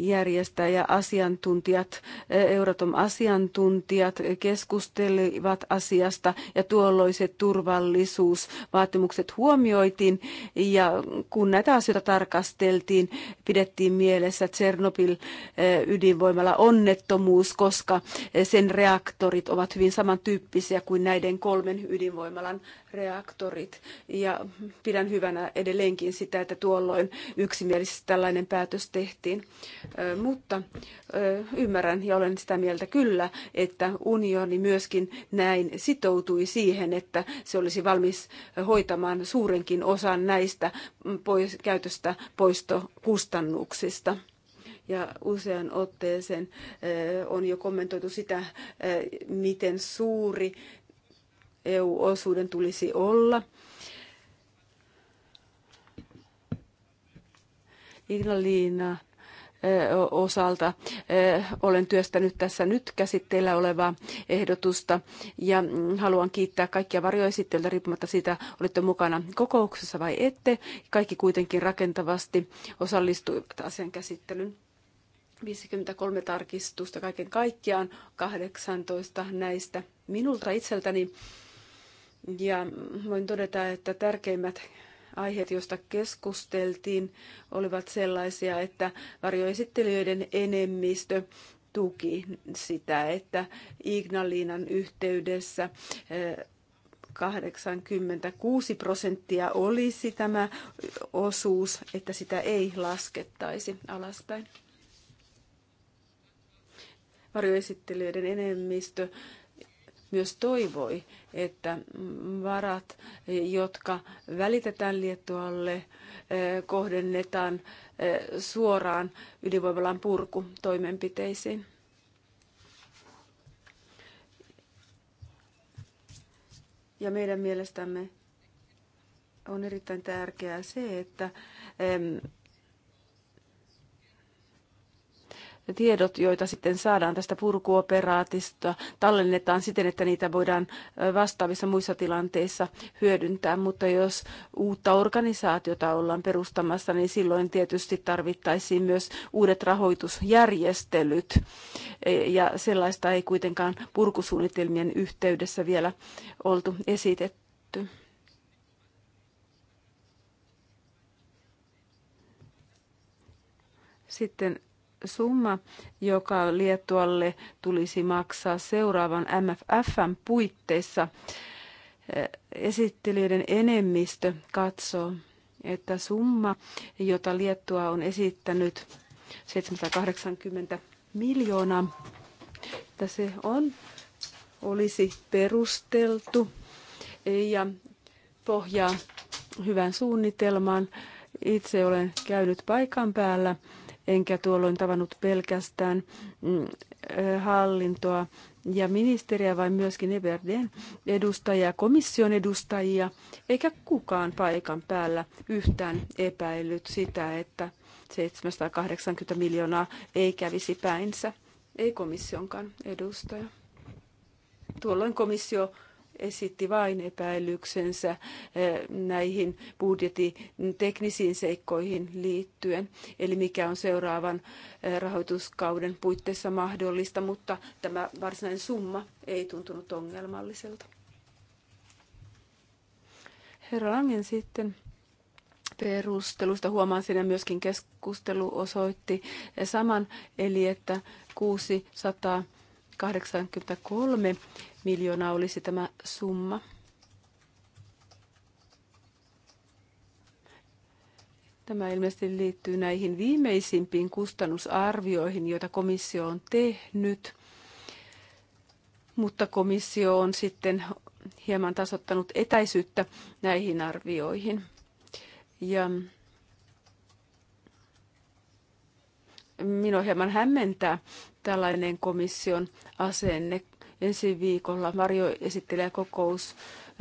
järjestää ja asiantuntijat, Euratom asiantuntijat keskustelivat asiasta ja tuolloiset turvallisuusvaatimukset huomioitiin ja kun näitä asioita tarkasteltiin, pidettiin mielessä Tsernobyl ydinvoimalla onnettomuus, koska sen reaktorit ovat hyvin samantyyppisiä kuin näiden kolmen ydinvoimalan reaktorit. Ja pidän hyvänä edelleenkin sitä, että tuolloin yksimielisesti tällainen päätös tehtiin. Mutta ymmärrän ja olen sitä mieltä kyllä, että unioni myöskin näin sitoutui siihen, että se olisi valmis hoitamaan suurenkin osan näistä pois, käytöstä poistokustannuksista ja usean otteeseen on jo kommentoitu sitä, miten suuri EU-osuuden tulisi olla. Ignalina osalta. Olen työstänyt tässä nyt käsitteillä olevaa ehdotusta ja mm, haluan kiittää kaikkia varjoesittelijöitä riippumatta siitä, olitte mukana kokouksessa vai ette. Kaikki kuitenkin rakentavasti osallistuivat asian käsittelyyn. 53 tarkistusta kaiken kaikkiaan, 18 näistä minulta itseltäni. Ja voin todeta, että tärkeimmät aiheet, joista keskusteltiin, olivat sellaisia, että varjoesittelijöiden enemmistö tuki sitä, että Ignaliinan yhteydessä 86 eh, prosenttia olisi tämä osuus, että sitä ei laskettaisi alaspäin. Varjoesittelijöiden enemmistö myös toivoi, että varat, jotka välitetään Liettualle, eh, kohdennetaan eh, suoraan ydinvoimalan purkutoimenpiteisiin. Ja meidän mielestämme on erittäin tärkeää se, että tiedot, joita sitten saadaan tästä purkuoperaatista, tallennetaan siten, että niitä voidaan vastaavissa muissa tilanteissa hyödyntää, mutta jos uutta organisaatiota ollaan perustamassa, niin silloin tietysti tarvittaisiin myös uudet rahoitusjärjestelyt, e, ja sellaista ei kuitenkaan purkusuunnitelmien yhteydessä vielä oltu esitetty. Sitten summa, joka Liettualle tulisi maksaa seuraavan MFFn puitteissa, esittelijöiden enemmistö katsoo, että summa, jota Liettua on esittänyt, 780 miljoonaa, että se on, olisi perusteltu ja pohjaa hyvän suunnitelman Itse olen käynyt paikan päällä enkä tuolloin tavannut pelkästään mm, hallintoa ja ministeriä, vaan myöskin Everden edustajia, komission edustajia, eikä kukaan paikan päällä yhtään epäillyt sitä, että 780 miljoonaa ei kävisi päinsä, ei komissionkaan edustaja. Tuolloin komissio esitti vain epäilyksensä eh, näihin teknisiin seikkoihin liittyen, eli mikä on seuraavan eh, rahoituskauden puitteissa mahdollista, mutta tämä varsinainen summa ei tuntunut ongelmalliselta. Herra Langen sitten perustelusta huomaan ja myöskin keskustelu osoitti saman, eli että 683 miljoonaa olisi tämä summa. Tämä ilmeisesti liittyy näihin viimeisimpiin kustannusarvioihin, joita komissio on tehnyt, mutta komissio on sitten hieman tasottanut etäisyyttä näihin arvioihin. Ja minua hieman hämmentää tällainen komission asenne, ensi viikolla kokous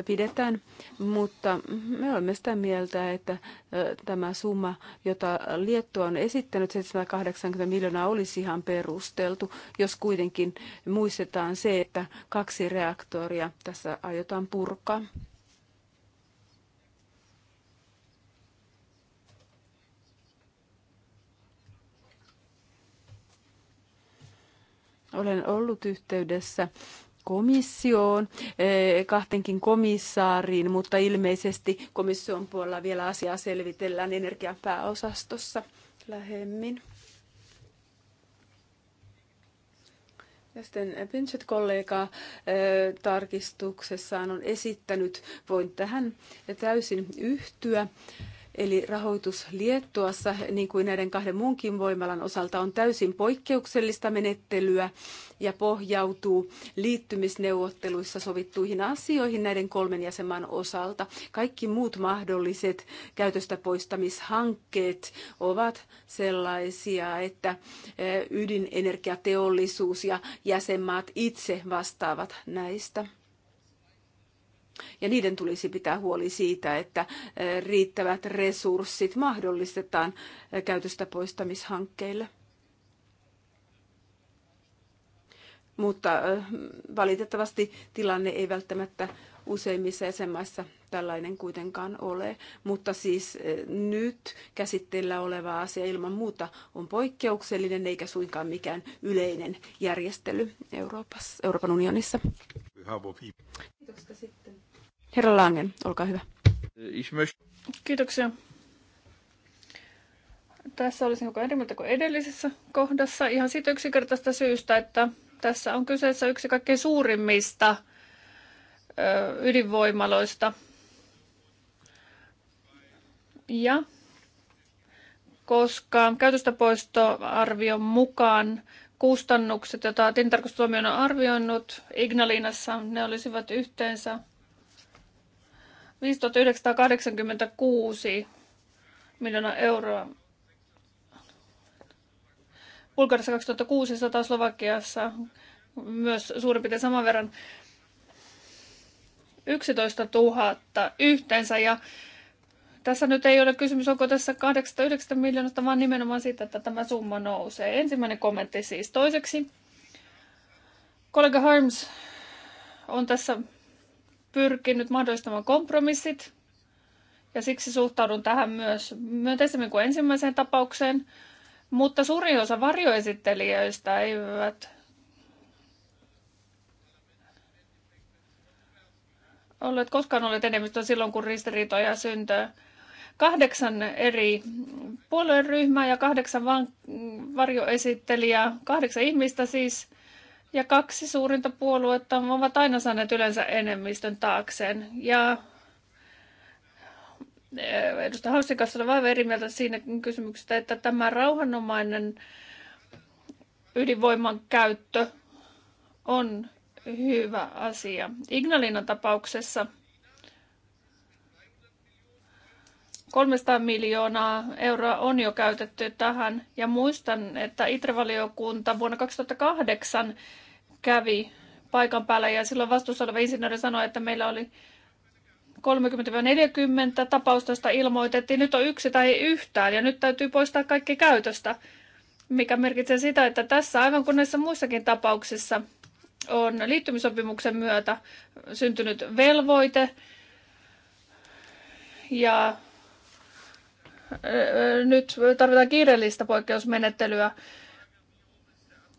pidetään, mutta me olemme sitä mieltä, että tämä summa, jota Liettua on esittänyt, 780 miljoonaa, olisi ihan perusteltu, jos kuitenkin muistetaan se, että kaksi reaktoria tässä aiotaan purkaa. Olen ollut yhteydessä komissioon, eh, kahtenkin komissaariin, mutta ilmeisesti komission puolella vielä asiaa selvitellään energian pääosastossa lähemmin. Ja sitten Pinchet-kollega eh, tarkistuksessaan on esittänyt, voin tähän täysin yhtyä. Eli rahoitus Liettuassa, niin kuin näiden kahden muunkin voimalan osalta, on täysin poikkeuksellista menettelyä ja pohjautuu liittymisneuvotteluissa sovittuihin asioihin näiden kolmen jäsenmaan osalta. Kaikki muut mahdolliset käytöstä poistamishankkeet ovat sellaisia, että e, ydinenergiateollisuus ja jäsenmaat itse vastaavat näistä. Ja niiden tulisi pitää huoli siitä, että äh, riittävät resurssit mahdollistetaan äh, käytöstä poistamishankkeille. Mutta äh, valitettavasti tilanne ei välttämättä useimmissa jäsenmaissa tällainen kuitenkaan ole. Mutta siis nyt käsitteillä oleva asia ilman muuta on poikkeuksellinen eikä suinkaan mikään yleinen järjestely Euroopassa, Euroopan unionissa. Kiitos sitten. Herra Langen, olkaa hyvä. Kiitoksia. Tässä olisi hiukan eri mieltä kuin edellisessä kohdassa ihan siitä yksinkertaista syystä, että tässä on kyseessä yksi kaikkein suurimmista ydinvoimaloista. Ja koska käytöstä poistoarvion mukaan kustannukset, joita tintarkastustuomio on arvioinut Ignalinassa, ne olisivat yhteensä 5986 miljoonaa euroa. Bulgarissa 2600, Slovakiassa myös suurin piirtein saman verran 11 000 yhteensä. Ja tässä nyt ei ole kysymys, onko tässä 8-9 miljoonasta, vaan nimenomaan siitä, että tämä summa nousee. Ensimmäinen kommentti siis. Toiseksi kollega Harms on tässä pyrkinyt mahdollistamaan kompromissit, ja siksi suhtaudun tähän myös myönteisemmin kuin ensimmäiseen tapaukseen. Mutta suurin osa varjoesittelijöistä eivät olleet koskaan olleet enemmistö silloin, kun ristiriitoja syntyy. Kahdeksan eri puolueryhmää ja kahdeksan varjoesittelijää, kahdeksan ihmistä siis, ja kaksi suurinta puoluetta ovat aina saaneet yleensä enemmistön taakseen. Ja eh, edustaja Haussin kanssa olen vain eri mieltä siinä kysymyksestä, että tämä rauhanomainen ydinvoiman käyttö on hyvä asia. Ignalinan tapauksessa 300 miljoonaa euroa on jo käytetty tähän ja muistan, että itre vuonna 2008 kävi paikan päällä ja silloin vastuussa oleva insinööri sanoi, että meillä oli 30-40 tapausta, josta ilmoitettiin, nyt on yksi tai ei yhtään ja nyt täytyy poistaa kaikki käytöstä, mikä merkitsee sitä, että tässä aivan kuin näissä muissakin tapauksissa on liittymisopimuksen myötä syntynyt velvoite ja nyt tarvitaan kiireellistä poikkeusmenettelyä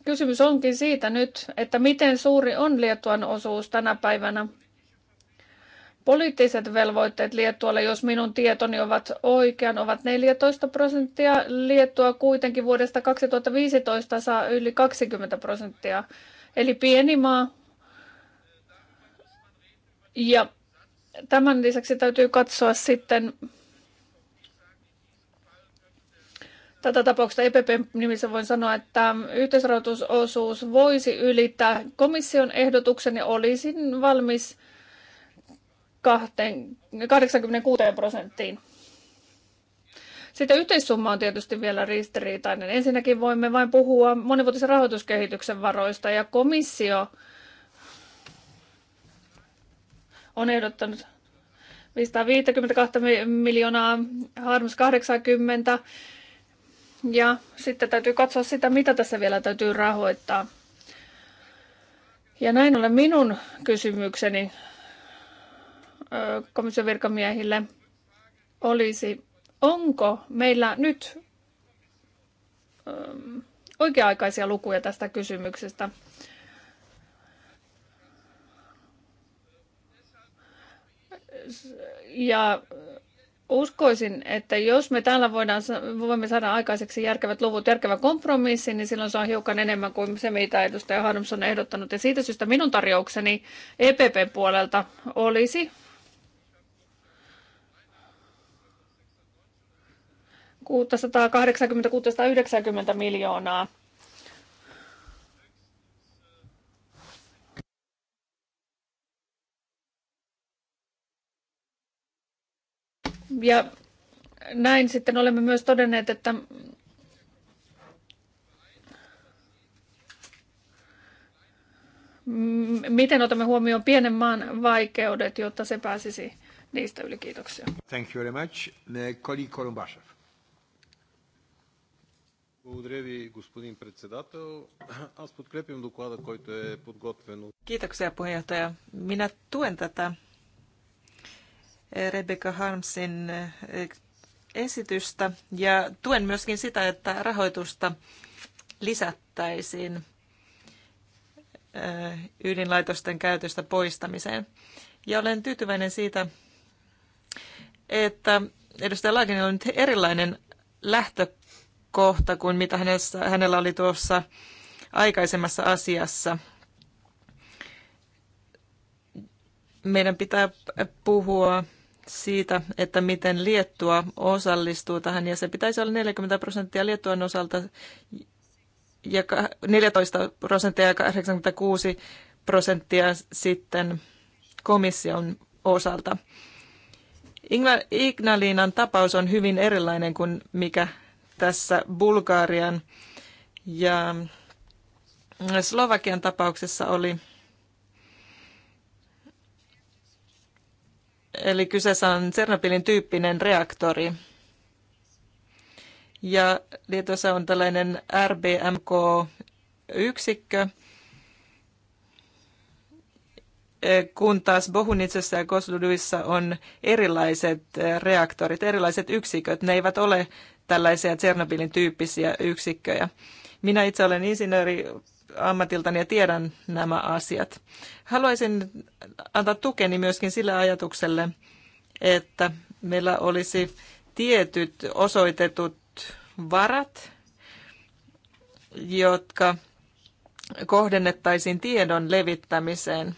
Kysymys onkin siitä nyt, että miten suuri on Liettuan osuus tänä päivänä. Poliittiset velvoitteet Liettualle, jos minun tietoni ovat oikean, ovat 14 prosenttia. Liettua kuitenkin vuodesta 2015 saa yli 20 prosenttia. Eli pieni maa. Ja tämän lisäksi täytyy katsoa sitten Tätä tapauksesta EPPn nimissä voin sanoa, että yhteisrahoitusosuus voisi ylittää komission ehdotuksen ja olisin valmis 86 prosenttiin. Sitten yhteissumma on tietysti vielä ristiriitainen. Ensinnäkin voimme vain puhua monivuotisen rahoituskehityksen varoista ja komissio on ehdottanut 552 miljoonaa, Harms 80, ja sitten täytyy katsoa sitä, mitä tässä vielä täytyy rahoittaa. Ja näin ollen minun kysymykseni komission virkamiehille olisi, onko meillä nyt oikea-aikaisia lukuja tästä kysymyksestä? Ja uskoisin, että jos me täällä voidaan, voimme saada aikaiseksi järkevät luvut, järkevä kompromissi, niin silloin se on hiukan enemmän kuin se, mitä edustaja Harms on ehdottanut. Ja siitä syystä minun tarjoukseni EPP puolelta olisi 680 90 miljoonaa Ja näin sitten olemme myös todenneet, että miten otamme huomioon pienen maan vaikeudet, jotta se pääsisi niistä yli. Kiitoksia. Thank you very much. Koli Kolumbashev. Kiitoksia puheenjohtaja. Minä tuen tätä Rebecca Harmsin eh, esitystä ja tuen myöskin sitä, että rahoitusta lisättäisiin eh, ydinlaitosten käytöstä poistamiseen. Ja olen tyytyväinen siitä, että edustaja Laakinen on nyt erilainen lähtökohta kuin mitä hänessä, hänellä oli tuossa aikaisemmassa asiassa. Meidän pitää puhua siitä, että miten Liettua osallistuu tähän, ja se pitäisi olla 40 prosenttia Liettuan osalta ja 14 prosenttia ja 86 prosenttia sitten komission osalta. Ignaliinan tapaus on hyvin erilainen kuin mikä tässä Bulgarian ja Slovakian tapauksessa oli Eli kyseessä on Tsernobylin tyyppinen reaktori. Ja Lietossa on tällainen RBMK-yksikkö, kun taas Bohunitsessa ja Kosluduissa on erilaiset reaktorit, erilaiset yksiköt. Ne eivät ole tällaisia Tsernobylin tyyppisiä yksikköjä. Minä itse olen insinööri ammatiltani ja tiedän nämä asiat. Haluaisin antaa tukeni myöskin sille ajatukselle, että meillä olisi tietyt osoitetut varat, jotka kohdennettaisiin tiedon levittämiseen.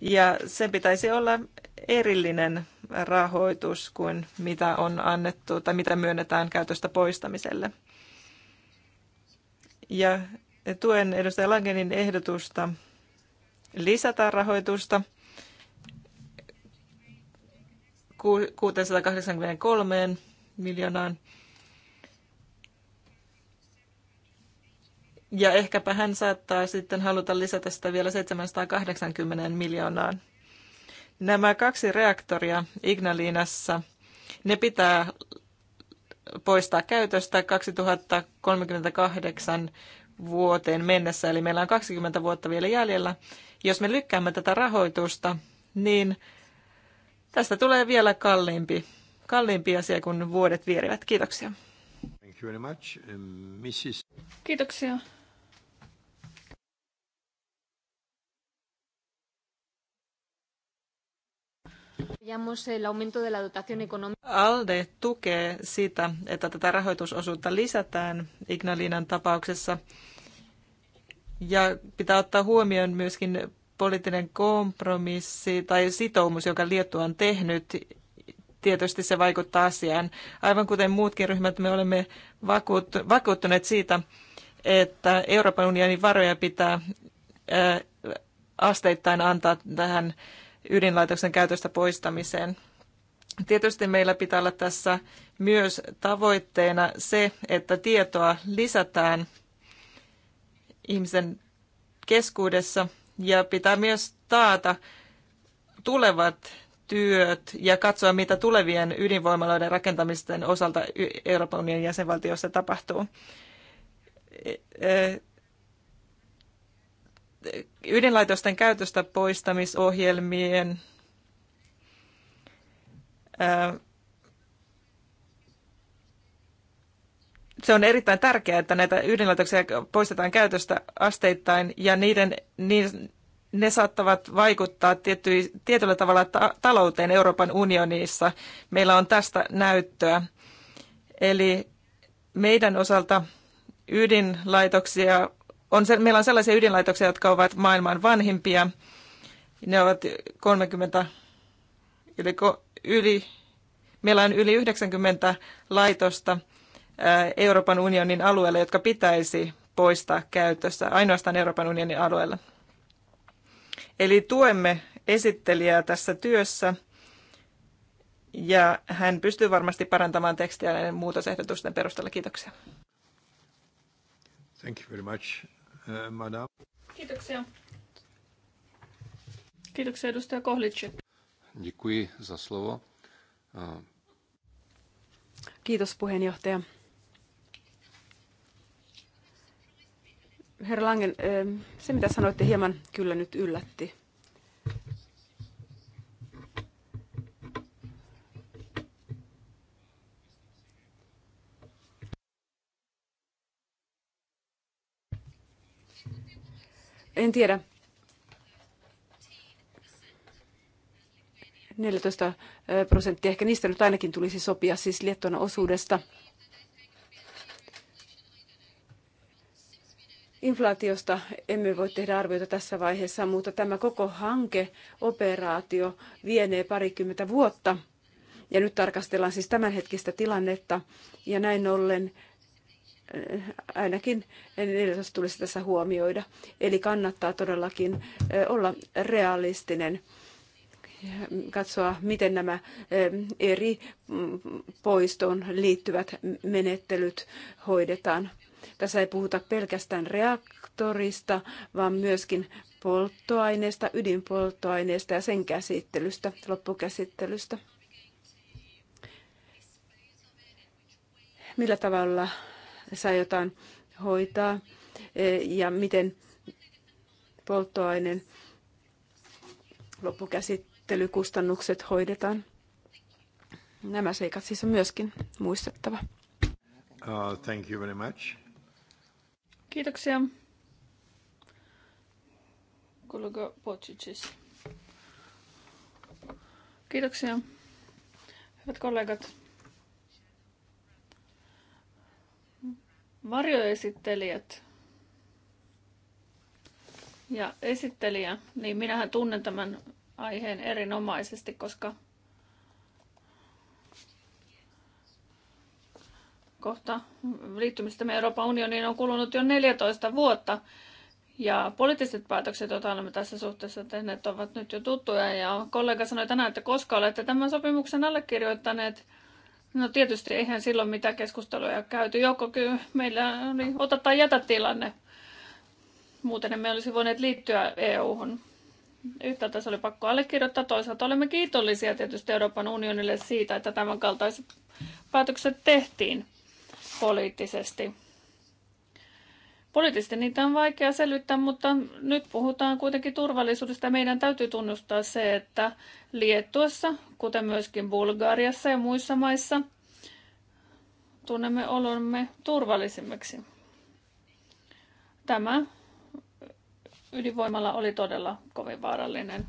Ja sen pitäisi olla erillinen rahoitus kuin mitä on annettu tai mitä myönnetään käytöstä poistamiselle ja tuen edustaja Langenin ehdotusta lisätä rahoitusta 683 miljoonaan. Ja ehkäpä hän saattaa sitten haluta lisätä sitä vielä 780 miljoonaan. Nämä kaksi reaktoria Ignaliinassa, ne pitää poistaa käytöstä 2038 vuoteen mennessä, eli meillä on 20 vuotta vielä jäljellä. Jos me lykkäämme tätä rahoitusta, niin tästä tulee vielä kalliimpi, kalliimpi asia, kun vuodet vierivät. Kiitoksia. Thank you very much. Mrs. Kiitoksia. ALDE tukee sitä, että tätä rahoitusosuutta lisätään Ignalinan tapauksessa. Ja pitää ottaa huomioon myöskin poliittinen kompromissi tai sitoumus, joka Liettu on tehnyt. Tietysti se vaikuttaa asiaan. Aivan kuten muutkin ryhmät, me olemme vakuuttuneet siitä, että Euroopan unionin varoja pitää asteittain antaa tähän ydinlaitoksen käytöstä poistamiseen. Tietysti meillä pitää olla tässä myös tavoitteena se, että tietoa lisätään ihmisen keskuudessa ja pitää myös taata tulevat työt ja katsoa, mitä tulevien ydinvoimaloiden rakentamisten osalta Euroopan unionin jäsenvaltiossa tapahtuu. E- e- ydinlaitosten käytöstä poistamisohjelmien se on erittäin tärkeää, että näitä ydinlaitoksia poistetaan käytöstä asteittain ja niiden, niin, ne saattavat vaikuttaa tietty, tietyllä tavalla ta- talouteen Euroopan unionissa. Meillä on tästä näyttöä. Eli meidän osalta ydinlaitoksia on se, meillä on sellaisia ydinlaitoksia, jotka ovat maailman vanhimpia. Ne ovat 30 yli, yli meillä on yli 90 laitosta Euroopan unionin alueella, jotka pitäisi poistaa käytössä ainoastaan Euroopan unionin alueella. Eli tuemme esittelijää tässä työssä ja hän pystyy varmasti parantamaan tekstiä näiden muutosehdotusten perusteella. Kiitoksia. Thank you very much. Eh, madame. Kiitoksia. Kiitoksia edustaja Kohlitschek. Děkuji za slovo. Kiitos puheenjohtaja. Herra Langen, eh, se mitä sanoitte hieman kyllä nyt yllätti En tiedä. 14 prosenttia, ehkä niistä nyt ainakin tulisi sopia siis Liettuan osuudesta. Inflaatiosta emme voi tehdä arvioita tässä vaiheessa, mutta tämä koko hanke, operaatio, vienee parikymmentä vuotta. Ja nyt tarkastellaan siis tämänhetkistä tilannetta. Ja näin ollen Äh, ainakin neljäsosa tulisi tässä huomioida. Eli kannattaa todellakin äh, olla realistinen katsoa, miten nämä äh, eri mm, poistoon liittyvät menettelyt hoidetaan. Tässä ei puhuta pelkästään reaktorista, vaan myöskin polttoaineesta, ydinpolttoaineesta ja sen käsittelystä, loppukäsittelystä. Millä tavalla saa jotain hoitaa e, ja miten polttoaineen loppukäsittelykustannukset hoidetaan. Nämä seikat siis on myöskin muistettava. Uh, thank you very much. Kiitoksia. Kollega Pocicis. Kiitoksia. Hyvät kollegat, varjoesittelijät ja esittelijä, niin minähän tunnen tämän aiheen erinomaisesti, koska kohta liittymistä me Euroopan unioniin on kulunut jo 14 vuotta. Ja poliittiset päätökset, joita olemme tässä suhteessa tehneet, ovat nyt jo tuttuja. Ja kollega sanoi tänään, että koska olette tämän sopimuksen allekirjoittaneet, No tietysti eihän silloin mitään keskusteluja käyty. Joko kyllä meillä oli ota tai jätä tilanne. Muuten emme olisi voineet liittyä EU-hun. Yhtäältä se oli pakko allekirjoittaa, toisaalta olemme kiitollisia tietysti Euroopan unionille siitä, että tämän kaltaiset päätökset tehtiin poliittisesti. Poliittisesti niitä on vaikea selvittää, mutta nyt puhutaan kuitenkin turvallisuudesta. Meidän täytyy tunnustaa se, että Liettuassa, kuten myöskin Bulgariassa ja muissa maissa, tunnemme olomme turvallisimmiksi. Tämä ydinvoimalla oli todella kovin vaarallinen.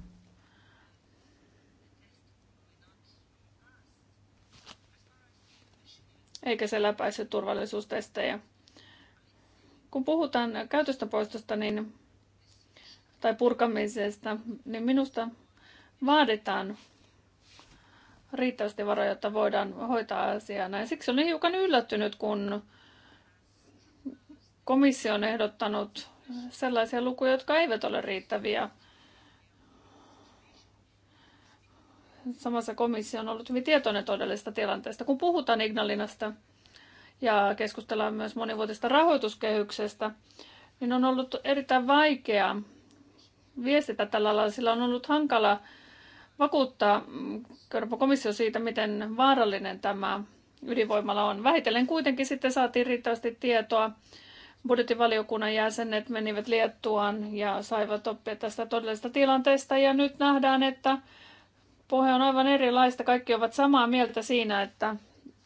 Eikä se läpäisy turvallisuustestejä. Kun puhutaan käytöstä poistosta niin, tai purkamisesta, niin minusta vaaditaan riittävästi varoja, jotta voidaan hoitaa asiaa näin. Siksi olen hiukan yllättynyt, kun komissio on ehdottanut sellaisia lukuja, jotka eivät ole riittäviä. Samassa komissio on ollut hyvin tietoinen todellisesta tilanteesta. Kun puhutaan Ignalinasta, ja keskustellaan myös monivuotisesta rahoituskehyksestä, niin on ollut erittäin vaikeaa viestitä tällä lailla. Sillä on ollut hankala vakuuttaa mm, Euroopan komissio siitä, miten vaarallinen tämä ydinvoimala on. Vähitellen kuitenkin sitten saatiin riittävästi tietoa. Budjettivaliokunnan jäsenet menivät Liettuaan ja saivat oppia tästä todellisesta tilanteesta. Ja nyt nähdään, että pohja on aivan erilaista. Kaikki ovat samaa mieltä siinä, että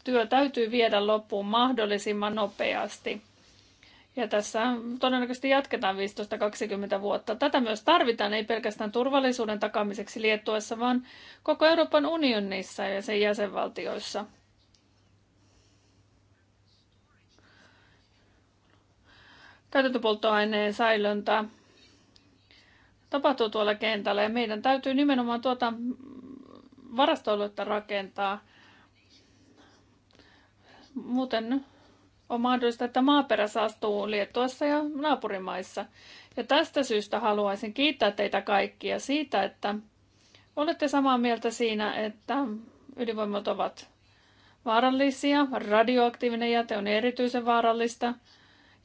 työ täytyy viedä loppuun mahdollisimman nopeasti. Ja tässä todennäköisesti jatketaan 15-20 vuotta. Tätä myös tarvitaan, ei pelkästään turvallisuuden takamiseksi Liettuessa, vaan koko Euroopan unionissa ja sen jäsenvaltioissa. Käytetyn polttoaineen säilöntä tapahtuu tuolla kentällä ja meidän täytyy nimenomaan tuota varastoiluutta rakentaa – Muuten on mahdollista, että maaperä saastuu Liettuassa ja naapurimaissa. Ja tästä syystä haluaisin kiittää teitä kaikkia siitä, että olette samaa mieltä siinä, että ydinvoimat ovat vaarallisia, radioaktiivinen jäte on erityisen vaarallista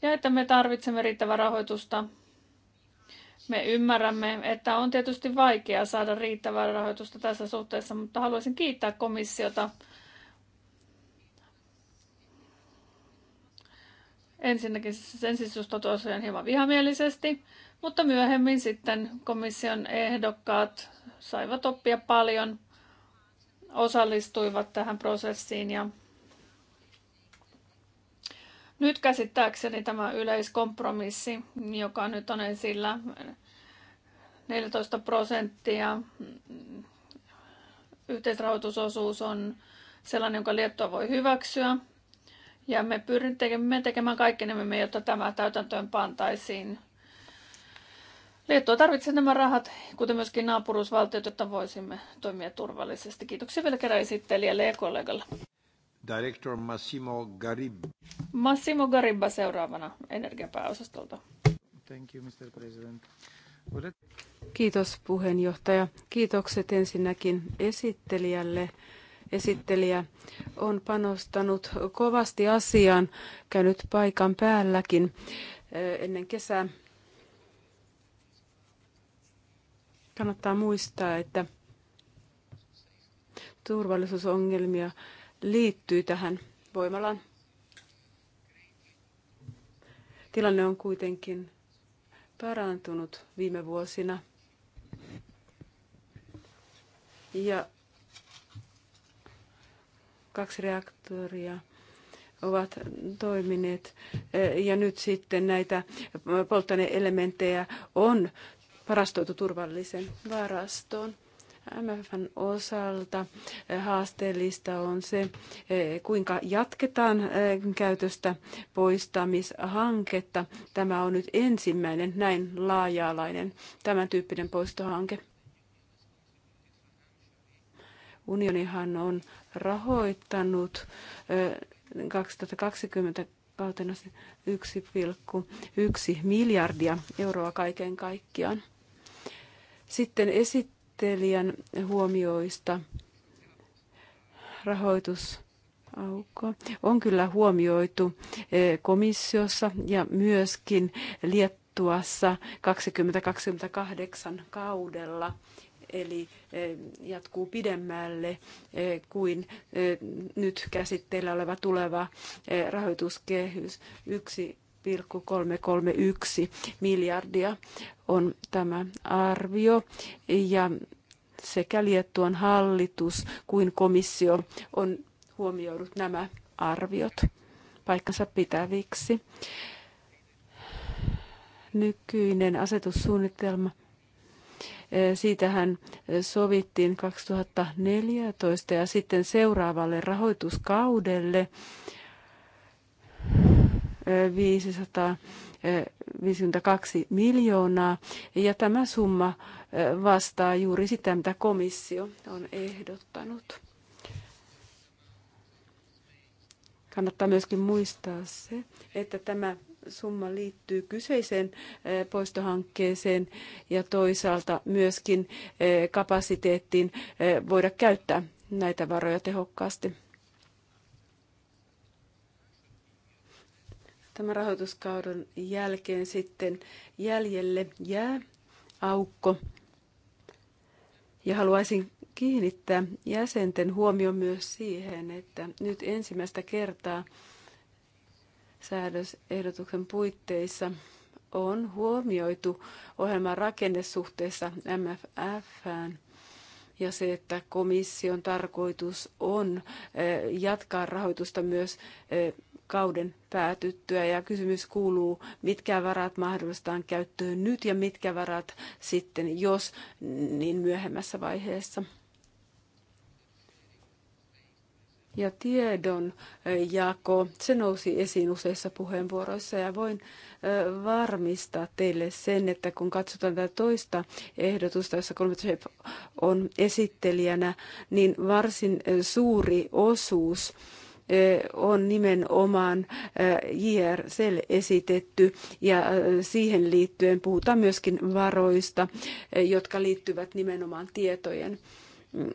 ja että me tarvitsemme riittävää rahoitusta. Me ymmärrämme, että on tietysti vaikea saada riittävää rahoitusta tässä suhteessa, mutta haluaisin kiittää komissiota Ensinnäkin ensin suhtautui asiaan hieman vihamielisesti, mutta myöhemmin sitten komission ehdokkaat saivat oppia paljon, osallistuivat tähän prosessiin ja nyt käsittääkseni tämä yleiskompromissi, joka nyt on esillä, 14 prosenttia mm, yhteisrahoitusosuus on sellainen, jonka Liettua voi hyväksyä. Ja me pyrimme tekemään kaikkenemme, jotta tämä täytäntöön pantaisiin. Liettua tarvitsee nämä rahat, kuten myöskin naapuruusvaltiot, jotta voisimme toimia turvallisesti. Kiitoksia vielä kerran esittelijälle ja kollegalle. Director Massimo Garib. Massimo Garibba seuraavana energiapääosastolta. Thank you, Mr. President. Kiitos puheenjohtaja. Kiitokset ensinnäkin esittelijälle esittelijä on panostanut kovasti asiaan, käynyt paikan päälläkin eh, ennen kesää. Kannattaa muistaa, että turvallisuusongelmia liittyy tähän voimalaan. Tilanne on kuitenkin parantunut viime vuosina. Ja kaksi reaktoria ovat toimineet. E, ja nyt sitten näitä polttoaineelementtejä on varastoitu turvallisen varastoon. MFn osalta haasteellista on se, e, kuinka jatketaan e, käytöstä poistamishanketta. Tämä on nyt ensimmäinen näin laaja-alainen tämän tyyppinen poistohanke. Unionihan on rahoittanut 2020 kautena 1,1 miljardia euroa kaiken kaikkiaan. Sitten esittelijän huomioista rahoitus on kyllä huomioitu komissiossa ja myöskin Liettuassa 2028 kaudella eli eh, jatkuu pidemmälle eh, kuin eh, nyt käsitteillä oleva tuleva rahoituskehys. 1,331 miljardia on tämä arvio ja sekä Liettuan hallitus kuin komissio on huomioinut nämä arviot paikkansa pitäviksi. Nykyinen asetussuunnitelma Siitähän sovittiin 2014 ja sitten seuraavalle rahoituskaudelle 500 miljoonaa, ja tämä summa vastaa juuri sitä, mitä komissio on ehdottanut. Kannattaa myöskin muistaa se, että tämä summa liittyy kyseiseen poistohankkeeseen ja toisaalta myöskin kapasiteettiin voida käyttää näitä varoja tehokkaasti. Tämän rahoituskauden jälkeen sitten jäljelle jää aukko. Ja haluaisin kiinnittää jäsenten huomio myös siihen, että nyt ensimmäistä kertaa säädösehdotuksen puitteissa on huomioitu ohjelman rakennesuhteessa MFFään ja se, että komission tarkoitus on eh, jatkaa rahoitusta myös eh, kauden päätyttyä. Ja kysymys kuuluu, mitkä varat mahdollistaan käyttöön nyt ja mitkä varat sitten, jos niin myöhemmässä vaiheessa. ja tiedon jako, se nousi esiin useissa puheenvuoroissa ja voin varmistaa teille sen, että kun katsotaan tätä toista ehdotusta, jossa Kolmetsev on esittelijänä, niin varsin suuri osuus on nimenomaan JRCL esitetty ja siihen liittyen puhutaan myöskin varoista, jotka liittyvät nimenomaan tietojen mm,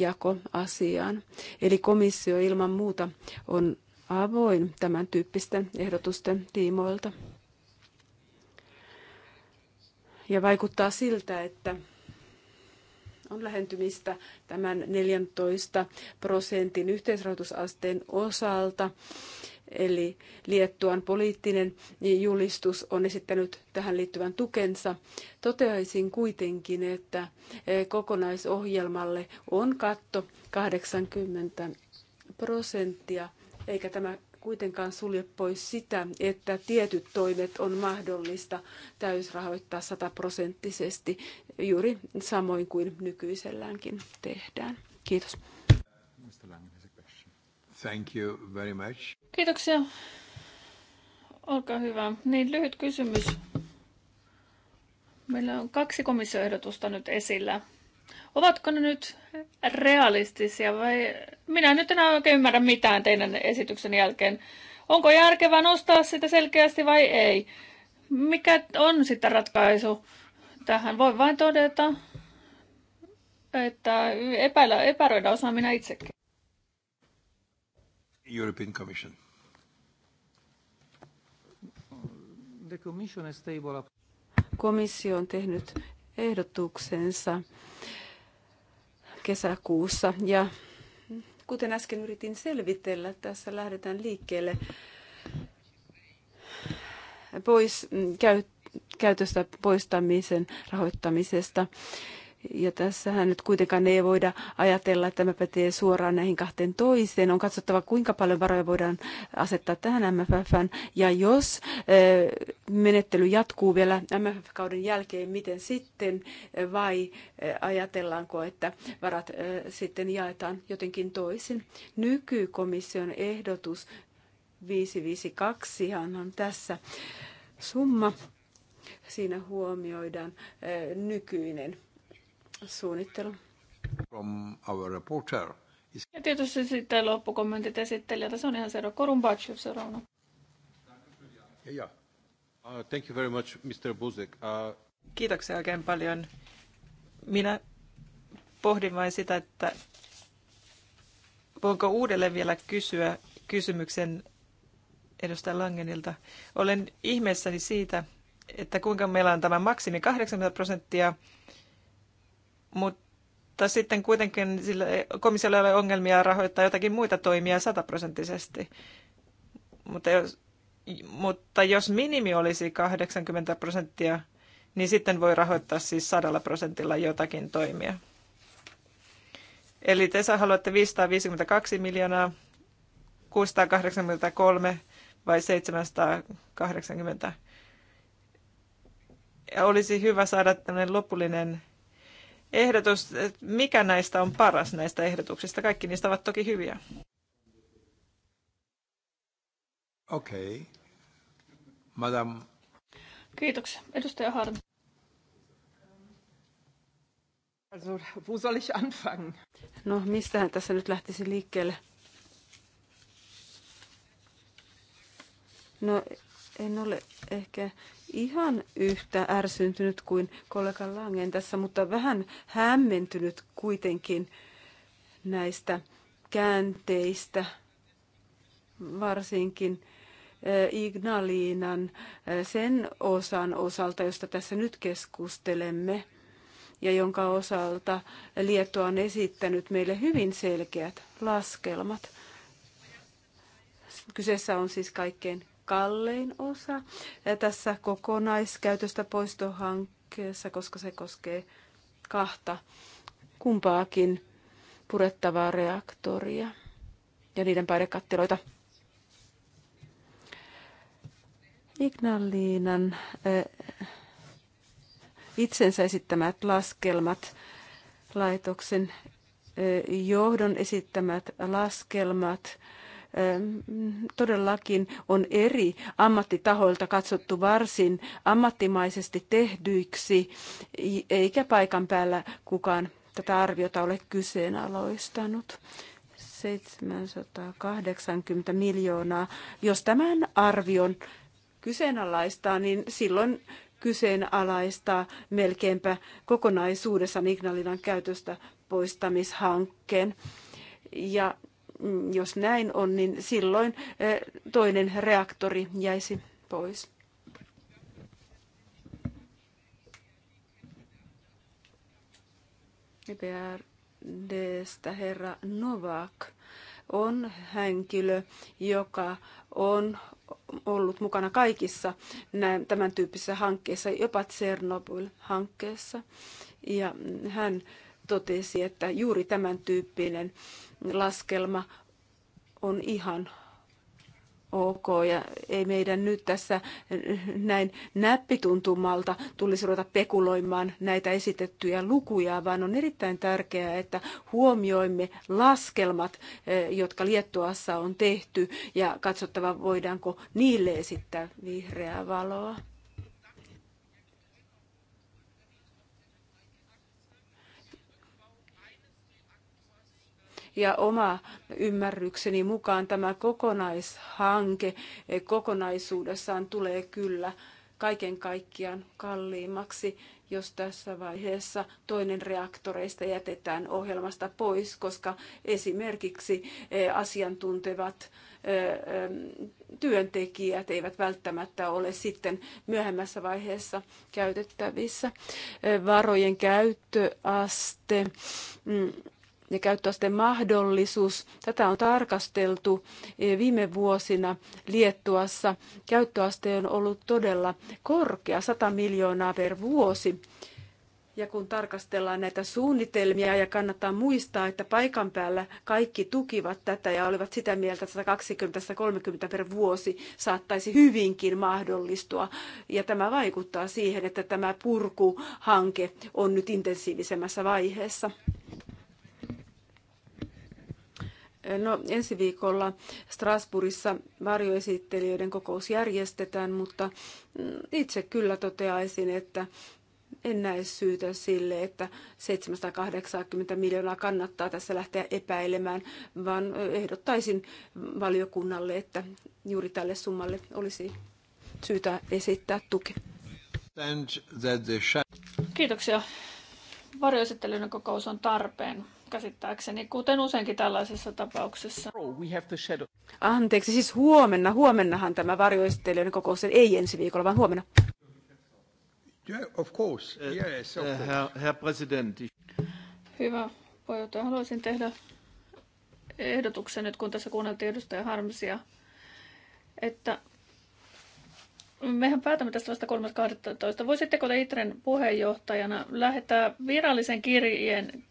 jakoasiaan. Eli komissio ilman muuta on avoin tämän tyyppisten ehdotusten tiimoilta. Ja vaikuttaa siltä, että on lähentymistä tämän 14 prosentin yhteisrahoitusasteen osalta Eli Liettuan poliittinen julistus on esittänyt tähän liittyvän tukensa. Toteaisin kuitenkin, että eh, kokonaisohjelmalle on katto 80 prosenttia, eikä tämä kuitenkaan sulje pois sitä, että tietyt toimet on mahdollista täysrahoittaa sataprosenttisesti juuri samoin kuin nykyiselläänkin tehdään. Kiitos. Thank you very much. Kiitoksia. Olkaa hyvä. Niin, lyhyt kysymys. Meillä on kaksi komissioehdotusta nyt esillä. Ovatko ne nyt realistisia vai... Minä nyt enää oikein ymmärrä mitään teidän esityksen jälkeen. Onko järkevää nostaa sitä selkeästi vai ei? Mikä on sitten ratkaisu tähän? Voin vain todeta, että epäillä, epäröidä osaa minä itsekin. European Commission? The commission is stable. Komissio on tehnyt ehdotuksensa kesäkuussa ja kuten äsken yritin selvitellä, tässä lähdetään liikkeelle pois käyttöön käytöstä poistamisen rahoittamisesta. Ja tässähän nyt kuitenkaan ei voida ajatella, että tämä pätee suoraan näihin kahteen toiseen. On katsottava, kuinka paljon varoja voidaan asettaa tähän MFFään. Ja jos menettely jatkuu vielä MFF-kauden jälkeen, miten sitten? Vai ajatellaanko, että varat sitten jaetaan jotenkin toisin? Nykykomission ehdotus 552 on tässä summa. Siinä huomioidaan nykyinen suunnittelu. From our reporter. Ja tietysti sitten loppukommentit esittelijältä. Se on ihan selvä. Korun Batchev seuraavana. Uh, thank you very much, Mr. Buzek. Uh... Kiitoksia oikein paljon. Minä pohdin vain sitä, että voinko uudelleen vielä kysyä kysymyksen edustaja Langenilta. Olen ihmeessäni siitä, että kuinka meillä on tämä maksimi 80 prosenttia mutta sitten kuitenkin sillä komissiolla ei ole ongelmia rahoittaa jotakin muita toimia sataprosenttisesti. Mutta jos, mutta jos minimi olisi 80 prosenttia, niin sitten voi rahoittaa siis sadalla prosentilla jotakin toimia. Eli te haluatte 552 miljoonaa, 683 vai 780. Ja olisi hyvä saada tämmöinen lopullinen ehdotus, että mikä näistä on paras näistä ehdotuksista. Kaikki niistä ovat toki hyviä. Okei. Okay. Madam. Kiitoksia. Edustaja Harmi. Also, wo soll ich anfangen? No, mistähän tässä nyt lähtisi liikkeelle? No, en ole ehkä ihan yhtä ärsyntynyt kuin kollega Langen tässä, mutta vähän hämmentynyt kuitenkin näistä käänteistä, varsinkin Ignaliinan sen osan osalta, josta tässä nyt keskustelemme ja jonka osalta Liettua on esittänyt meille hyvin selkeät laskelmat. Kyseessä on siis kaikkein kallein osa tässä kokonaiskäytöstä poistohankkeessa, koska se koskee kahta kumpaakin purettavaa reaktoria ja niiden päidekattiloita. Ignaliinan eh, itsensä esittämät laskelmat, laitoksen eh, johdon esittämät laskelmat todellakin on eri ammattitahoilta katsottu varsin ammattimaisesti tehdyiksi, eikä paikan päällä kukaan tätä arviota ole kyseenalaistanut. 780 miljoonaa. Jos tämän arvion kyseenalaistaa, niin silloin kyseenalaistaa melkeinpä kokonaisuudessaan Ignalinan käytöstä poistamishankkeen. Ja Mm, jos näin on, niin silloin eh, toinen reaktori jäisi pois. EPRDstä herra Novak on henkilö, joka on ollut mukana kaikissa tämän tyyppisissä hankkeissa, jopa Tsernobyl-hankkeessa. Ja hän totesi, että juuri tämän tyyppinen laskelma on ihan ok ja ei meidän nyt tässä näin näppituntumalta tulisi ruveta pekuloimaan näitä esitettyjä lukuja, vaan on erittäin tärkeää, että huomioimme laskelmat, eh, jotka Liettuassa on tehty ja katsottava voidaanko niille esittää vihreää valoa. ja oma ymmärrykseni mukaan tämä kokonaishanke eh, kokonaisuudessaan tulee kyllä kaiken kaikkiaan kalliimmaksi, jos tässä vaiheessa toinen reaktoreista jätetään ohjelmasta pois, koska esimerkiksi eh, asiantuntevat eh, työntekijät eivät välttämättä ole sitten myöhemmässä vaiheessa käytettävissä. Varojen käyttöaste mm, ja käyttöasteen mahdollisuus. Tätä on tarkasteltu e, viime vuosina Liettuassa. Käyttöaste on ollut todella korkea, 100 miljoonaa per vuosi. Ja kun tarkastellaan näitä suunnitelmia ja kannattaa muistaa, että paikan päällä kaikki tukivat tätä ja olivat sitä mieltä, että 120-130 per vuosi saattaisi hyvinkin mahdollistua. Ja tämä vaikuttaa siihen, että tämä purkuhanke on nyt intensiivisemmässä vaiheessa. No, ensi viikolla Strasbourgissa varjoesittelijöiden kokous järjestetään, mutta mm, itse kyllä toteaisin, että en näe syytä sille, että 780 miljoonaa kannattaa tässä lähteä epäilemään, vaan ehdottaisin valiokunnalle, että juuri tälle summalle olisi syytä esittää tuki. Kiitoksia. Varjoesittelyiden kokous on tarpeen käsittääkseni, kuten useinkin tällaisessa tapauksessa. Oh, Anteeksi, siis huomenna, huomennahan tämä varjoistelijoiden kokous, ei ensi viikolla, vaan huomenna. Yeah, of course. Yes, of course. Herr, Herr Hyvä puheenjohtaja, haluaisin tehdä ehdotuksen nyt, kun tässä kuunneltiin edustaja Harmsia, että Mehän päätämme tästä vasta 3.12. Voisitteko te Itren puheenjohtajana lähettää virallisen kirjeen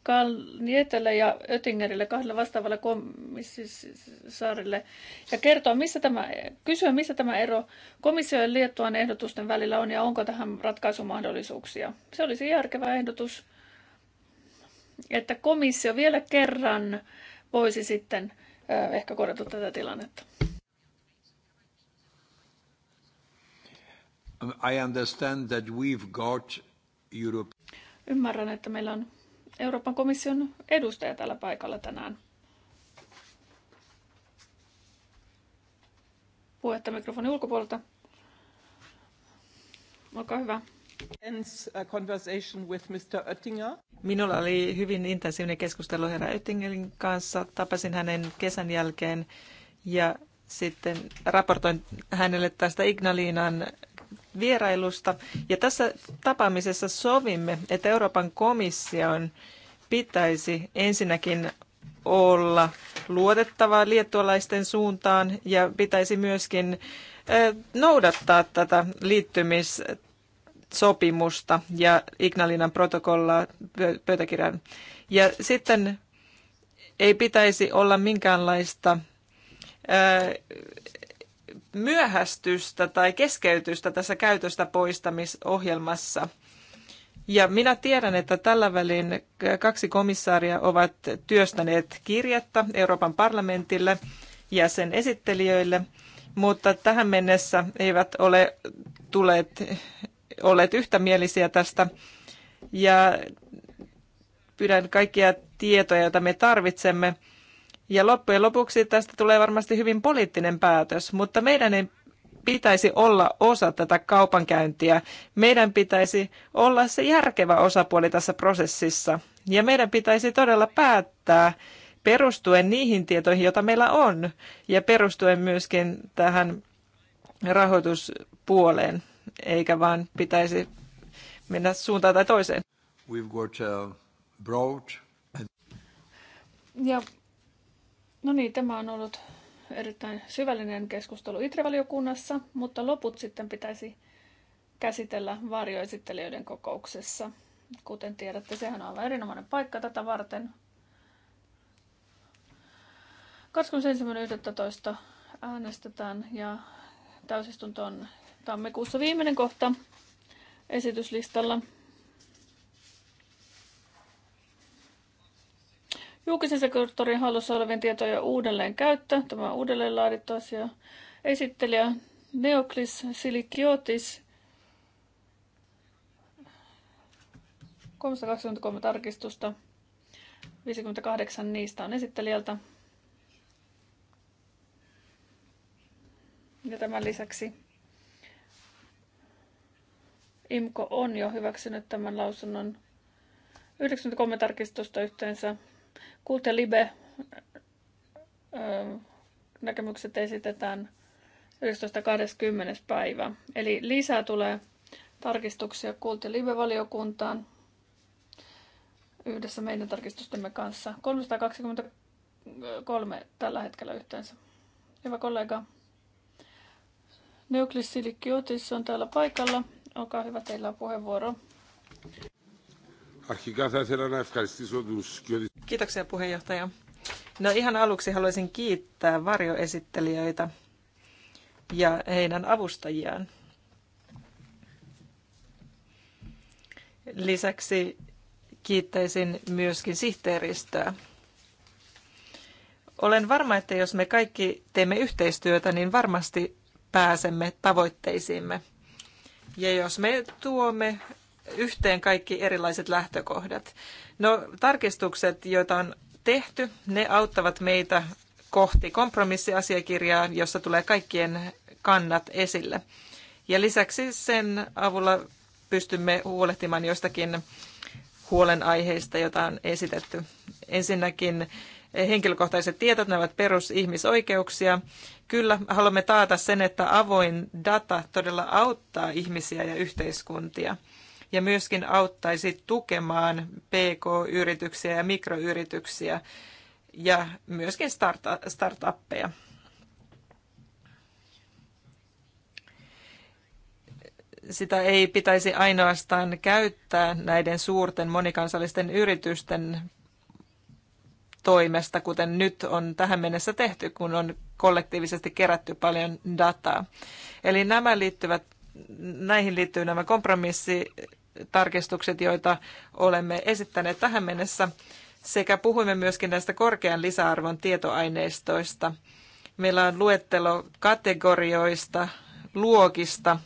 Nietelle ja Oettingerille kahdelle vastaavalle komissaarille ja kertoa, missä tämä, kysyä, missä tämä ero komission ja Liettuan ehdotusten välillä on ja onko tähän ratkaisumahdollisuuksia? Se olisi järkevä ehdotus, että komissio vielä kerran voisi sitten ehkä korjata tätä tilannetta. I understand that we've got Europe. Ymmärrän, että meillä on Euroopan komission edustaja täällä paikalla tänään. Puhetta mikrofonin ulkopuolelta. Olkaa hyvä. Uh, Minulla oli hyvin intensiivinen keskustelu herra Oettingerin kanssa. Tapasin hänen kesän jälkeen ja sitten raportoin hänelle tästä Ignalinan vierailusta. Ja tässä tapaamisessa sovimme, että Euroopan komission pitäisi ensinnäkin olla luotettava liettualaisten suuntaan ja pitäisi myöskin noudattaa tätä liittymissopimusta ja Ignalinan protokollaa pöytäkirjan. Ja sitten ei pitäisi olla minkäänlaista myöhästystä tai keskeytystä tässä käytöstä poistamisohjelmassa. Ja minä tiedän, että tällä välin kaksi komissaaria ovat työstäneet kirjettä Euroopan parlamentille ja sen esittelijöille, mutta tähän mennessä eivät ole tulleet, olleet yhtämielisiä tästä. Ja pyydän kaikkia tietoja, joita me tarvitsemme ja loppujen lopuksi tästä tulee varmasti hyvin poliittinen päätös, mutta meidän ei pitäisi olla osa tätä kaupankäyntiä. Meidän pitäisi olla se järkevä osapuoli tässä prosessissa. Ja meidän pitäisi todella päättää perustuen niihin tietoihin, joita meillä on, ja perustuen myöskin tähän rahoituspuoleen, eikä vaan pitäisi mennä suuntaan tai toiseen. We've got, uh, broad... Ja No niin, tämä on ollut erittäin syvällinen keskustelu itrevaliokunnassa, mutta loput sitten pitäisi käsitellä varjoesittelijöiden kokouksessa. Kuten tiedätte, sehän on aivan erinomainen paikka tätä varten. 21.11. äänestetään ja täysistunto on tammikuussa viimeinen kohta esityslistalla. Julkisen sektorin hallussa olevien tietojen uudelleen käyttö, tämä on uudelleen laadittu asia. Esittelijä Neoklis Silikiotis 323 tarkistusta. 58 niistä on esittelijältä. Ja tämän lisäksi IMKO on jo hyväksynyt tämän lausunnon 93 tarkistusta yhteensä Kult ja Libe näkemykset esitetään 19.20. päivä. Eli lisää tulee tarkistuksia Kult ja Libe-valiokuntaan yhdessä meidän tarkistustemme kanssa. 323 tällä hetkellä yhteensä. Hyvä kollega. Neuklis Silikki on täällä paikalla. Olkaa hyvä, teillä on puheenvuoro. Kiitoksia puheenjohtaja. No ihan aluksi haluaisin kiittää varjoesittelijöitä ja heidän avustajiaan. Lisäksi kiittäisin myöskin sihteeristöä. Olen varma, että jos me kaikki teemme yhteistyötä, niin varmasti pääsemme tavoitteisiimme. Ja jos me tuomme yhteen kaikki erilaiset lähtökohdat. No, tarkistukset, joita on tehty, ne auttavat meitä kohti kompromissiasiakirjaa, jossa tulee kaikkien kannat esille. Ja lisäksi sen avulla pystymme huolehtimaan joistakin huolenaiheista, joita on esitetty. Ensinnäkin henkilökohtaiset tietot, ne ovat perusihmisoikeuksia. Kyllä, haluamme taata sen, että avoin data todella auttaa ihmisiä ja yhteiskuntia – ja myöskin auttaisi tukemaan PK-yrityksiä ja mikroyrityksiä ja myöskin startuppeja. sitä ei pitäisi ainoastaan käyttää näiden suurten monikansallisten yritysten toimesta, kuten nyt on tähän mennessä tehty, kun on kollektiivisesti kerätty paljon dataa. Eli nämä liittyvät, näihin liittyy nämä kompromissi tarkistukset, joita olemme esittäneet tähän mennessä, sekä puhuimme myöskin näistä korkean lisäarvon tietoaineistoista. Meillä on luettelo kategorioista, luokista,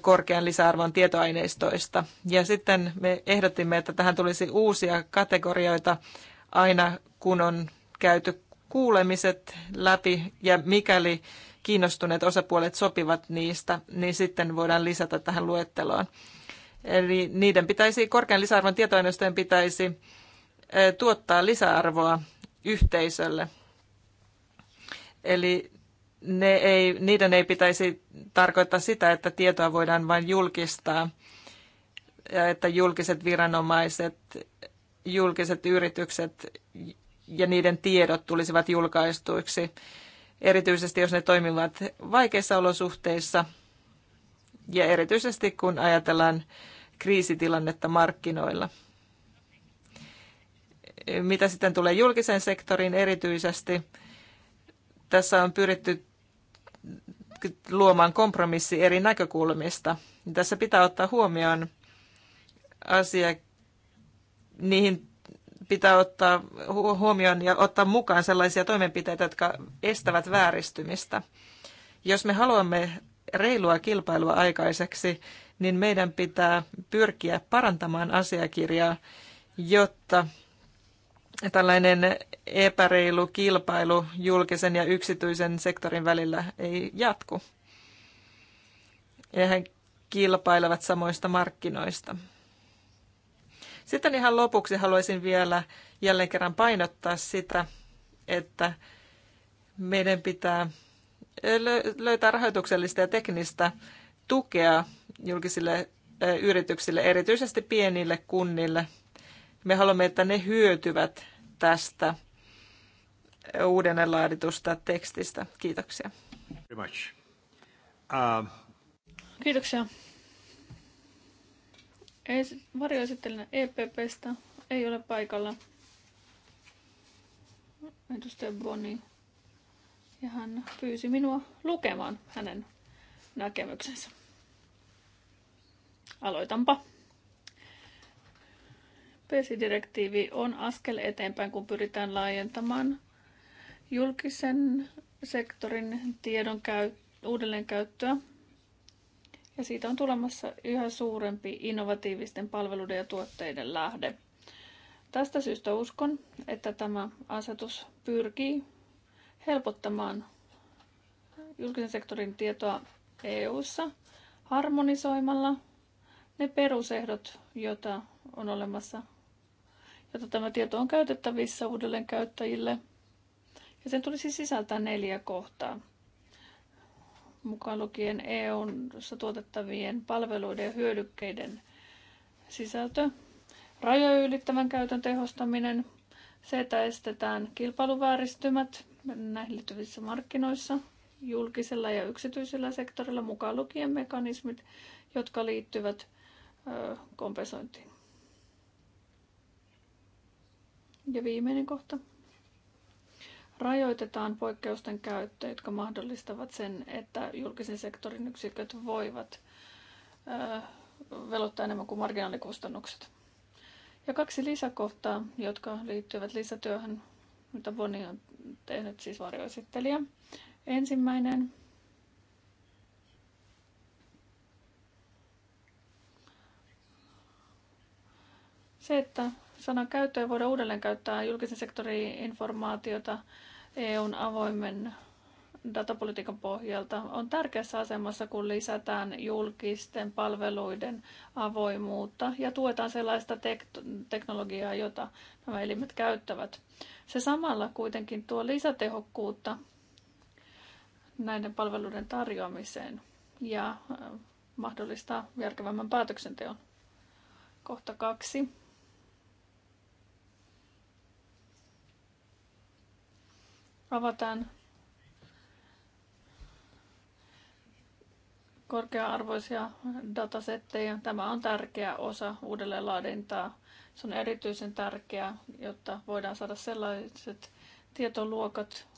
korkean lisäarvon tietoaineistoista. Ja sitten me ehdotimme, että tähän tulisi uusia kategorioita aina, kun on käyty kuulemiset läpi ja mikäli kiinnostuneet osapuolet sopivat niistä, niin sitten voidaan lisätä tähän luetteloon. Eli niiden pitäisi, korkean lisäarvon tietoaineistojen pitäisi tuottaa lisäarvoa yhteisölle. Eli ne ei, niiden ei pitäisi tarkoittaa sitä, että tietoa voidaan vain julkistaa ja että julkiset viranomaiset, julkiset yritykset ja niiden tiedot tulisivat julkaistuiksi erityisesti jos ne toimivat vaikeissa olosuhteissa ja erityisesti kun ajatellaan kriisitilannetta markkinoilla. Mitä sitten tulee julkisen sektorin erityisesti, tässä on pyritty luomaan kompromissi eri näkökulmista. Tässä pitää ottaa huomioon asia niihin pitää ottaa huomioon ja ottaa mukaan sellaisia toimenpiteitä, jotka estävät vääristymistä. Jos me haluamme reilua kilpailua aikaiseksi, niin meidän pitää pyrkiä parantamaan asiakirjaa, jotta tällainen epäreilu kilpailu julkisen ja yksityisen sektorin välillä ei jatku. Ja he kilpailevat samoista markkinoista. Sitten ihan lopuksi haluaisin vielä jälleen kerran painottaa sitä, että meidän pitää löytää rahoituksellista ja teknistä tukea julkisille yrityksille, erityisesti pienille kunnille. Me haluamme, että ne hyötyvät tästä uudelleen tekstistä. Kiitoksia. Um, Kiitoksia varjoesittelijänä EPPstä ei ole paikalla. Edustaja Boni. Ja hän pyysi minua lukemaan hänen näkemyksensä. Aloitanpa. direktiivi on askel eteenpäin, kun pyritään laajentamaan julkisen sektorin tiedon käy- uudelleenkäyttöä ja siitä on tulemassa yhä suurempi innovatiivisten palveluiden ja tuotteiden lähde. Tästä syystä uskon, että tämä asetus pyrkii helpottamaan julkisen sektorin tietoa EU:ssa harmonisoimalla ne perusehdot, joita on olemassa, jotta tämä tieto on käytettävissä uudelleen käyttäjille. Ja sen tulisi sisältää neljä kohtaa mukaan lukien EU-ssa tuotettavien palveluiden ja hyödykkeiden sisältö, rajojen ylittävän käytön tehostaminen, se, että estetään kilpailuvääristymät näihin liittyvissä markkinoissa, julkisella ja yksityisellä sektorilla mukaan lukien mekanismit, jotka liittyvät kompensointiin. Ja viimeinen kohta rajoitetaan poikkeusten käyttöä, jotka mahdollistavat sen, että julkisen sektorin yksiköt voivat velottaa enemmän kuin marginaalikustannukset. Ja kaksi lisäkohtaa, jotka liittyvät lisätyöhön, mitä Boni on tehnyt siis varjoesittelijä. Ensimmäinen se, että sanan käyttöä voida uudelleen käyttää julkisen sektorin informaatiota EUn avoimen datapolitiikan pohjalta on tärkeässä asemassa, kun lisätään julkisten palveluiden avoimuutta ja tuetaan sellaista tek- teknologiaa, jota nämä elimet käyttävät. Se samalla kuitenkin tuo lisätehokkuutta näiden palveluiden tarjoamiseen ja äh, mahdollistaa järkevämmän päätöksenteon. Kohta kaksi. avataan korkea-arvoisia datasetteja. Tämä on tärkeä osa uudelleenlaadintaa. Se on erityisen tärkeää, jotta voidaan saada sellaiset tietoluokat,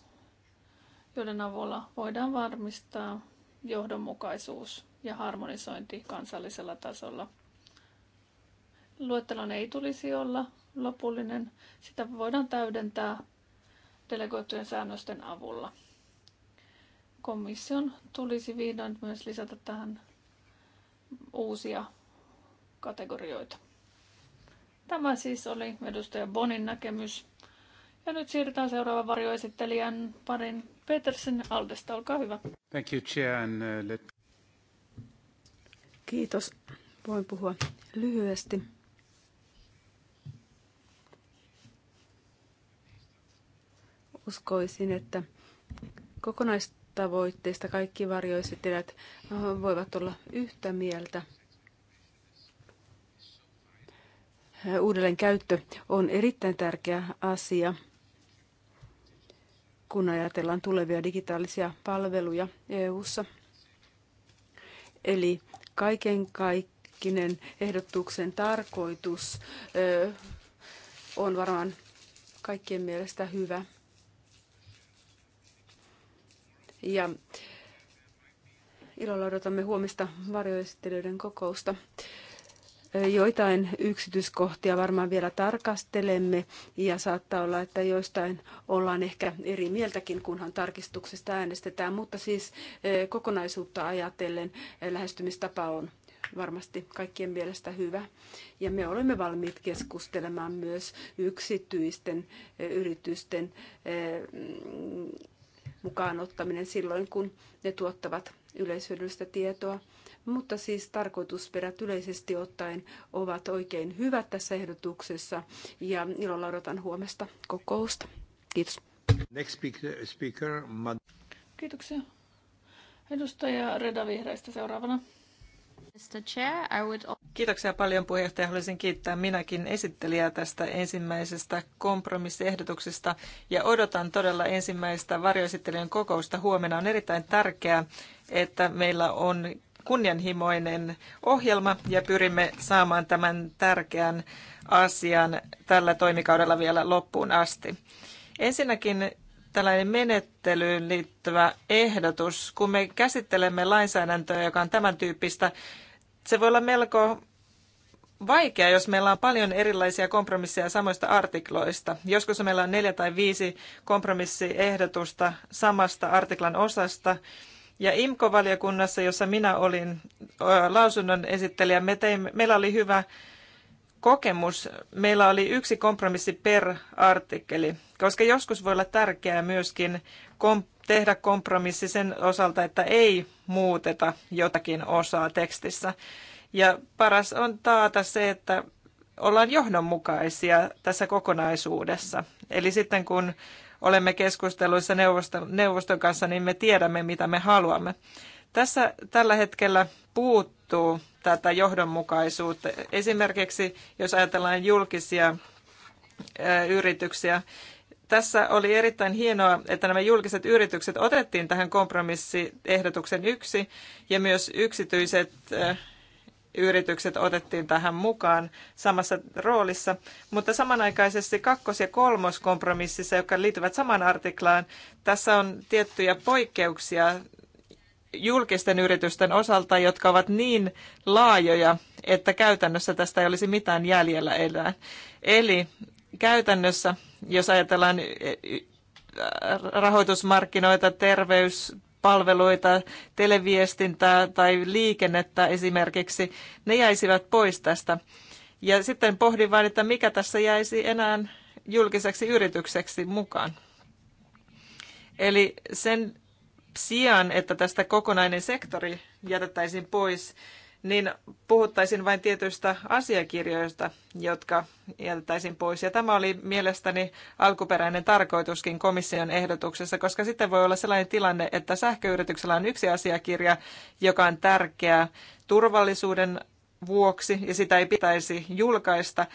joiden avulla voidaan varmistaa johdonmukaisuus ja harmonisointi kansallisella tasolla. Luettelon ei tulisi olla lopullinen. Sitä voidaan täydentää delegoittujen säännösten avulla. Komission tulisi vihdoin myös lisätä tähän uusia kategorioita. Tämä siis oli edustaja Bonin näkemys. Ja nyt siirrytään seuraavan varjoesittelijän parin Petersen Aldesta. Olkaa hyvä. Thank you, Chair, and, uh, let... Kiitos. Voin puhua lyhyesti. Uskoisin, että kokonaistavoitteista kaikki varjoesittelijät voivat olla yhtä mieltä. Uudelleen käyttö on erittäin tärkeä asia, kun ajatellaan tulevia digitaalisia palveluja EU:ssa. Eli kaiken kaikkinen ehdotuksen tarkoitus on varmaan kaikkien mielestä hyvä. Ja ilolla odotamme huomista varjoesittelyiden kokousta. Joitain yksityiskohtia varmaan vielä tarkastelemme ja saattaa olla, että joistain ollaan ehkä eri mieltäkin, kunhan tarkistuksesta äänestetään, mutta siis kokonaisuutta ajatellen lähestymistapa on varmasti kaikkien mielestä hyvä. Ja me olemme valmiit keskustelemaan myös yksityisten yritysten mukaan ottaminen silloin, kun ne tuottavat yleishyödyllistä tietoa. Mutta siis tarkoitusperät yleisesti ottaen ovat oikein hyvät tässä ehdotuksessa ja ilolla odotan huomesta kokousta. Kiitos. Next speaker, speaker Kiitoksia. Edustaja Reda Vihreistä seuraavana. Kiitoksia paljon puheenjohtaja. Haluaisin kiittää minäkin esittelijää tästä ensimmäisestä kompromissiehdotuksesta ja odotan todella ensimmäistä varjoesittelijän kokousta huomenna. On erittäin tärkeää, että meillä on kunnianhimoinen ohjelma ja pyrimme saamaan tämän tärkeän asian tällä toimikaudella vielä loppuun asti. Ensinnäkin tällainen menettelyyn liittyvä ehdotus. Kun me käsittelemme lainsäädäntöä, joka on tämän tyyppistä, se voi olla melko vaikea, jos meillä on paljon erilaisia kompromisseja samoista artikloista. Joskus meillä on neljä tai viisi kompromissiehdotusta samasta artiklan osasta. Ja IMKO-valiokunnassa, jossa minä olin lausunnon esittelijä, me teimme, meillä oli hyvä kokemus. Meillä oli yksi kompromissi per artikkeli, koska joskus voi olla tärkeää myöskin kompromissi tehdä kompromissi sen osalta, että ei muuteta jotakin osaa tekstissä. Ja paras on taata se, että ollaan johdonmukaisia tässä kokonaisuudessa. Eli sitten kun olemme keskusteluissa neuvoston, neuvoston kanssa, niin me tiedämme, mitä me haluamme. Tässä tällä hetkellä puuttuu tätä johdonmukaisuutta. Esimerkiksi jos ajatellaan julkisia yrityksiä, tässä oli erittäin hienoa, että nämä julkiset yritykset otettiin tähän kompromissiehdotuksen yksi ja myös yksityiset yritykset otettiin tähän mukaan samassa roolissa, mutta samanaikaisesti kakkos- ja kolmoskompromississa, jotka liittyvät samaan artiklaan, tässä on tiettyjä poikkeuksia julkisten yritysten osalta, jotka ovat niin laajoja, että käytännössä tästä ei olisi mitään jäljellä enää. Eli käytännössä jos ajatellaan rahoitusmarkkinoita, terveyspalveluita, televiestintää tai liikennettä esimerkiksi, ne jäisivät pois tästä. Ja sitten pohdin vain, että mikä tässä jäisi enää julkiseksi yritykseksi mukaan. Eli sen sijaan, että tästä kokonainen sektori jätettäisiin pois, niin puhuttaisiin vain tietyistä asiakirjoista, jotka jätettäisiin pois. Ja tämä oli mielestäni alkuperäinen tarkoituskin komission ehdotuksessa, koska sitten voi olla sellainen tilanne, että sähköyrityksellä on yksi asiakirja, joka on tärkeä turvallisuuden vuoksi ja sitä ei pitäisi julkaista,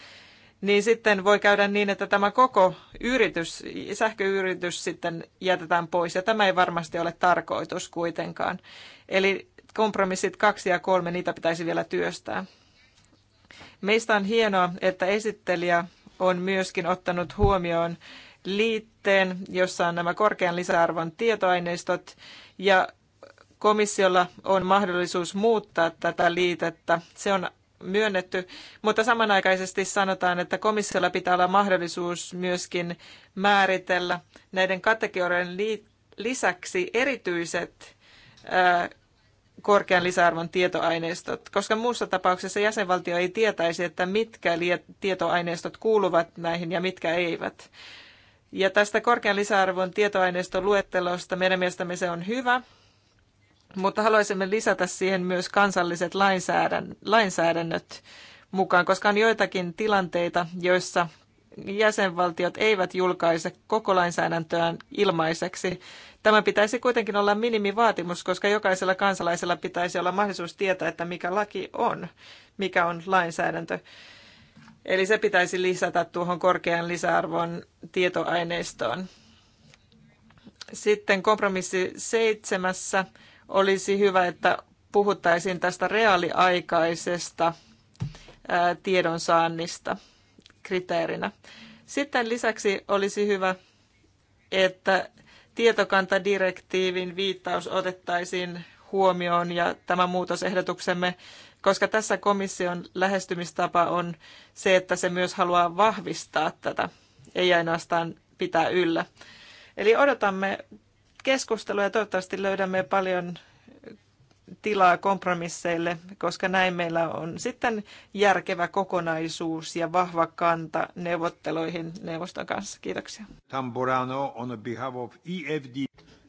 niin sitten voi käydä niin, että tämä koko yritys, sähköyritys sitten jätetään pois, ja tämä ei varmasti ole tarkoitus kuitenkaan. Eli kompromissit kaksi ja kolme, niitä pitäisi vielä työstää. Meistä on hienoa, että esittelijä on myöskin ottanut huomioon liitteen, jossa on nämä korkean lisäarvon tietoaineistot, ja komissiolla on mahdollisuus muuttaa tätä liitettä. Se on myönnetty, mutta samanaikaisesti sanotaan, että komissiolla pitää olla mahdollisuus myöskin määritellä näiden kategorioiden lisäksi erityiset korkean lisäarvon tietoaineistot, koska muussa tapauksessa jäsenvaltio ei tietäisi, että mitkä tietoaineistot kuuluvat näihin ja mitkä eivät. Ja tästä korkean lisäarvon tietoaineiston luettelosta meidän mielestämme se on hyvä, mutta haluaisimme lisätä siihen myös kansalliset lainsäädännöt mukaan, koska on joitakin tilanteita, joissa jäsenvaltiot eivät julkaise koko lainsäädäntöään ilmaiseksi. Tämä pitäisi kuitenkin olla minimivaatimus, koska jokaisella kansalaisella pitäisi olla mahdollisuus tietää, että mikä laki on, mikä on lainsäädäntö. Eli se pitäisi lisätä tuohon korkean lisäarvon tietoaineistoon. Sitten kompromissi seitsemässä olisi hyvä, että puhuttaisiin tästä reaaliaikaisesta tiedonsaannista kriteerinä. Sitten lisäksi olisi hyvä, että tietokantadirektiivin viittaus otettaisiin huomioon ja tämä muutosehdotuksemme, koska tässä komission lähestymistapa on se, että se myös haluaa vahvistaa tätä, ei ainoastaan pitää yllä. Eli odotamme keskustelua ja toivottavasti löydämme paljon tilaa kompromisseille, koska näin meillä on sitten järkevä kokonaisuus ja vahva kanta neuvotteluihin neuvoston kanssa. Kiitoksia. Tamburano on behalf of EFD.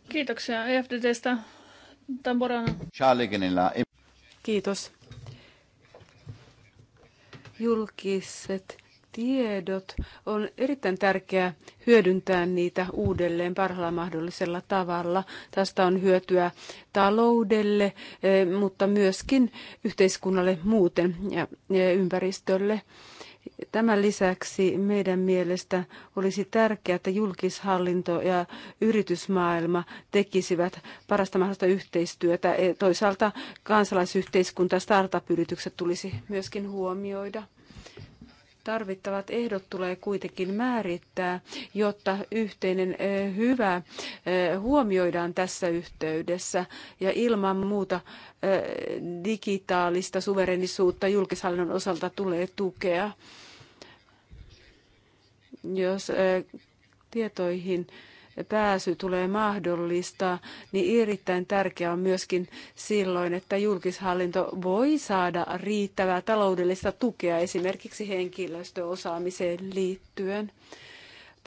Kiitoksia EFDstä. Tamburano. Kiitos. Julkiset tiedot. On erittäin tärkeää hyödyntää niitä uudelleen parhaalla mahdollisella tavalla. Tästä on hyötyä taloudelle, eh, mutta myöskin yhteiskunnalle muuten ja ympäristölle. Tämän lisäksi meidän mielestä olisi tärkeää, että julkishallinto ja yritysmaailma tekisivät parasta mahdollista yhteistyötä. Eh, toisaalta kansalaisyhteiskunta ja startup-yritykset tulisi myöskin huomioida. Tarvittavat ehdot tulee kuitenkin määrittää, jotta yhteinen hyvä huomioidaan tässä yhteydessä ja ilman muuta digitaalista suverenisuutta julkishallinnon osalta tulee tukea. Jos tietoihin pääsy tulee mahdollista, niin erittäin tärkeää on myöskin silloin, että julkishallinto voi saada riittävää taloudellista tukea esimerkiksi henkilöstöosaamiseen liittyen.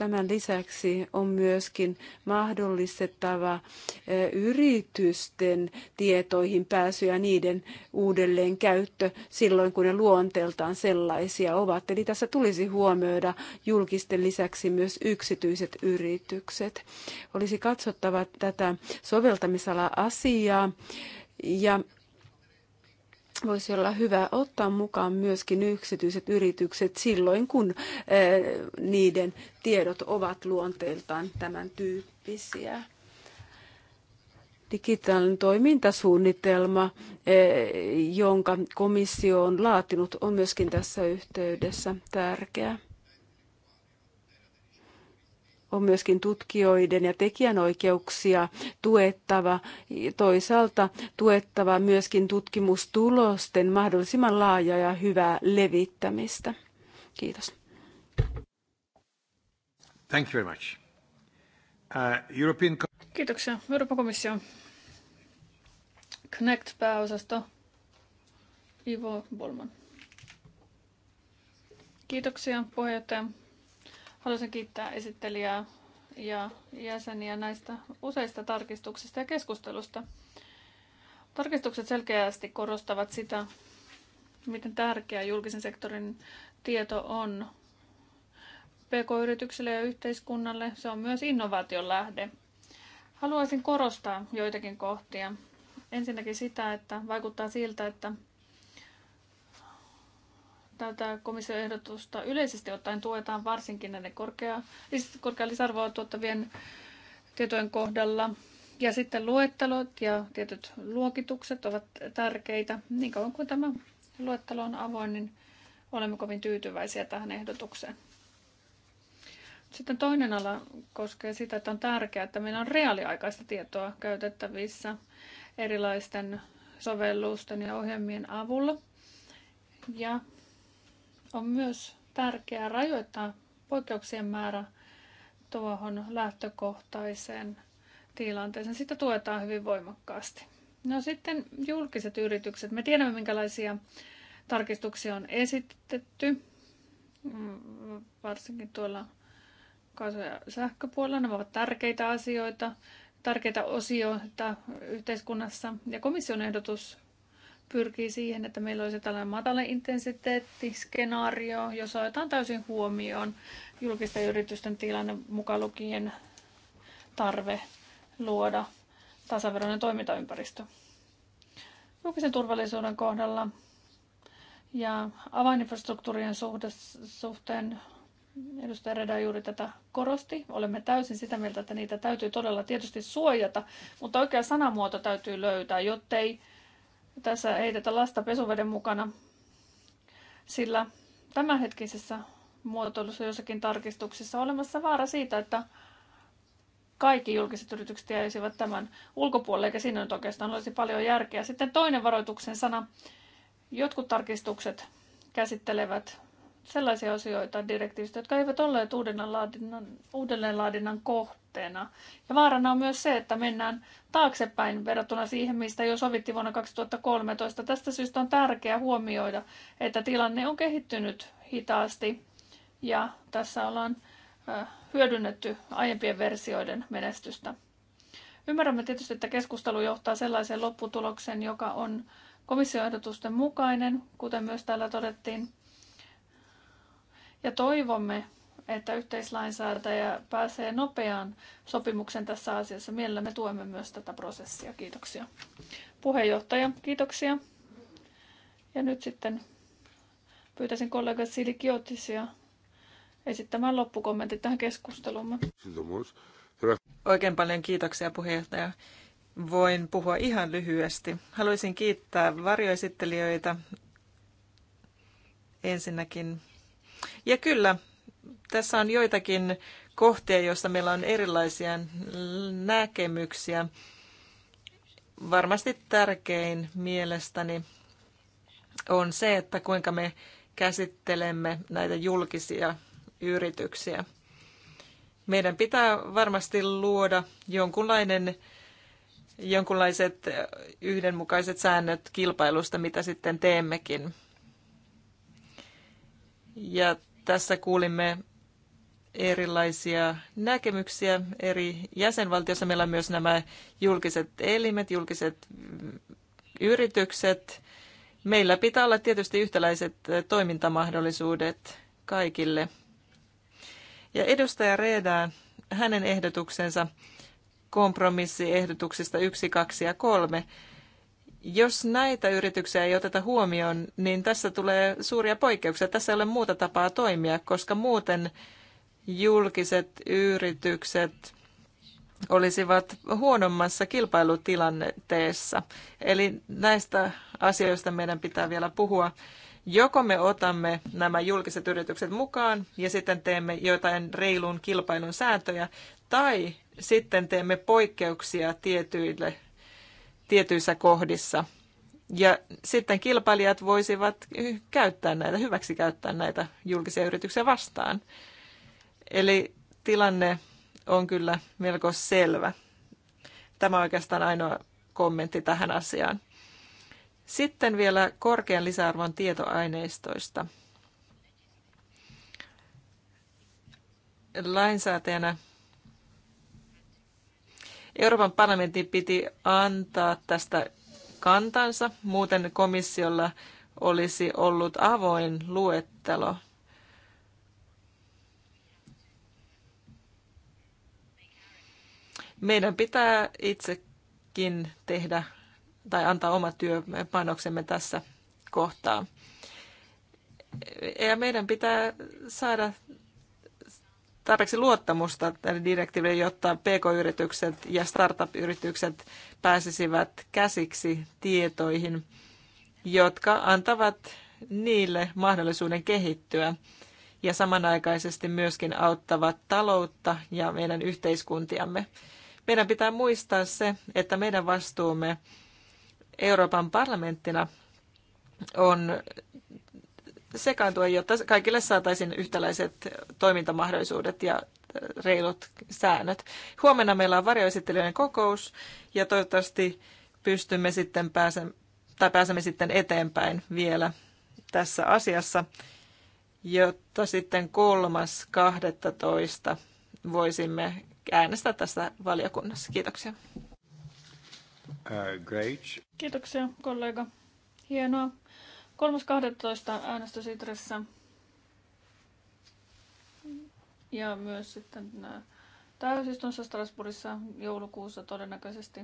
Tämän lisäksi on myöskin mahdollistettava yritysten tietoihin pääsy ja niiden uudelleen käyttö silloin, kun ne luonteeltaan sellaisia ovat. Eli tässä tulisi huomioida julkisten lisäksi myös yksityiset yritykset. Olisi katsottava tätä soveltamisala-asiaa ja voisi olla hyvä ottaa mukaan myöskin yksityiset yritykset silloin, kun eh, niiden tiedot ovat luonteeltaan tämän tyyppisiä. Digitaalinen toimintasuunnitelma, eh, jonka komissio on laatinut, on myöskin tässä yhteydessä tärkeä on myöskin tutkijoiden ja tekijänoikeuksia tuettava, toisaalta tuettava myöskin tutkimustulosten mahdollisimman laaja ja hyvää levittämistä. Kiitos. Thank you very much. Uh, European... Kiitoksia. Euroopan komissio. Connect-pääosasto. Ivo Bolman. Kiitoksia puheenjohtaja. Haluaisin kiittää esittelijää ja jäseniä näistä useista tarkistuksista ja keskustelusta. Tarkistukset selkeästi korostavat sitä, miten tärkeä julkisen sektorin tieto on PK-yrityksille ja yhteiskunnalle. Se on myös innovaation lähde. Haluaisin korostaa joitakin kohtia. Ensinnäkin sitä, että vaikuttaa siltä, että tätä komission ehdotusta yleisesti ottaen tuetaan varsinkin näiden korkea, siis korkea lisäarvoa tuottavien tietojen kohdalla. Ja sitten luettelot ja tietyt luokitukset ovat tärkeitä. Niin kauan kuin tämä luettelo on avoin, niin olemme kovin tyytyväisiä tähän ehdotukseen. Sitten toinen ala koskee sitä, että on tärkeää, että meillä on reaaliaikaista tietoa käytettävissä erilaisten sovellusten ja ohjelmien avulla. Ja on myös tärkeää rajoittaa poikkeuksien määrä tuohon lähtökohtaiseen tilanteeseen. Sitä tuetaan hyvin voimakkaasti. No sitten julkiset yritykset. Me tiedämme, minkälaisia tarkistuksia on esitetty, varsinkin tuolla kaasu- ja sähköpuolella. Nämä ovat tärkeitä asioita, tärkeitä osioita yhteiskunnassa. Ja komission ehdotus pyrkii siihen, että meillä olisi tällainen matala intensiteettiskenaario, jossa otetaan täysin huomioon julkisten yritysten tilanne mukaan lukien tarve luoda tasaveroinen toimintaympäristö. Julkisen turvallisuuden kohdalla ja avaininfrastruktuurien suhteen edustaja Reda juuri tätä korosti. Olemme täysin sitä mieltä, että niitä täytyy todella tietysti suojata, mutta oikea sanamuoto täytyy löytää, jottei tässä ei tätä lasta pesuveden mukana, sillä tämänhetkisessä muotoilussa jossakin tarkistuksissa on olemassa vaara siitä, että kaikki julkiset yritykset jäisivät tämän ulkopuolelle, eikä siinä nyt oikeastaan olisi paljon järkeä. Sitten toinen varoituksen sana. Jotkut tarkistukset käsittelevät sellaisia osioita direktiivistä, jotka eivät olleet uudelleenlaadinnan, uudelleenlaadinnan kohteena. Ja vaarana on myös se, että mennään taaksepäin verrattuna siihen, mistä jo sovittiin vuonna 2013. Tästä syystä on tärkeää huomioida, että tilanne on kehittynyt hitaasti ja tässä ollaan hyödynnetty aiempien versioiden menestystä. Ymmärrämme tietysti, että keskustelu johtaa sellaiseen lopputulokseen, joka on komissioehdotusten mukainen, kuten myös täällä todettiin – ja toivomme, että yhteislainsäätäjä pääsee nopeaan sopimuksen tässä asiassa. Mielellämme tuemme myös tätä prosessia. Kiitoksia. Puheenjohtaja, kiitoksia. Ja nyt sitten pyytäisin kollega Sili Kiotisia esittämään loppukommentit tähän keskusteluun. Oikein paljon kiitoksia puheenjohtaja. Voin puhua ihan lyhyesti. Haluaisin kiittää varjoesittelijöitä ensinnäkin ja kyllä, tässä on joitakin kohtia, joissa meillä on erilaisia näkemyksiä. Varmasti tärkein mielestäni on se, että kuinka me käsittelemme näitä julkisia yrityksiä. Meidän pitää varmasti luoda jonkunlainen, jonkunlaiset yhdenmukaiset säännöt kilpailusta, mitä sitten teemmekin. Ja tässä kuulimme erilaisia näkemyksiä eri jäsenvaltioissa. Meillä on myös nämä julkiset elimet, julkiset yritykset. Meillä pitää olla tietysti yhtäläiset toimintamahdollisuudet kaikille. Ja edustaja Reeda, hänen ehdotuksensa kompromissiehdotuksista 1, 2 ja 3 jos näitä yrityksiä ei oteta huomioon, niin tässä tulee suuria poikkeuksia. Tässä ei ole muuta tapaa toimia, koska muuten julkiset yritykset olisivat huonommassa kilpailutilanteessa. Eli näistä asioista meidän pitää vielä puhua. Joko me otamme nämä julkiset yritykset mukaan ja sitten teemme jotain reilun kilpailun sääntöjä, tai sitten teemme poikkeuksia tietyille tietyissä kohdissa. Ja sitten kilpailijat voisivat käyttää näitä, hyväksi käyttää näitä julkisia yrityksiä vastaan. Eli tilanne on kyllä melko selvä. Tämä on oikeastaan ainoa kommentti tähän asiaan. Sitten vielä korkean lisäarvon tietoaineistoista. Lainsäätäjänä Euroopan parlamentin piti antaa tästä kantansa, muuten komissiolla olisi ollut avoin luettelo. Meidän pitää itsekin tehdä tai antaa oma työpanoksemme tässä kohtaa. Ja meidän pitää saada tarpeeksi luottamusta tälle direktiiville, jotta pk-yritykset ja startup-yritykset pääsisivät käsiksi tietoihin, jotka antavat niille mahdollisuuden kehittyä ja samanaikaisesti myöskin auttavat taloutta ja meidän yhteiskuntiamme. Meidän pitää muistaa se, että meidän vastuumme Euroopan parlamenttina on sekaantua, jotta kaikille saataisiin yhtäläiset toimintamahdollisuudet ja reilut säännöt. Huomenna meillä on varjoesittelijöiden kokous ja toivottavasti pystymme sitten pääse, tai pääsemme sitten eteenpäin vielä tässä asiassa, jotta sitten 3.12. voisimme äänestää tässä valiokunnassa. Kiitoksia. Uh, great. Kiitoksia kollega. Hienoa. 3.12. äänestä Itressä. Ja myös sitten äh, täysistunnossa Strasbourgissa joulukuussa todennäköisesti.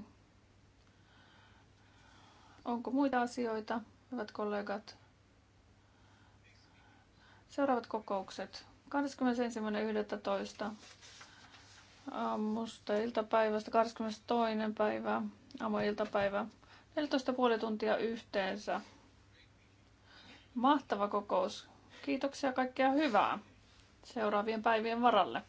Onko muita asioita, hyvät kollegat? Seuraavat kokoukset. 21.11. aamusta iltapäivästä 22. aamu iltapäivä. 14,5 tuntia yhteensä. Mahtava kokous. Kiitoksia kaikkea hyvää seuraavien päivien varalle.